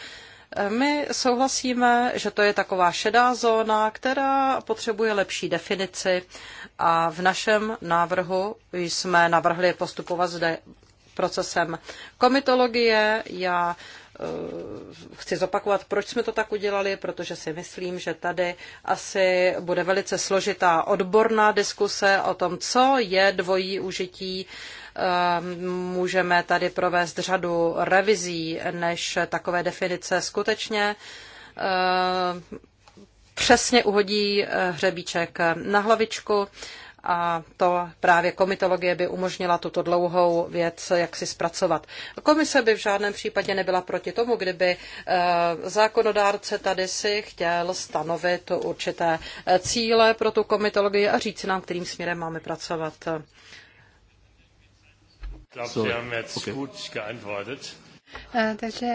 My souhlasíme, že to je taková šedá zóna, která potřebuje lepší definici a v našem návrhu jsme navrhli postupovat zde procesem komitologie. Já Eh, chci zopakovat, proč jsme to tak udělali, protože si myslím, že tady asi bude velice složitá odborná diskuse o tom, co je dvojí užití. Eh, můžeme tady provést řadu revizí, než takové definice skutečně eh, přesně uhodí hřebíček na hlavičku a to právě komitologie by umožnila tuto dlouhou věc jak si zpracovat. Komise by v žádném případě nebyla proti tomu, kdyby eh, zákonodárce tady si chtěl stanovit určité eh, cíle pro tu komitologii a říct nám, kterým směrem máme pracovat. So, okay. Äh, takže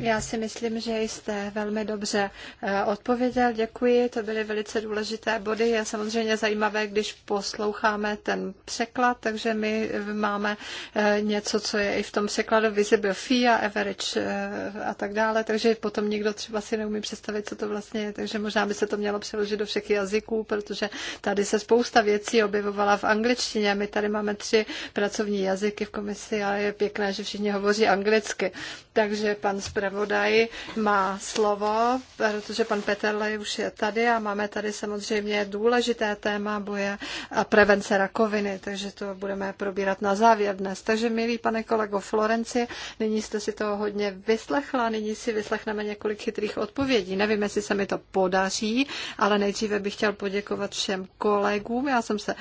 já si myslím, že jste velmi dobře eh, odpověděl. Děkuji, to byly velice důležité body. Je samozřejmě zajímavé, když posloucháme ten překlad, takže my máme eh, něco, co je i v tom překladu visible fee a average eh, a tak dále, takže potom někdo třeba si neumí představit, co to vlastně je, takže možná by se to mělo přeložit do všech jazyků, protože tady se spousta věcí objevovala v angličtině. My tady máme tři pracovní jazyky v komisi a je pěkné, že všichni hovoří anglicky. Takže pan Spra zpravodaj má slovo, protože pan Peterle už je tady a máme tady samozřejmě důležité téma boje a prevence rakoviny, takže to budeme probírat na závěr dnes. Takže milý pane kolego Florenci, nyní jste si toho hodně vyslechla, nyní si vyslechneme několik chytrých odpovědí. Nevím, jestli se mi to podaří, ale nejdříve bych chtěl poděkovat všem kolegům. Já jsem se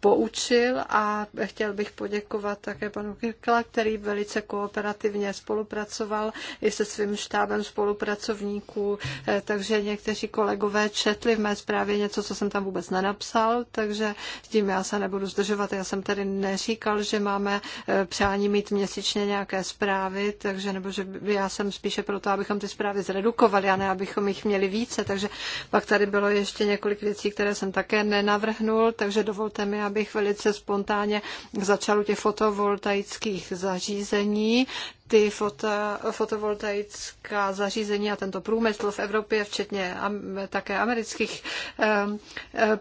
poučil a chtěl bych poděkovat také panu Kirkla, který velice kooperativně spolupracoval i se svým štábem spolupracovníků, eh, takže někteří kolegové četli v mé zprávě něco, co jsem tam vůbec nenapsal, takže s tím já se nebudu zdržovat. Já jsem tady neříkal, že máme eh, přání mít měsíčně nějaké zprávy, takže nebo že já jsem spíše proto, abychom ty zprávy zredukovali a ne abychom jich měli více. Takže pak tady bylo ještě několik věcí, které jsem také nenavrhnul, takže dovolte mi, abych velice spontánně začal u těch fotovoltaických zařízení ty foto, fotovoltaická zařízení a tento průmysl v Evropě, včetně am, také amerických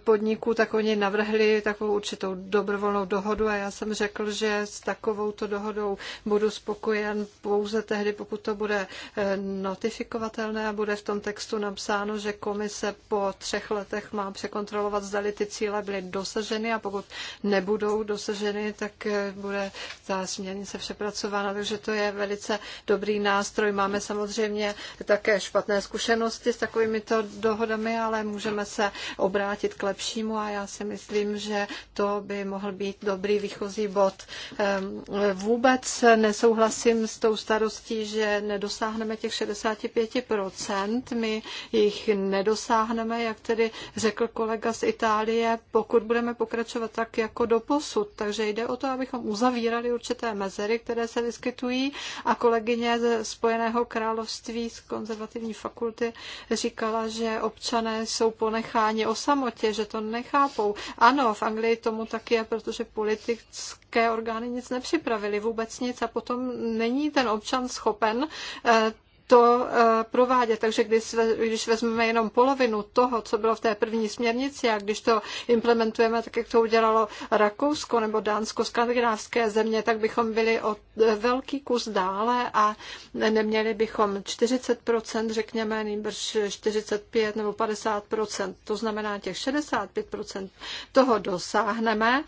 podniků, tak oni navrhli takovou určitou dobrovolnou dohodu a já jsem řekl, že s takovouto dohodou budu spokojen pouze tehdy, pokud to bude eh, notifikovatelné a bude v tom textu napsáno, že komise po třech letech má překontrolovat, zdali ty cíle byly dosaženy a pokud nebudou dosaženy, tak eh, bude ta směrnice přepracována. Takže to je velice dobrý nástroj. Máme samozřejmě také špatné zkušenosti s takovýmito dohodami, ale můžeme se obrátit k lepšímu a já si myslím, že to by mohl být dobrý výchozí bod. Ehm, vůbec nesouhlasím s tou starostí, že nedosáhneme těch 65%. My jich nedosáhneme, jak tedy řekl kolega z Itálie, pokud budeme pokračovat tak jako do posud. Takže jde o to, abychom uzavírali určité mezery, které se vyskytují a kolegyně ze Spojeného království z konzervativní fakulty říkala, že občané jsou ponecháni o samotě, že to nechápou. Ano, v Anglii tomu tak je, protože politické orgány nic nepřipravili, vůbec nic a potom není ten občan schopen eh, to eh, provádět. Takže když, když vezmeme jenom polovinu toho, co bylo v té první směrnici a když to implementujeme tak, jak to udělalo Rakousko nebo Dánsko, skandinávské země, tak bychom byli o eh, velký kus dále a neměli bychom 40%, řekněme, nejbrž 45 nebo 50%. To znamená těch 65% toho dosáhneme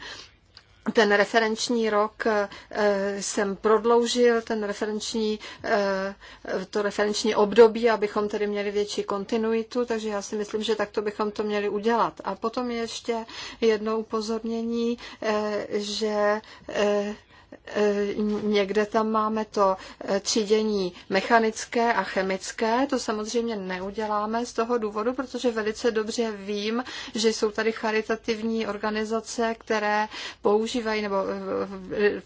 ten referenční rok eh, jsem prodloužil, ten referenční, eh, to referenční období, abychom tedy měli větší kontinuitu, takže já si myslím, že takto bychom to měli udělat. A potom ještě jedno upozornění, eh, že Eh, někde tam máme to eh, třídění mechanické a chemické. To samozřejmě neuděláme z toho důvodu, protože velice dobře vím, že jsou tady charitativní organizace, které používají nebo eh,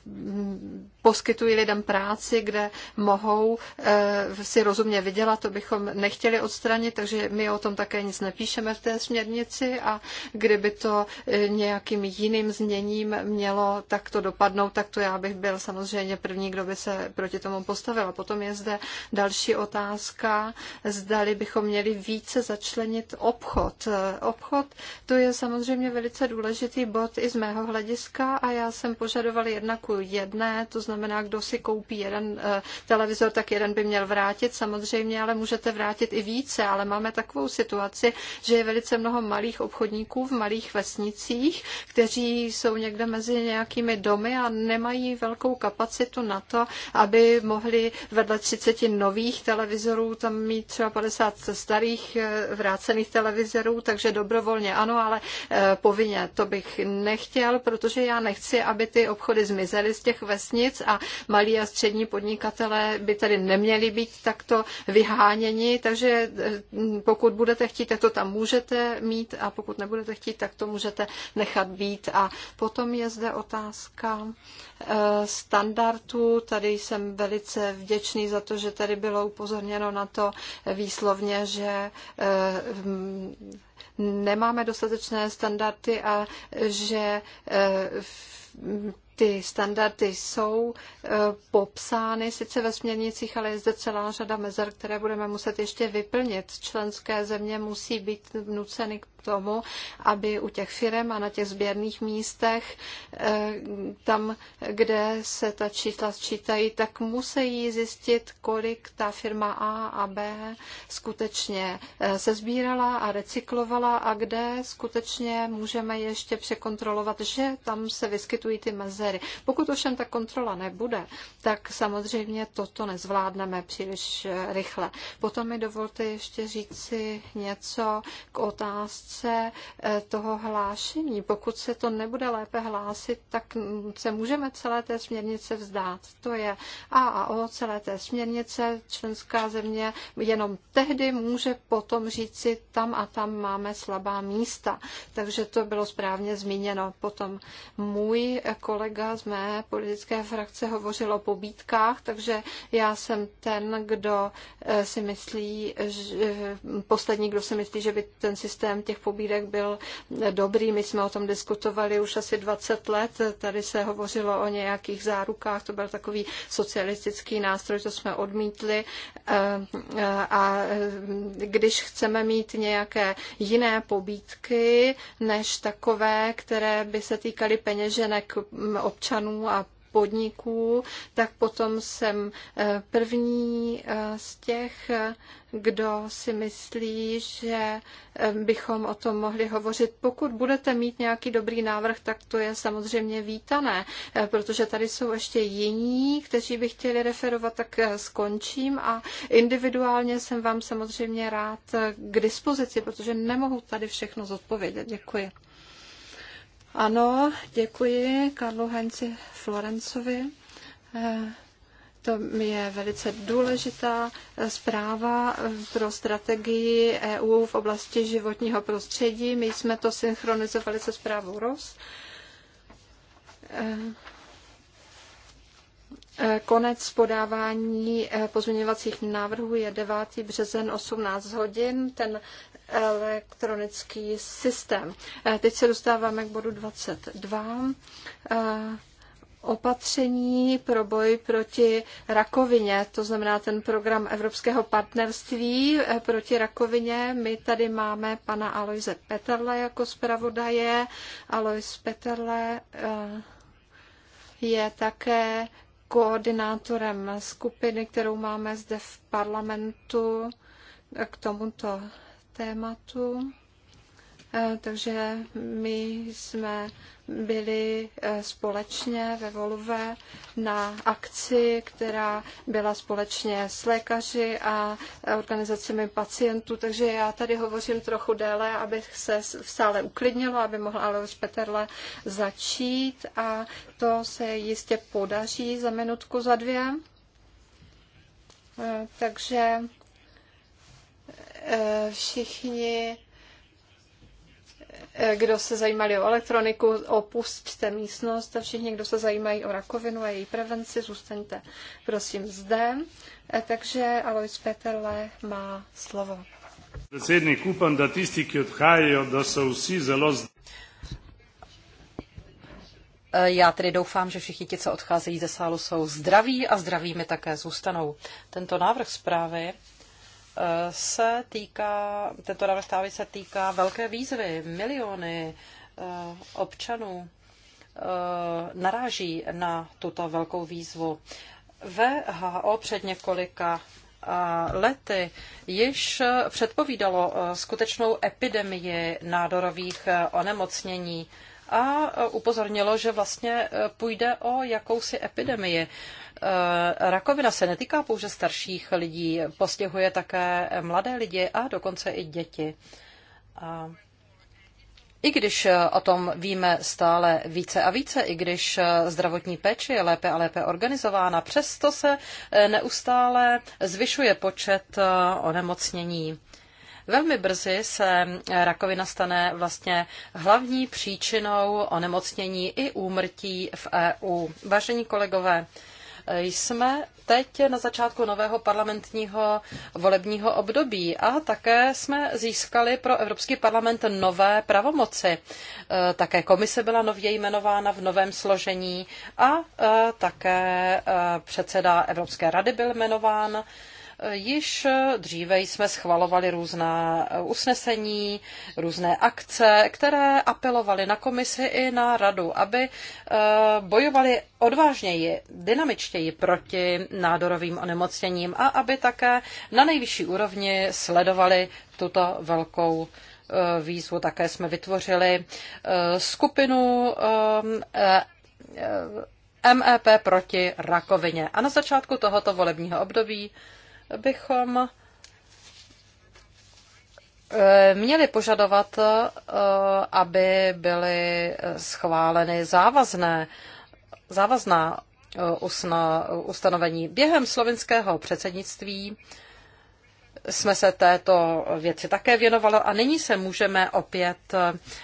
poskytují lidem práci, kde mohou eh, si rozumně vydělat, to bychom nechtěli odstranit, takže my o tom také nic nepíšeme v té směrnici a kdyby to eh, nějakým jiným změním mělo takto dopadnout, tak to já bych byl samozřejmě první, kdo by se proti tomu postavil. A potom je zde další otázka, zdali bychom měli více začlenit obchod. Eh, obchod to je samozřejmě velice důležitý bod i z mého hlediska a já jsem požadoval jedna ku jedné, to znamená, znamená, kdo si koupí jeden eh, televizor, tak jeden by měl vrátit samozřejmě, ale můžete vrátit i více. Ale máme takovou situaci, že je velice mnoho malých obchodníků v malých vesnicích, kteří jsou někde mezi nějakými domy a nemají velkou kapacitu na to, aby mohli vedle 30 nových televizorů tam mít třeba 50 starých eh, vrácených televizorů, takže dobrovolně ano, ale eh, povinně to bych nechtěl, protože já nechci, aby ty obchody zmizely z těch vesnic a malí a střední podnikatelé by tady neměli být takto vyháněni, takže eh, pokud budete chtít, tak to tam můžete mít a pokud nebudete chtít, tak to můžete nechat být. A potom je zde otázka eh, standardů. Tady jsem velice vděčný za to, že tady bylo upozorněno na to výslovně, že eh, nemáme dostatečné standardy a že ty standardy jsou eh, popsány sice ve směrnicích, ale je zde celá řada mezer, které budeme muset ještě vyplnit. Členské země musí být nuceny k tomu, aby u těch firm a na těch sběrných místech, eh, tam, kde se ta čísla sčítají, tak musí zjistit, kolik ta firma A a B skutečně eh, se sbírala a recyklovala a kde skutečně můžeme ještě překontrolovat, že tam se vyskytují ty mezery. Pokud ovšem ta kontrola nebude, tak samozřejmě toto nezvládneme příliš eh, rychle. Potom mi dovolte ještě říci něco k otázce se eh, toho hlášení. Pokud se to nebude lépe hlásit, tak se můžeme celé té směrnice vzdát. To je A a O celé té směrnice. Členská země jenom tehdy může potom říci, tam a tam máme slabá místa. Takže to bylo správně zmíněno. Potom můj kolega z mé politické frakce hovořil o pobítkách, takže já jsem ten, kdo eh, si myslí, že, eh, poslední, kdo si myslí, že by ten systém těch pobídek byl dobrý. My jsme o tom diskutovali už asi 20 let. Tady se hovořilo o nějakých zárukách. To byl takový socialistický nástroj, to jsme odmítli. Eh, a eh, když chceme mít nějaké jiné pobídky, než takové, které by se týkaly peněženek občanů a podniků, tak potom jsem eh, první eh, z těch, eh, kdo si myslí, že bychom o tom mohli hovořit. Pokud budete mít nějaký dobrý návrh, tak to je samozřejmě vítané, protože tady jsou ještě jiní, kteří by chtěli referovat, tak skončím a individuálně jsem vám samozřejmě rád k dispozici, protože nemohu tady všechno zodpovědět. Děkuji. Ano, děkuji Karlu Heinzi Florencovi. Eh, to mi je velice důležitá eh, zpráva pro strategii EU v oblasti životního prostředí. My jsme to synchronizovali se zprávou ROS. Eh, Konec podávání eh, pozměňovacích návrhů je 9. březen 18 hodin, ten elektronický systém. Eh, teď se dostáváme k bodu 22 eh, opatření pro boj proti rakovině, to znamená ten program Evropského partnerství proti rakovině. My tady máme pana Aloise Peterle jako zpravodaje. Alois Peterle je také koordinátorem skupiny, kterou máme zde v parlamentu k tomuto tématu. Eh, takže my jsme byli eh, společně ve Volve na akci, která byla společně s lékaři a organizacemi pacientů, takže já tady hovořím trochu déle, abych se v sále uklidnilo, aby mohla Aleš Peterle začít a to se jistě podaří za minutku, za dvě. Eh, takže všichni Eh, kdo se zajímali o elektroniku, opustte místnost a všichni, kdo se zajímají o rakovinu a její prevenci, zůstaňte prosím zde. Eh, takže Alois Peterle má slovo. Predsednik, upam, da tisti, ki odhajajo, da so vsi zelo eh, já tedy doufám, že všichni ti, co odcházejí ze sálu, jsou zdraví a zdravými také zůstanou. Tento návrh zprávy se týká, tento návrh stávy se týká velké výzvy. Miliony eh, občanů eh, naráží na tuto velkou výzvu. VHO před několika eh, lety již předpovídalo skutečnou epidemii nádorových onemocnění a upozornilo, že vlastně půjde o jakousi epidemii. Eh, rakovina se netýká pouze starších lidí, postihuje také mladé lidi a dokonce i děti. A i když eh, o tom víme stále více a více, i když eh, zdravotní péče je lépe a lépe organizována, přesto se neustále zvyšuje počet onemocnění. Velmi brzy se rakovina stane vlastně hlavní příčinou onemocnění i úmrtí v EU. Vážení kolegové, jsme teď na začátku nového parlamentního volebního období a také jsme získali pro Evropský parlament nové pravomoci. E, také komise byla nově jmenována v novém složení a e, také e, předseda Evropské rady byl jmenován. Již dříve jsme schvalovali různá usnesení, různé akce, které apelovaly na komisi i na radu, aby eh, bojovali odvážněji, dynamičtěji proti nádorovým onemocněním a aby také na nejvyšší úrovni sledovali tuto velkou eh, výzvu. Také jsme vytvořili eh, skupinu MEP proti rakovině. A na začátku tohoto volebního období bychom eh, měli požadovat, eh, aby byly eh, schváleny závazné, závazná ustanovení. Během slovinského předsednictví jsme se této věci také věnovali a nyní se můžeme opět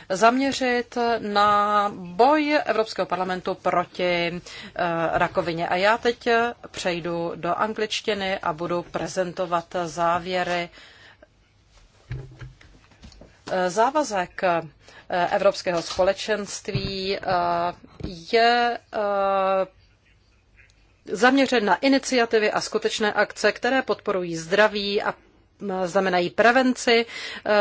zaměřit na boj Evropského parlamentu proti eh, rakovině. A já teď přejdu do angličtiny a budu prezentovat závěry eh, závazek eh, Evropského společenství je zaměřen na iniciativy a skutečné akce, které podporují zdraví a znamenají prevenci eh,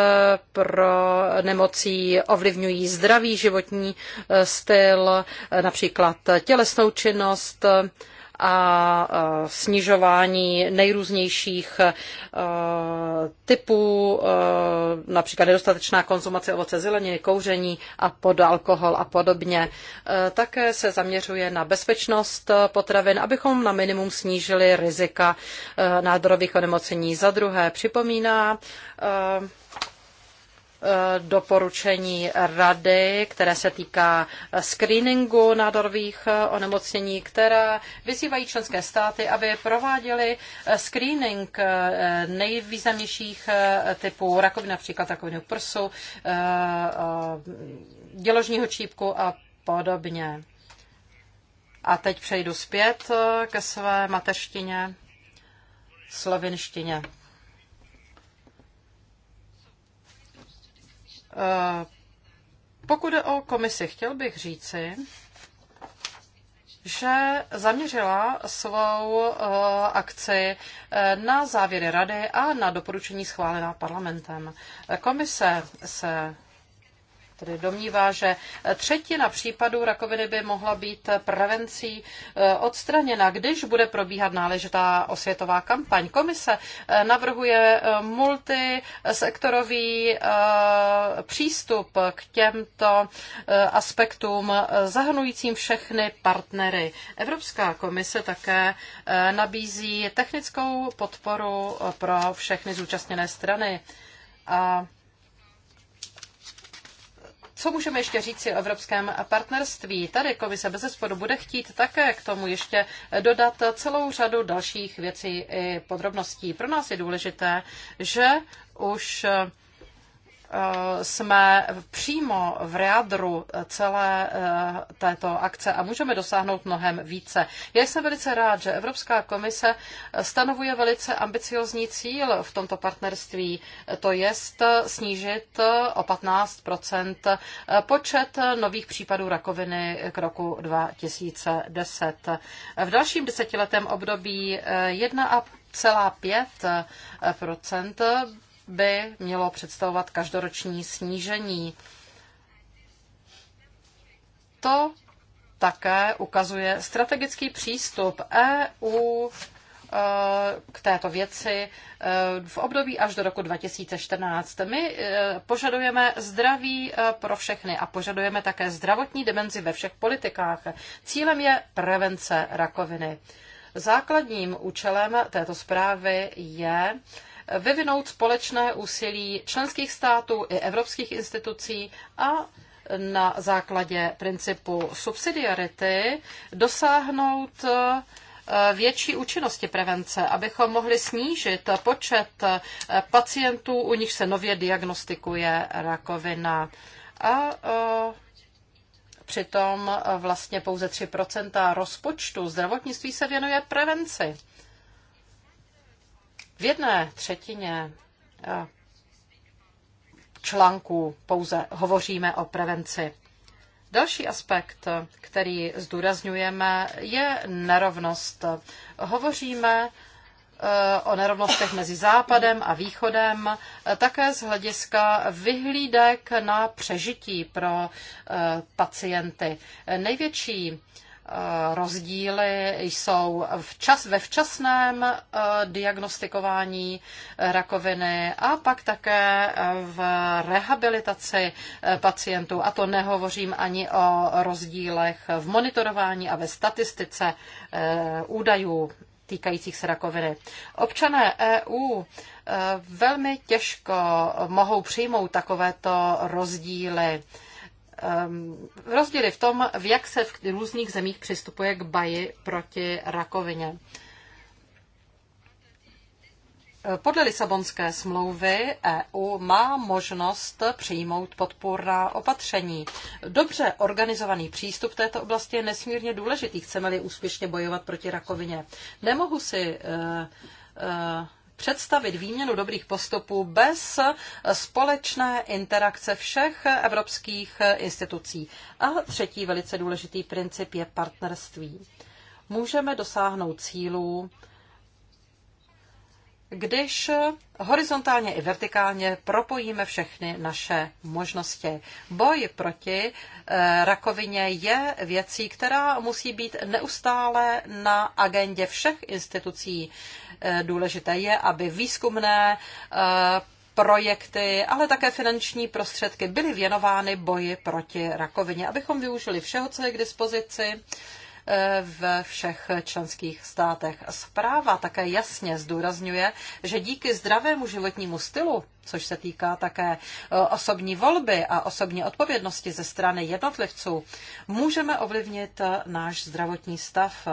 pro nemocí, ovlivňují zdravý životní eh, styl, eh, například tělesnou činnost, a snižování nejrůznějších typů, například nedostatečná konzumace ovoce zeleniny, kouření a pod alkohol a podobně. Také se zaměřuje na bezpečnost potravin, abychom na minimum snížili rizika nádorových onemocnění. Za druhé připomíná Eh, doporučení rady, které se týká screeningu nádorových eh, onemocnění, která vyzývají členské státy, aby prováděly eh, screening nejvýznamnějších typů rakoviny, například rakoviny prsu, děložního čípku a podobně. A teď přejdu zpět ke své mateřštině, slovinštině. Eh, pokud jde o komisi, chtěl bych říci, že zaměřila svou eh, akci eh, na závěry rady a na doporučení schválená parlamentem. Komise se tedy domnívá, že třetina případů rakoviny by mohla být prevencí eh, odstraněna, když bude probíhat náležitá osvětová kampaň. Komise eh, navrhuje eh, multisektorový přístup k těmto aspektům zahrnujícím všechny partnery. Evropská komise také nabízí technickou podporu pro všechny zúčastněné strany. A co můžeme ještě říct o evropském partnerství? Tady komise bez zespodu bude chtít také k tomu ještě dodat celou řadu dalších věcí i podrobností. Pro nás je důležité, že už Eh, jsme přímo v readru eh, celé eh, této akce a můžeme dosáhnout mnohem více. Já jsem velice rád, že Evropská komise stanovuje velice ambiciozní cíl v tomto partnerství, to je snížit o 15 počet nových případů rakoviny k roku 2010. V dalším desetiletém období 1,5 celá by mělo představovat každoroční snížení. To také ukazuje strategický přístup EU e, k této věci e, v období až do roku 2014. My e, požadujeme zdraví pro všechny a požadujeme také zdravotní dimenzi ve všech politikách. Cílem je prevence rakoviny. Základním účelem této zprávy je vyvinout společné úsilí členských států i evropských institucí a na základě principu subsidiarity dosáhnout eh, větší účinnosti prevence, abychom mohli snížit počet eh, pacientů, u nich se nově diagnostikuje rakovina. A eh, přitom vlastně pouze 3 rozpočtu zdravotnictví se věnuje prevenci. V jedné třetině eh, článků pouze hovoříme o prevenci. Další aspekt, který zdůrazňujeme, je nerovnost. Hovoříme eh, o nerovnostech mezi Západem a Východem, eh, také z hlediska vyhlídek na přežití pro pacienty. Největší Eh, rozdíly jsou včas, ve včasném eh, diagnostikování eh, rakoviny a pak také v rehabilitaci pacientů. A to nehovořím ani o rozdílech v monitorování a ve statistice údajů týkajících se rakoviny. Občané EU velmi těžko mohou přijmout takovéto rozdíly Ehm, rozdíly v tom, v jak se v různých zemích přistupuje k baji proti rakovině. Eh, podle Lisabonské smlouvy EU má možnost přijmout podpůrná opatření. Dobře organizovaný přístup této oblasti je nesmírně důležitý, chceme-li úspěšně bojovat proti rakovině. Nemohu si uh, uh, představit výměnu dobrých postupů bez společné interakce všech evropských institucí. A třetí velice důležitý princip je partnerství. Můžeme dosáhnout cílů, když horizontálně i vertikálně propojíme všechny naše možnosti. Boj proti eh, rakovině je věcí, která musí být neustále na agendě všech institucí. Důležité je, aby výzkumné eh, projekty, ale také finanční prostředky byly věnovány boji proti rakovině, abychom využili všeho, co je k dispozici Eh, ve všech členských státech. Zpráva také jasně zdůrazňuje, že díky zdravému životnímu stylu, což se týká také eh, osobní volby a osobní odpovědnosti ze strany jednotlivců, můžeme ovlivnit eh, náš zdravotní stav.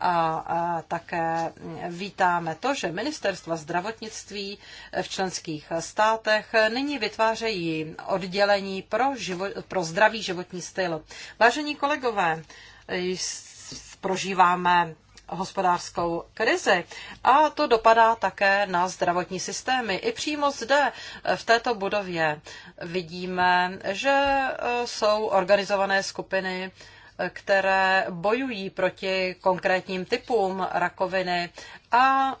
A také vítáme to, že ministerstva zdravotnictví v členských státech nyní vytvářejí oddělení pro, živo- pro zdravý životní styl. Vážení kolegové, prožíváme hospodářskou krizi. A to dopadá také na zdravotní systémy. I přímo zde, eh, v této budově, vidíme, že eh, jsou organizované skupiny eh, které bojují proti konkrétním typům rakoviny a e,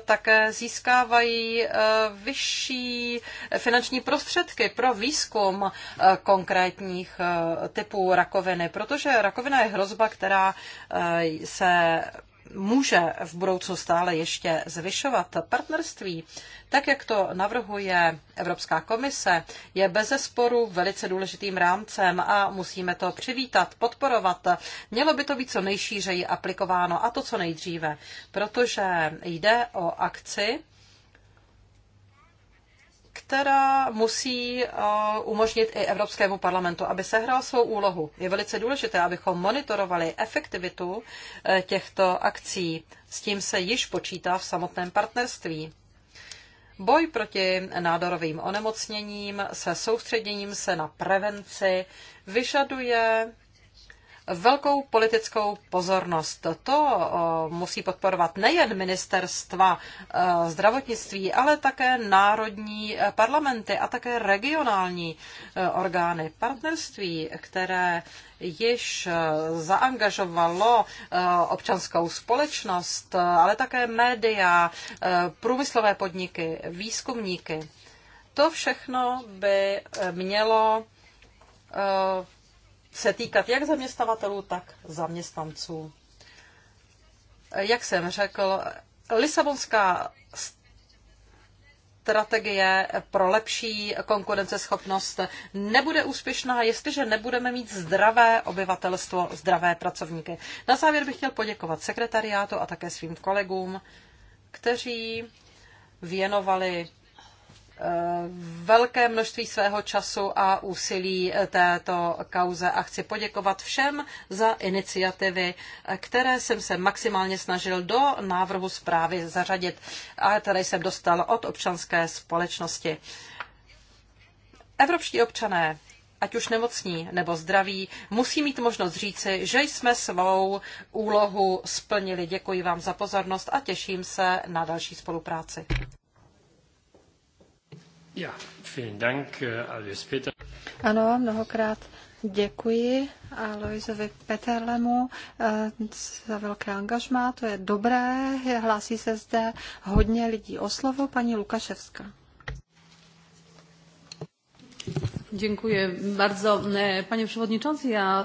také získávají e, vyšší finanční prostředky pro výzkum e, konkrétních typů rakoviny, protože rakovina je hrozba, která se může v budoucnu stále ještě zvyšovat partnerství, tak jak to navrhuje Evropská komise, je bez zesporu velice důležitým rámcem a musíme to přivítat, podporovat. Mělo by to být co nejšířeji aplikováno a to co nejdříve, protože jde o akci, která musí eh, umožnit i Evropskému parlamentu, aby sehrál svou úlohu. Je velice důležité, abychom monitorovali efektivitu eh, těchto akcí. S tím se již počítá v samotném partnerství. Boj proti nádorovým onemocněním se soustředěním se na prevenci vyžaduje velkou politickou pozornost. To eh, musí podporovat nejen ministerstva eh, zdravotnictví, ale také národní eh, parlamenty a také regionální orgány partnerství, které již zaangažovalo občanskou společnost, ale také média, průmyslové podniky, výzkumníky. To všechno by mělo se týkat jak zaměstnavatelů, tak zaměstnanců. Jak jsem řekl, Lisabonská strategie pro lepší konkurenceschopnost nebude úspěšná, jestliže nebudeme mít zdravé obyvatelstvo, zdravé pracovníky. Na závěr bych chtěl poděkovat sekretariátu a také svým kolegům, kteří věnovali velké množství svého času a úsilí této kauze a chci poděkovat všem za iniciativy, které jsem se maximálně snažil do návrhu zprávy zařadit a které jsem dostal od občanské společnosti. Evropští občané ať už nemocní nebo zdraví, musí mít možnost říci, že jsme svou úlohu splnili. Děkuji vám za pozornost a těším se na další spolupráci. Ja, vielen Dank, äh, Alois Peter. Ano, mnohokrát děkuji Aloisovi Peterlemu eh, za velké angažmá, to je dobré, hlásí se zde hodně lidí o slovo, paní Lukaševská. Děkuji bardzo. E, panie Przewodniczący, Já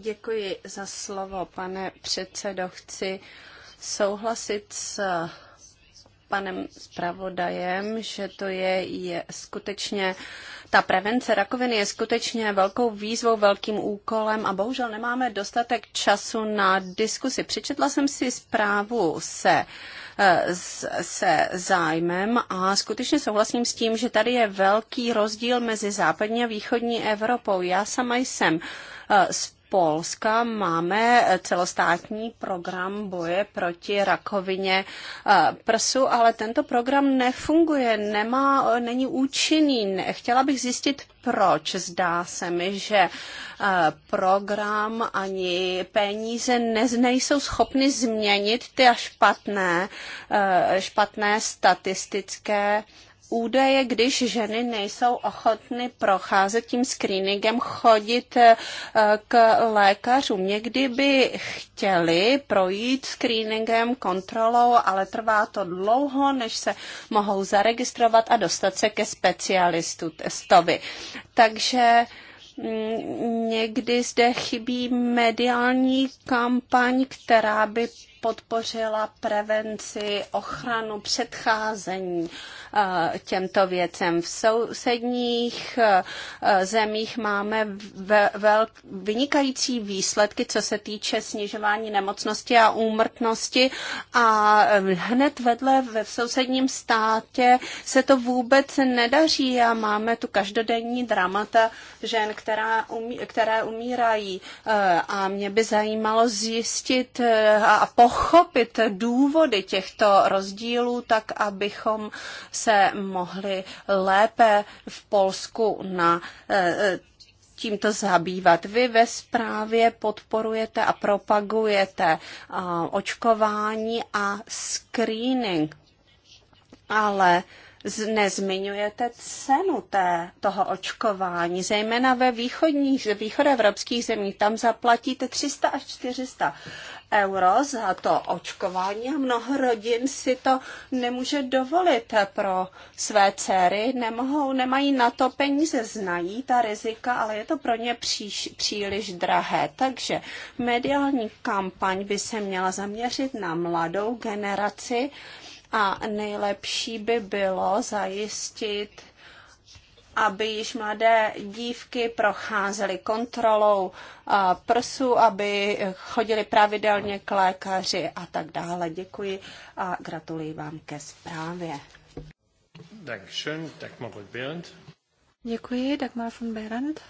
Děkuji za slovo, pane předsedo. Chci souhlasit s panem zpravodajem, že to je, je skutečně, ta prevence rakoviny je skutečně velkou výzvou, velkým úkolem a bohužel nemáme dostatek času na diskusi. Přečetla jsem si zprávu se eh, se zájmem a skutečně souhlasím s tím, že tady je velký rozdíl mezi západní a východní Evropou. Já sama jsem eh, z Polska máme celostátní program boje proti rakovině eh, prsu, ale tento program nefunguje, nemá, není účinný. Chtěla bych zjistit, proč. Zdá se mi, že eh, program ani peníze ne, nejsou schopny změnit ty špatné, eh, špatné statistické údaje, když ženy nejsou ochotny procházet tím screeningem, chodit eh, k lékařům. Někdy by chtěli projít screeningem, kontrolou, ale trvá to dlouho, než se mohou zaregistrovat a dostat se ke specialistu testovi. Takže mm, někdy zde chybí mediální kampaň, která by podpořila prevenci, ochranu, předcházení eh, těmto věcem. V sousedních eh, zemích máme velk, vynikající výsledky, co se týče snižování nemocnosti a úmrtnosti a hned vedle ve sousedním státě se to vůbec nedaří a máme tu každodenní dramata žen, která umí, které umírají eh, a mě by zajímalo zjistit a, a po pochopit důvody těchto rozdílů, tak abychom se mohli lépe v Polsku na eh, eh, tímto zabývat. Vy ve zprávě podporujete a propagujete eh, očkování a screening, ale nezmiňujete cenu té, toho očkování, zejména ve východních, východoevropských zemích. Tam zaplatíte 300 až 400 euro za to očkování a mnoho rodin si to nemůže dovolit pro své dcery, nemohou, nemají na to peníze, znají ta rizika, ale je to pro ně příš, příliš drahé. Takže mediální kampaň by se měla zaměřit na mladou generaci, a nejlepší by bylo zajistit aby již mladé dívky procházely kontrolou prsu, aby chodili pravidelně k lékaři a tak dále. Děkuji a gratuluji vám ke zprávě. Dankeschön, Dagmar von Berend. Děkuji, Dagmar von Berendt.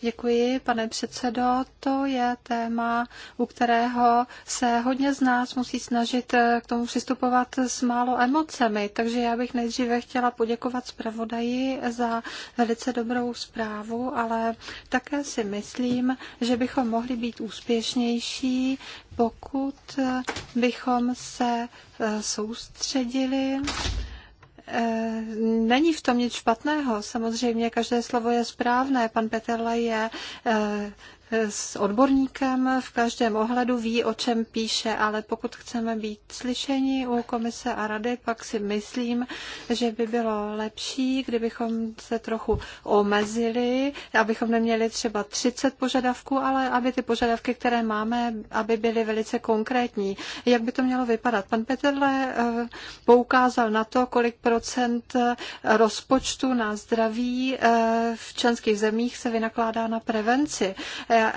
Děkuji, pane předsedo. To je téma, u kterého se hodně z nás musí snažit eh, k tomu přistupovat s málo emocemi, takže já bych nejdříve chtěla poděkovat zpravodaji za velice dobrou zprávu, ale také si myslím, že bychom mohli být úspěšnější, pokud eh, bychom se eh, soustředili Eh, není v tom nic špatného. Samozřejmě každé slovo je správné. Pan Peterle je eh, s odborníkem, v každém ohledu ví, o čem píše, ale pokud chceme být slyšeni u komise a rady, pak si myslím, že by bylo lepší, kdybychom se trochu omezili, abychom neměli třeba 30 požadavků, ale aby ty požadavky, které máme, aby byly velice konkrétní. Jak by to mělo vypadat? Pan Petrle eh, poukázal na to, kolik procent eh, rozpočtu na zdraví eh, v členských zemích se vynakládá na prevenci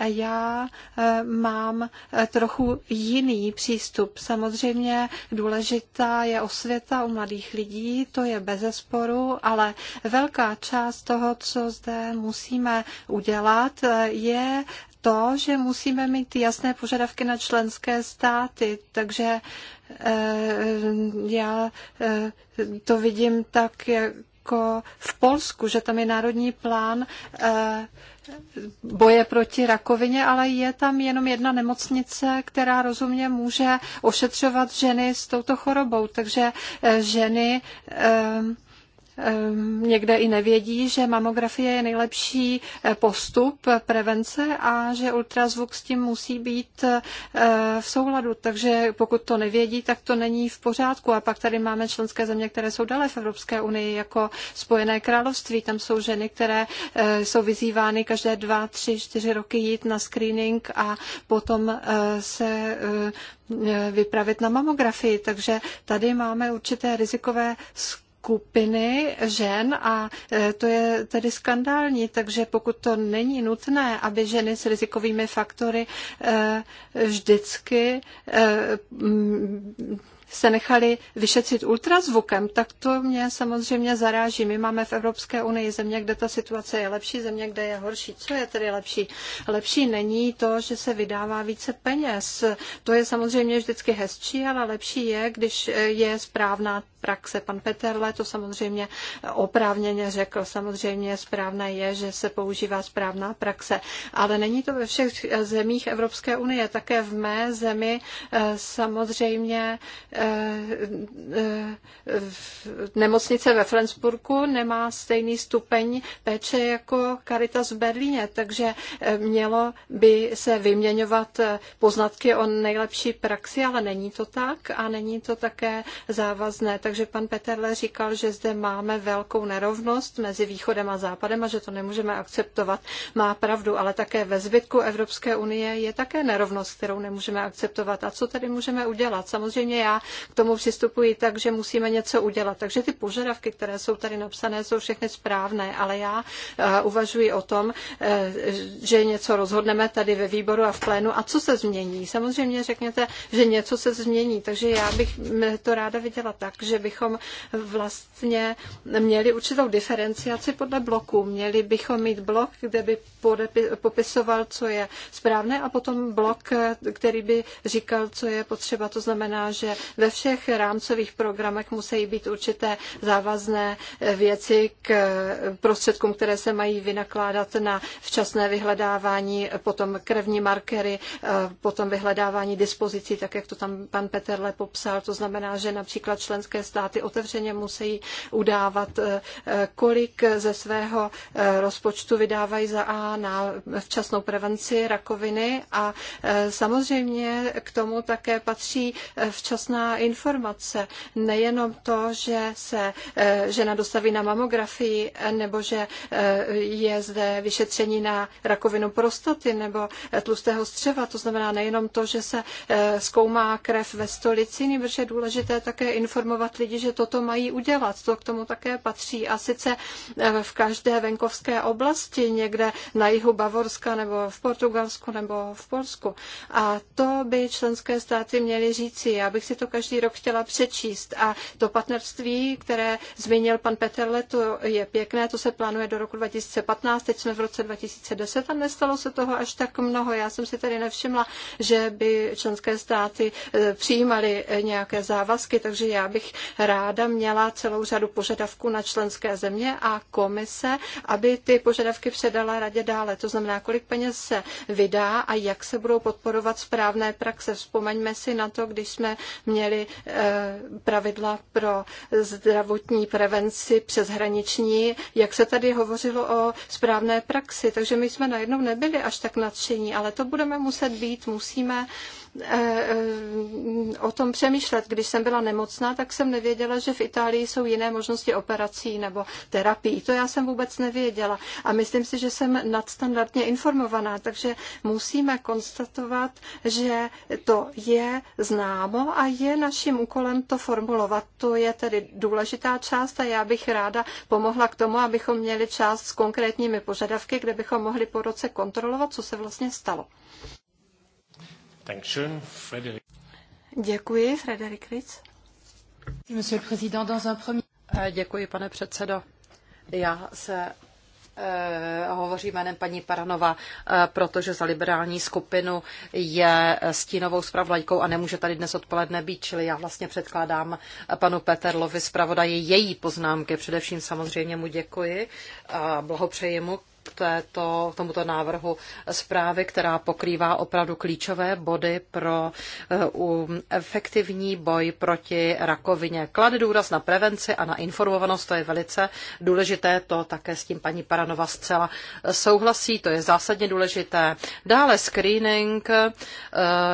já e, mám e, trochu jiný přístup. Samozřejmě důležitá je osvěta u mladých lidí, to je bezesporu, ale velká část toho, co zde musíme udělat, e, je to, že musíme mít jasné požadavky na členské státy, takže já to vidím tak, jako v Polsku, že tam je národní plán boje proti rakovině, ale je tam jenom jedna nemocnice, která rozumně může ošetřovat ženy s touto chorobou. Takže eh, ženy. Eh, Ehm, někde i nevědí, že mamografie je nejlepší eh, postup prevence a že ultrazvuk s tím musí být eh, v souladu. Takže pokud to nevědí, tak to není v pořádku. A pak tady máme členské země, které jsou dále v Evropské unii, jako Spojené království. Tam jsou ženy, které eh, jsou vyzývány každé dva, tři, čtyři roky jít na screening a potom se vypravit na mamografii. Takže tady máme určité rizikové skupiny skupiny žen a e, to je tedy skandální, takže pokud to není nutné, aby ženy s rizikovými faktory e, vždycky e, se nechali vyšetřit ultrazvukem, tak to mě samozřejmě zaráží. My máme v Evropské unii země, kde ta situace je lepší, země, kde je horší. Co je tedy lepší? Lepší není to, že se vydává více peněz. To je samozřejmě vždycky hezčí, ale lepší je, když je správná praxe. Pan Peterle to samozřejmě oprávněně řekl. Samozřejmě správné je, že se používá správná praxe, ale není to ve všech zemích Evropské unie. Také v mé zemi eh, samozřejmě eh, eh, nemocnice ve Flensburku nemá stejný stupeň péče jako Caritas v Berlíně, takže mělo by se vyměňovat poznatky o nejlepší praxi, ale není to tak a není to také závazné. Takže takže pan Peterle říkal, že zde máme velkou nerovnost mezi východem a západem a že to nemůžeme akceptovat. Má pravdu, ale také ve zbytku Evropské unie je také nerovnost, kterou nemůžeme akceptovat. A co tedy můžeme udělat? Samozřejmě já k tomu přistupuji tak, že musíme něco udělat. Takže ty požadavky, které jsou tady napsané, jsou všechny správné, ale já eh, uvažuji o tom, eh, že něco rozhodneme tady ve výboru a v plénu a co se změní. Samozřejmě řekněte, že něco se změní, takže já bych to ráda viděla tak, že bychom vlastně měli určitou diferenciaci podle bloků. Měli bychom mít blok, kde by popisoval, co je správné a potom blok, který by říkal, co je potřeba. To znamená, že ve všech rámcových programech musí být určité závazné věci k prostředkům, které se mají vynakládat na včasné vyhledávání, potom krevní markery, potom vyhledávání dispozicí, tak jak to tam pan Peterle popsal. To znamená, že například členské státy otevřeně musí udávat, eh, kolik ze svého eh, rozpočtu vydávají za A na včasnou prevenci rakoviny a eh, samozřejmě k tomu také patří včasná informace. Nejenom to, že se žena dostaví na mamografii nebo že je zde vyšetření na rakovinu prostaty nebo tlustého střeva. To znamená nejenom to, že se zkoumá krev ve stolici, nebož je důležité také informovat lidi, že toto mají udělat. To k tomu také patří. A sice eh, v každé venkovské oblasti, někde na jihu Bavorska nebo v Portugalsku nebo v Polsku. A to by členské státy měly říci. Já bych si to každý rok chtěla přečíst. A to partnerství, které zmínil pan Peterle, to je pěkné, to se plánuje do roku 2015, teď jsme v roce 2010 a nestalo se toho až tak mnoho. Já jsem si tedy nevšimla, že by členské státy eh, přijímaly eh, nějaké závazky, takže já bych ráda měla celou řadu požadavků na členské země a komise, aby ty požadavky předala radě dále. To znamená, kolik peněz se vydá a jak se budou podporovat správné praxe. Vzpomeňme si na to, když jsme měli eh, pravidla pro zdravotní prevenci přeshraniční, jak se tady hovořilo o správné praxi. Takže my jsme najednou nebyli až tak nadšení, ale to budeme muset být, musíme Eh, eh, o tom přemýšlet. Když jsem byla nemocná, tak jsem nevěděla, že v Itálii jsou jiné možnosti operací nebo terapií. To já jsem vůbec nevěděla. A myslím si, že jsem nadstandardně informovaná, takže musíme konstatovat, že to je známo a je naším úkolem to formulovat. To je tedy důležitá část a já bych ráda pomohla k tomu, abychom měli část s konkrétními požadavky, kde bychom mohli po roce kontrolovat, co se vlastně stalo. Děkuji, Frederik Ritz. Eh, děkuji, pane předsedo. Já se eh, hovořím jménem paní Paranova, eh, protože za liberální skupinu je stínovou zpravodajkou a nemůže tady dnes odpoledne být, čili já vlastně předkládám panu Peterlovi zpravodaji její poznámky. Především samozřejmě mu děkuji a blahopřeji mu této, tomuto návrhu zprávy, která pokrývá opravdu klíčové body pro eh, efektivní boj proti rakovině. Klade důraz na prevenci a na informovanost, to je velice důležité, to také s tím paní Paranova zcela eh, souhlasí, to je zásadně důležité. Dále screening, eh,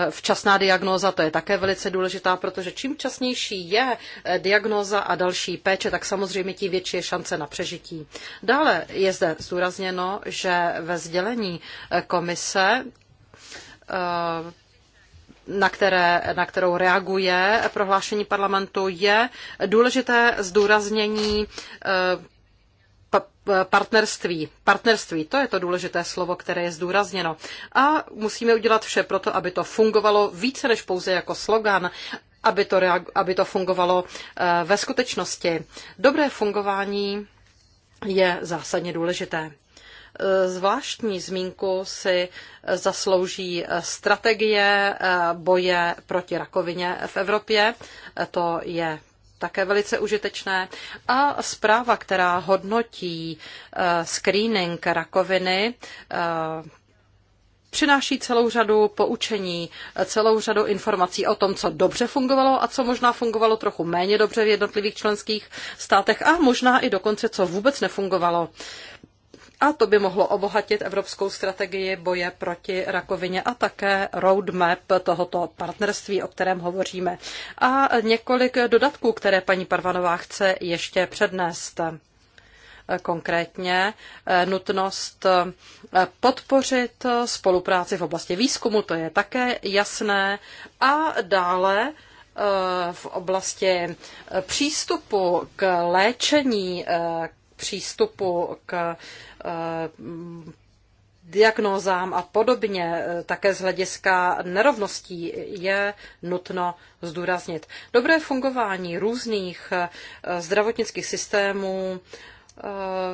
včasná diagnóza, to je také velice důležitá, protože čím časnější je diagnóza a další péče, tak samozřejmě tím větší je šance na přežití. Dále je zde zdůrazněno, řečeno, že ve sdělení komise eh, na, které, na kterou reaguje prohlášení parlamentu, je důležité zdůraznění eh, partnerství. Partnerství, to je to důležité slovo, které je zdůrazněno. A musíme udělat vše pro to, aby to fungovalo více než pouze jako slogan, aby to, aby to fungovalo eh, ve skutečnosti. Dobré fungování je zásadně důležité. Zvláštní zmínku si zaslouží strategie eh, boje proti rakovině v Evropě. Eh, to je také velice užitečné. A zpráva, která hodnotí eh, screening rakoviny, přináší celou řadu poučení, celou řadu informací o tom, co dobře fungovalo a co možná fungovalo trochu méně dobře v jednotlivých členských státech a možná i dokonce, co vůbec nefungovalo. A to by mohlo obohatit evropskou strategii boje proti rakovině a také roadmap tohoto partnerství, o kterém hovoříme. A několik dodatků, které paní Parvanová chce ještě přednést konkrétně eh, nutnost eh, podpořit spolupráci v oblasti výzkumu, to je také jasné, a dále eh, v oblasti přístupu k léčení přístupu k eh, diagnózám a podobně, eh, také z hlediska nerovností je nutno zdůraznit. Dobré fungování různých eh, zdravotnických systémů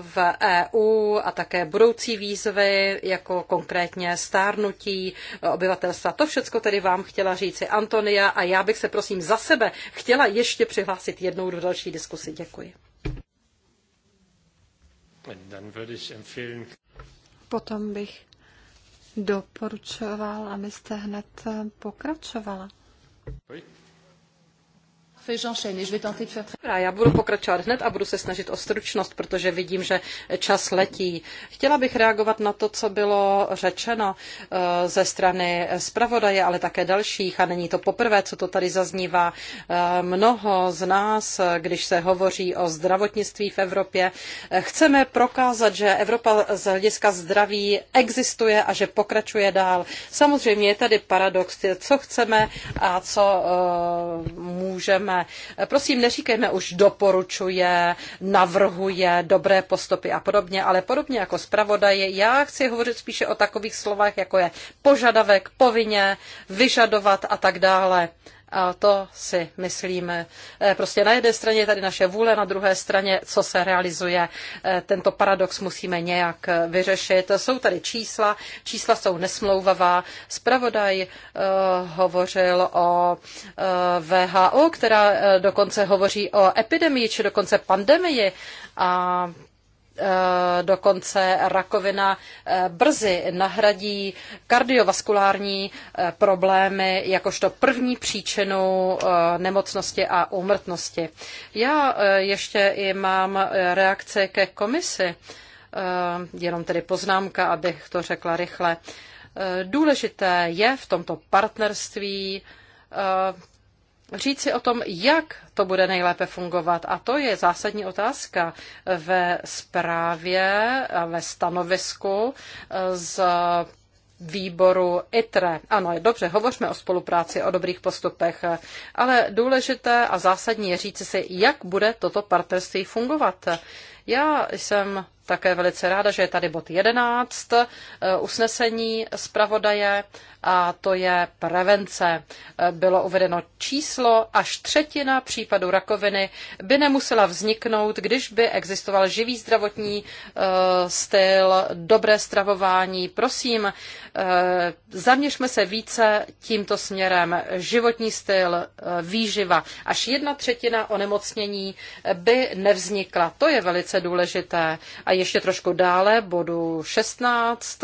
v EU a také budoucí výzvy, jako konkrétně stárnutí obyvatelstva. To všechno tedy vám chtěla říci Antonia a já bych se prosím za sebe chtěla ještě přihlásit jednou do další diskusy. Děkuji. Potom bych doporučoval, abyste hned eh, pokračovala já budu pokračovat hned a budu se snažit o stručnost, protože vidím, že čas letí. Chtěla bych reagovat na to, co bylo řečeno eh, ze strany zpravodaje, ale také dalších. A není to poprvé, co to tady zaznívá. Eh, mnoho z nás, eh, když se hovoří o zdravotnictví v Evropě, chceme prokázat, že Evropa z hlediska zdraví existuje a že pokračuje dál. Samozřejmě je tady paradox, co chceme a co můžeme ne. Prosím, neříkejme už doporučuje, navrhuje dobré postupy a podobně, ale podobně jako zpravodaje, já chci hovořit spíše o takových slovách, jako je požadavek, povinně, vyžadovat a tak dále. A to si myslíme. Eh, prostě na jedné straně je tady naše vůle, na druhé straně, co se realizuje. Eh, tento paradox musíme nějak eh, vyřešit. Jsou tady čísla, čísla jsou nesmlouvavá. Spravodaj hovořil o WHO, VHO, která dokonce hovoří o epidemii, či dokonce pandemii. A Eh, dokonce rakovina eh, brzy nahradí kardiovaskulární eh, problémy jakožto první příčinu nemocnosti a úmrtnosti. Já ještě i mám reakce ke komisi, jenom tedy poznámka, abych to řekla rychle. Důležité je v tomto partnerství říci o tom, jak to bude nejlépe fungovat. A to je zásadní otázka ve zprávě, ve stanovisku eh, z výboru ITRE. Ano, je dobře, hovořme o spolupráci, o dobrých postupech, eh, ale důležité a zásadní je říci si, jak bude toto partnerství fungovat. Já jsem také velice ráda, že je tady bod 11, eh, usnesení zpravodaje, a to je prevence. Eh, bylo uvedeno číslo, až třetina případů rakoviny by nemusela vzniknout, když by existoval živý zdravotní eh, styl, dobré stravování. Prosím, zaměřme se více tímto směrem. Životní styl, výživa. Až jedna třetina onemocnění by nevznikla. To je velice velice důležité. A ještě trošku dále, bodu 16.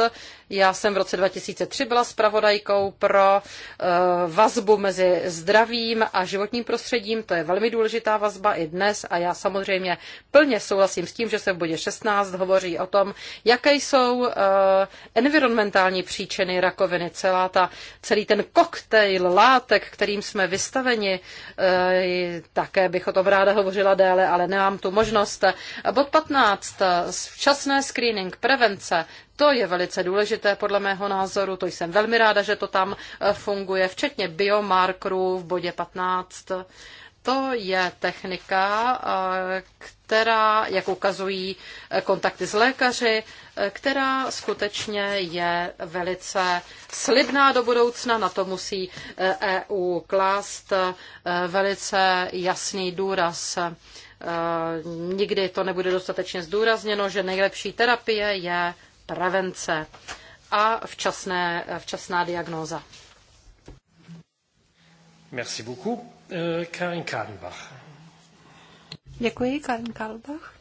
Já jsem v roce 2003 byla spravodajkou pro eh, vazbu mezi zdravím a životním prostředím. To je velmi důležitá vazba i dnes a já samozřejmě plně souhlasím s tím, že se v bodě 16 hovoří o tom, jaké jsou eh, environmentální příčiny rakoviny. Celá ta, celý ten koktejl látek, kterým jsme vystaveni, eh, také bych o tom ráda hovořila déle, ale nemám tu možnost. Bod 15. Eh, včasné screening, prevence. To je velice důležité podle mého názoru, to jsem velmi ráda, že to tam eh, funguje, včetně biomarkerů v bodě 15. To je technika, eh, která, jak ukazují kontakty s lékaři, která skutečně je velice slibná do budoucna. Na to musí EU e klást velice jasný důraz. Eh, nikdy to nebude dostatečně zdůrazněno, že nejlepší terapie je prevence a včasné, včasná diagnóza. Merci beaucoup. Eh, Karin Kalbach. Děkuji, Karin Kalbach.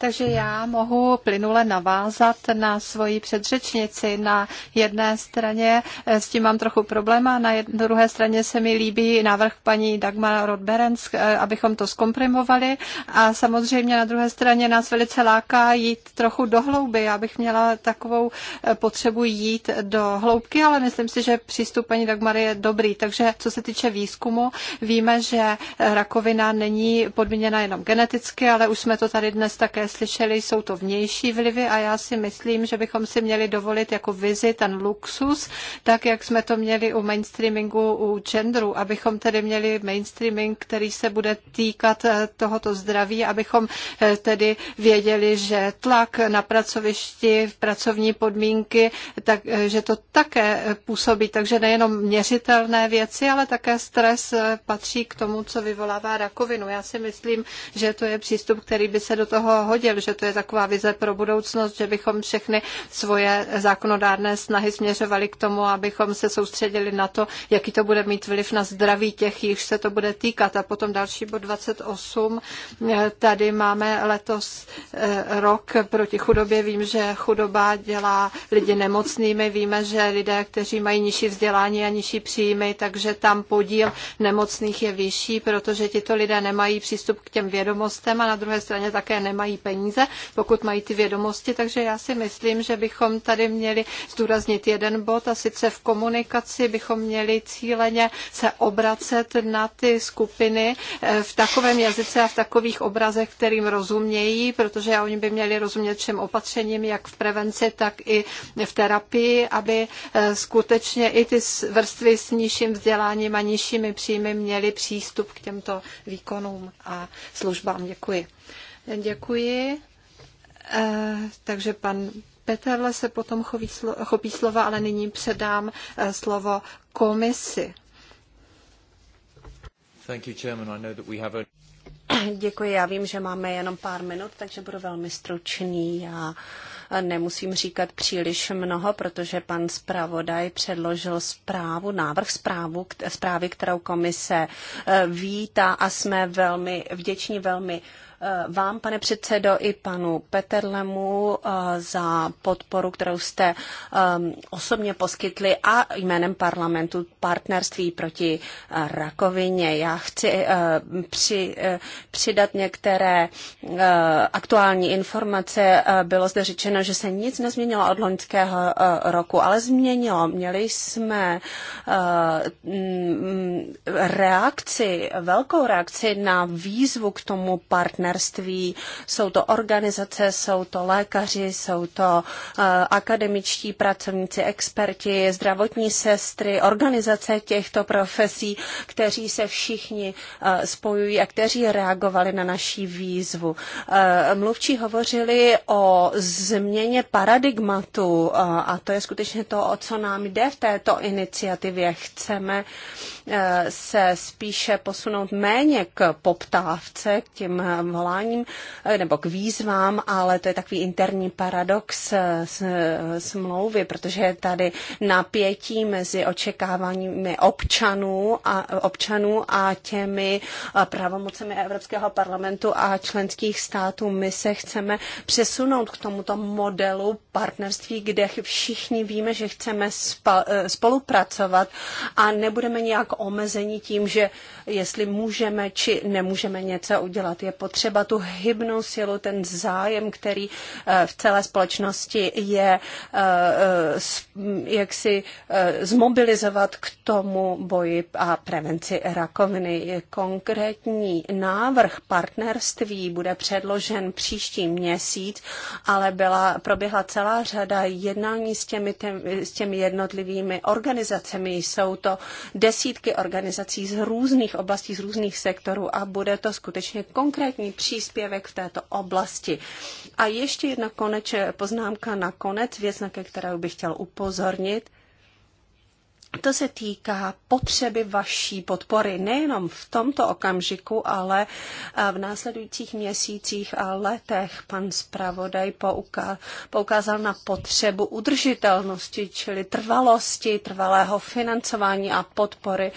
Takže já mohu plynule navázat na svoji předřečnici. Na jedné straně eh, s tím mám trochu problém a na druhé straně se mi líbí návrh paní Dagmar Rodberens, eh, abychom to zkomprimovali a samozřejmě na druhé straně nás velice láká jít trochu do hlouby. Já bych měla takovou eh, potřebu jít do hloubky, ale myslím si, že přístup paní Dagmary je dobrý. Takže co se týče výzkumu, víme, že rakovina není podmíněna jenom geneticky, ale už jsme to tady dnes také slyšeli, jsou to vnější vlivy a já si myslím, že bychom si měli dovolit jako vizi ten luxus, tak jak jsme to měli u mainstreamingu u genderu, abychom tedy měli mainstreaming, který se bude týkat eh, tohoto zdraví, abychom eh, tedy věděli, že tlak na pracovišti, v pracovní podmínky, tak, eh, že to také působí, takže nejenom měřitelné věci, ale také stres patří k tomu, co vyvolává rakovinu. Já si myslím, že to je přístup, který by se do toho hodil hodil, že to je taková vize pro budoucnost, že bychom všechny svoje zákonodárné snahy směřovali k tomu, abychom se soustředili na to, jaký to bude mít vliv na zdraví těch, jichž se to bude týkat. A potom další bod 28. Tady máme letos eh, rok proti chudobě. Vím, že chudoba dělá lidi nemocnými. Víme, že lidé, kteří mají nižší vzdělání a nižší příjmy, takže tam podíl nemocných je vyšší, protože tito lidé nemají přístup k těm vědomostem a na druhé straně také nemají peníze, pokud mají ty vědomosti, takže já si myslím, že bychom tady měli zdůraznit jeden bod a sice v komunikaci bychom měli cíleně se obracet na ty skupiny eh, v takovém jazyce a v takových obrazech, kterým rozumějí, protože oni by měli rozumět všem opatřením, jak v prevenci, tak i v terapii, aby eh, skutečně i ty vrstvy s nižším vzděláním a nižšími příjmy měly přístup k těmto výkonům a službám. Děkuji. Děkuji. Eh, takže pan Peterle se potom chopí slova, ale nyní předám eh, slovo komisi. Děkuji, já vím, že máme jenom pár minut, takže budu velmi stručný. Já eh, nemusím říkat příliš mnoho, protože pan zpravodaj předložil zprávu, návrh zprávu, zprávy, kterou komise vítá a jsme velmi vděční, velmi Eh, vám, pane předsedo, i panu Peterlemu eh, za podporu, kterou jste ehm, osobně poskytli a jménem parlamentu partnerství proti eh, rakovině. Já chci při, přidat některé aktuální informace. Bylo zde řečeno, že se nic nezměnilo od loňského roku, ale změnilo. Měli jsme mm, reakci, velkou reakci na výzvu k tomu partnerství partnerství. Jsou to organizace, jsou to lékaři, jsou to eh, akademičtí pracovníci, experti, zdravotní sestry, organizace těchto profesí, kteří se všichni eh, spojují a kteří reagovali na naší výzvu. Eh, mluvčí hovořili o změně paradigmatu a to je skutečně to, o co nám jde v této iniciativě. Chceme uh, se spíše posunout méně k poptávce, k těm voláním eh, nebo k výzvám, ale to je takový interní paradox eh, eh, smlouvy, protože je tady napětí mezi očekáváními občanů a, občanů a těmi pravomocemi Evropského parlamentu a členských států. My se chceme přesunout k tomuto modelu partnerství, kde všichni víme, že chceme spolupracovat a nebudeme nějak omezeni tím, že jestli můžeme či nemůžeme něco udělat. Je potřeba tu hybnou silu, ten zájem, který eh, v celé společnosti je, eh, eh, jak si zmobilizovat k tomu boji a prevenci rakoviny. Konkrétní návrh partnerství bude předložen příští měsíc, ale byla, proběhla celá řada jednání s těmi, s těmi jednotlivými organizacemi. Jsou to desítky stovky organizací z různých oblastí, z různých sektorů a bude to skutečně konkrétní příspěvek v této oblasti. A ještě jedna koneč, poznámka na konec, věc, na kterou bych chtěl upozornit to se týká potřeby vaší podpory nejenom v tomto okamžiku, ale eh, v následujících měsících a letech. Pan zpravodaj poukázal na potřebu udržitelnosti, čili trvalosti, trvalého financování a podpory.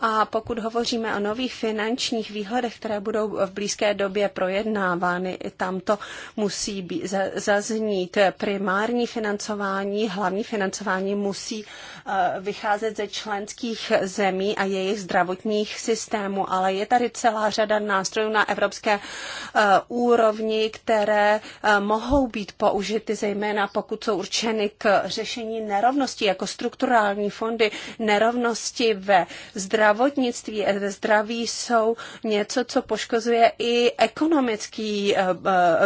A pokud hovoříme o nových finančních výhledech, které budou v blízké době projednávány, i tam to musí být, zaznít. Primární financování, hlavní financování musí eh, vycházet vycházet ze členských zemí a jejich zdravotních systémů, ale je tady celá řada nástrojů na evropské eh, úrovni, které eh, mohou být použity, zejména pokud jsou určeny k řešení nerovnosti, jako strukturální fondy. Nerovnosti ve zdravotnictví, eh, ve zdraví jsou něco, co poškozuje i ekonomický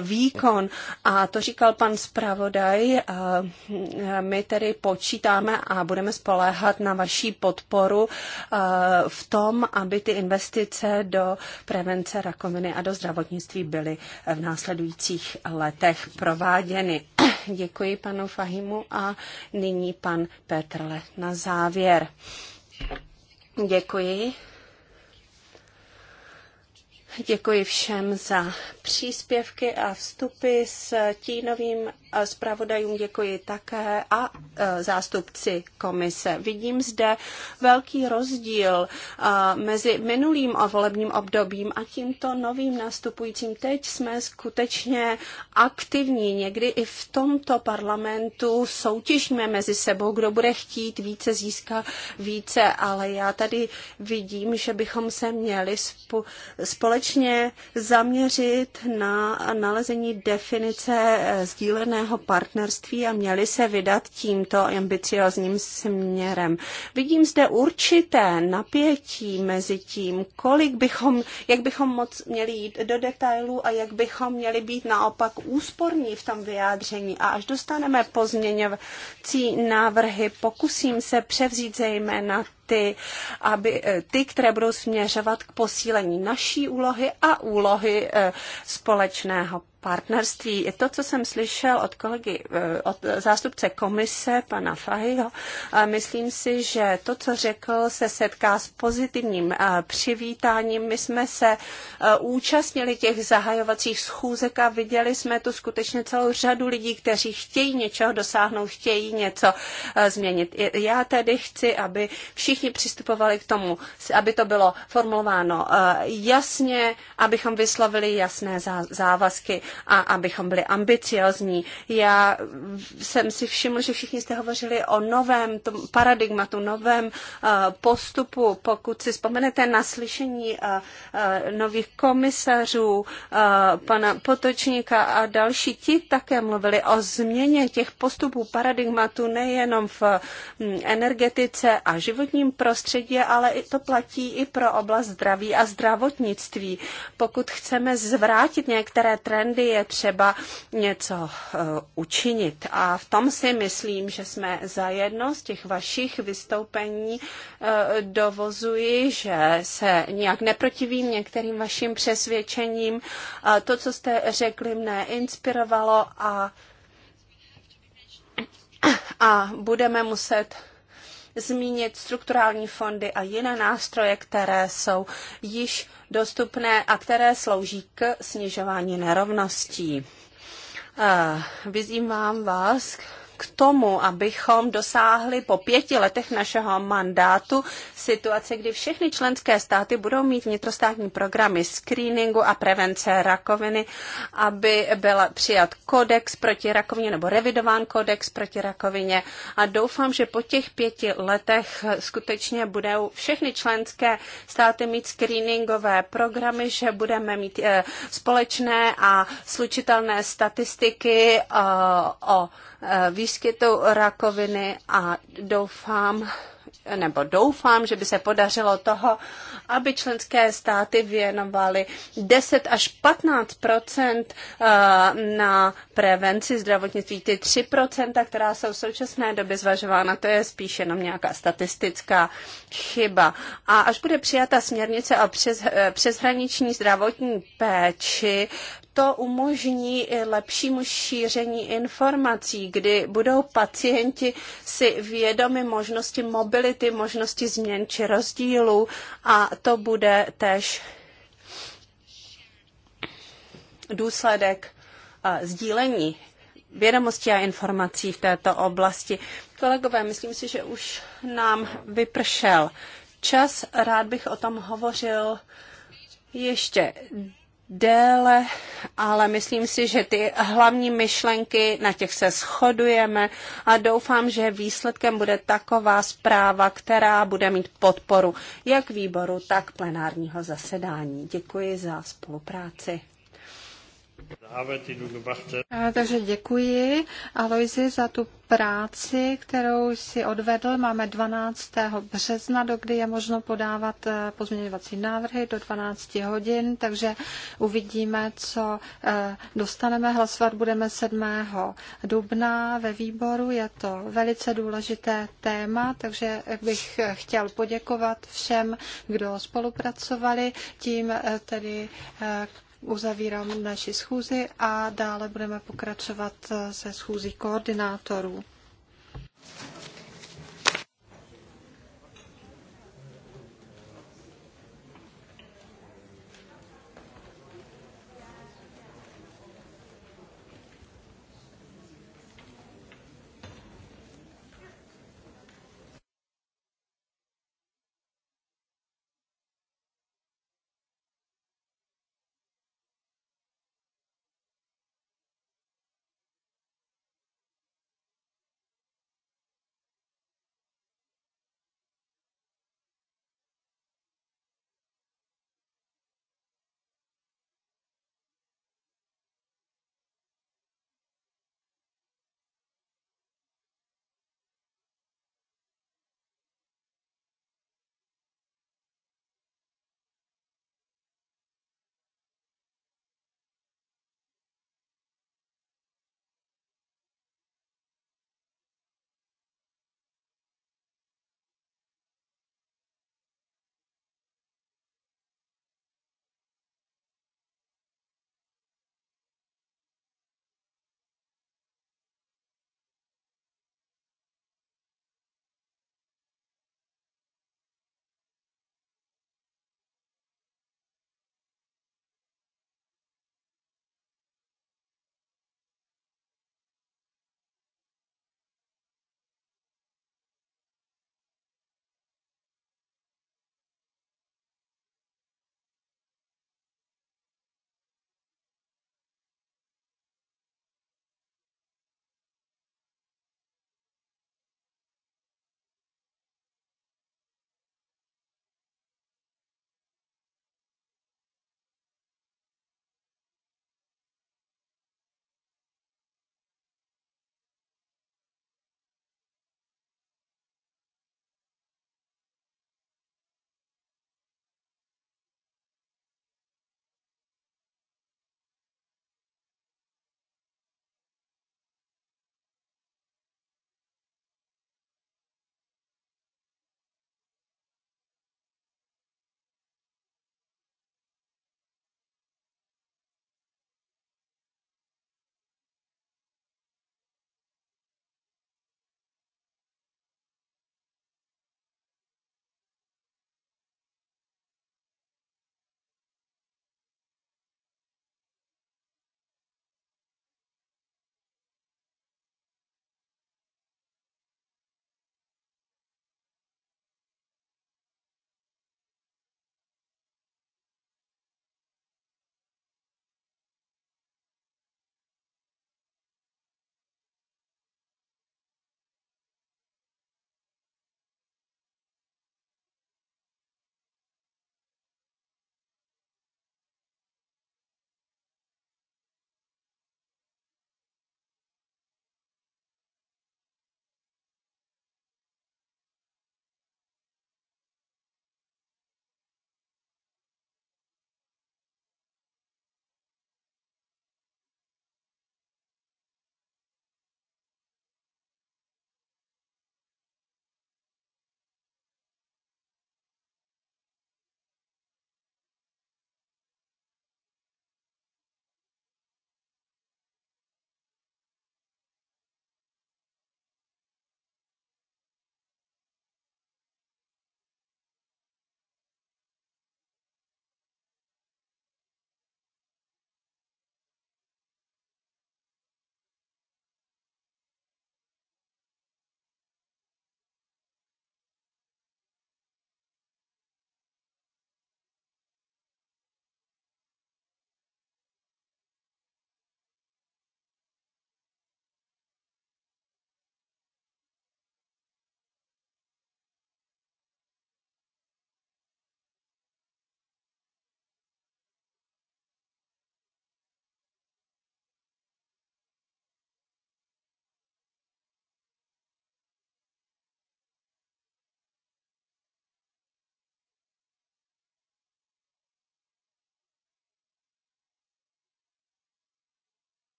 výkon. A to říkal pan zpravodaj. Hm, my tedy počítáme a budeme spoléhat spoléhat na vaší podporu eh, v tom, aby ty investice do prevence rakoviny a do zdravotnictví byly v následujících letech prováděny. Děkuji panu Fahimu a nyní pan Petrle na závěr. Děkuji. Děkuji všem za příspěvky a vstupy s tínovým zpravodajům děkuji také a e, zástupci komise. Vidím zde velký rozdíl e, mezi minulým a volebním obdobím a tímto novým nastupujícím. Teď jsme skutečně aktivní. Někdy i v tomto parlamentu soutěžíme mezi sebou, kdo bude chtít více získat více, ale já tady vidím, že bychom se měli společně zaměřit na nalezení definice e, sdíleného východního partnerství a měli se vydat tímto ambiciozním směrem. Vidím zde určité napětí mezi tím, kolik bychom, jak bychom moc měli jít do detailů a jak bychom měli být naopak úsporní v tom vyjádření. A až dostaneme pozměňovací návrhy, pokusím se převzít zejména ty, aby, eh, ty, které budou směřovat k posílení naší úlohy a úlohy eh, společného partnerství. Je to, co jsem slyšel od kolegy, eh, od zástupce komise, pana Fahyho. Myslím si, že to, co řekl, se setká s pozitivním přivítáním. My jsme se účastnili těch zahajovacích schůzek a viděli jsme tu skutečně celou řadu lidí, kteří chtějí něčeho dosáhnout, chtějí něco změnit. Já tedy chci, aby všichni všichni přistupovali k tomu, aby to bylo formulováno eh, jasně, abychom vyslovili jasné závazky a abychom byli ambiciozní. Já jsem si všiml, že všichni jste hovořili o novém paradigmatu, novém eh, postupu. Pokud si vzpomenete na slyšení eh, nových komisařů, pana Potočníka a další, ti také mluvili o změně těch postupů paradigmatu nejenom v hm, energetice a životním životním prostředí, ale i to platí i pro oblast zdraví a zdravotnictví. Pokud chceme zvrátit některé trendy, je třeba něco eh, učinit. A v tom si myslím, že jsme za jedno z těch vašich vystoupení eh, dovozuji, že se nějak neprotivím některým vašim přesvědčením. To, co jste řekli, mne inspirovalo a a budeme muset zmínit strukturální fondy a jiné nástroje, které jsou již dostupné a které slouží k snižování nerovností. Eh, vyzývám vás k tomu, abychom dosáhli po pěti letech našeho mandátu situace, kdy všechny členské státy budou mít vnitrostátní programy screeningu a prevence rakoviny, aby byl přijat kodex proti rakovině nebo revidován kodex proti rakovině. A doufám, že po těch pěti letech skutečně budou všechny členské státy mít screeningové programy, že budeme mít eh, společné a slučitelné statistiky eh, o Eh, výskytu rakoviny a doufám, nebo doufám, že by se podařilo toho, aby členské státy věnovaly 10 až 15 eh, na prevenci zdravotnictví. Ty 3 která jsou v současné době zvažována, to je spíš jenom nějaká statistická chyba. A až bude přijata směrnice o přes, eh, přeshraniční zdravotní péči, to umožní lepšímu šíření informací, kdy budou pacienti si vědomi možnosti mobility, možnosti změn či rozdílů a to bude tež důsledek sdílení vědomostí a informací v této oblasti. Kolegové, myslím si, že už nám vypršel čas. Rád bych o tom hovořil ještě déle, ale myslím si, že ty hlavní myšlenky, na těch se shodujeme a doufám, že výsledkem bude taková zpráva, která bude mít podporu jak výboru, tak plenárního zasedání. Děkuji za spolupráci. Takže děkuji Aloisi za tu práci, kterou si odvedl. Máme 12. března, do kdy je možno podávat eh, pozměňovací návrhy do 12 hodin, takže uvidíme, co eh, dostaneme. Hlasovat budeme 7. dubna ve výboru. Je to velice důležité téma, takže bych chtěl poděkovat všem, kdo spolupracovali. Tím eh, tedy uzavírám naši schůzi a dále budeme pokračovat se schůzí koordinátorů.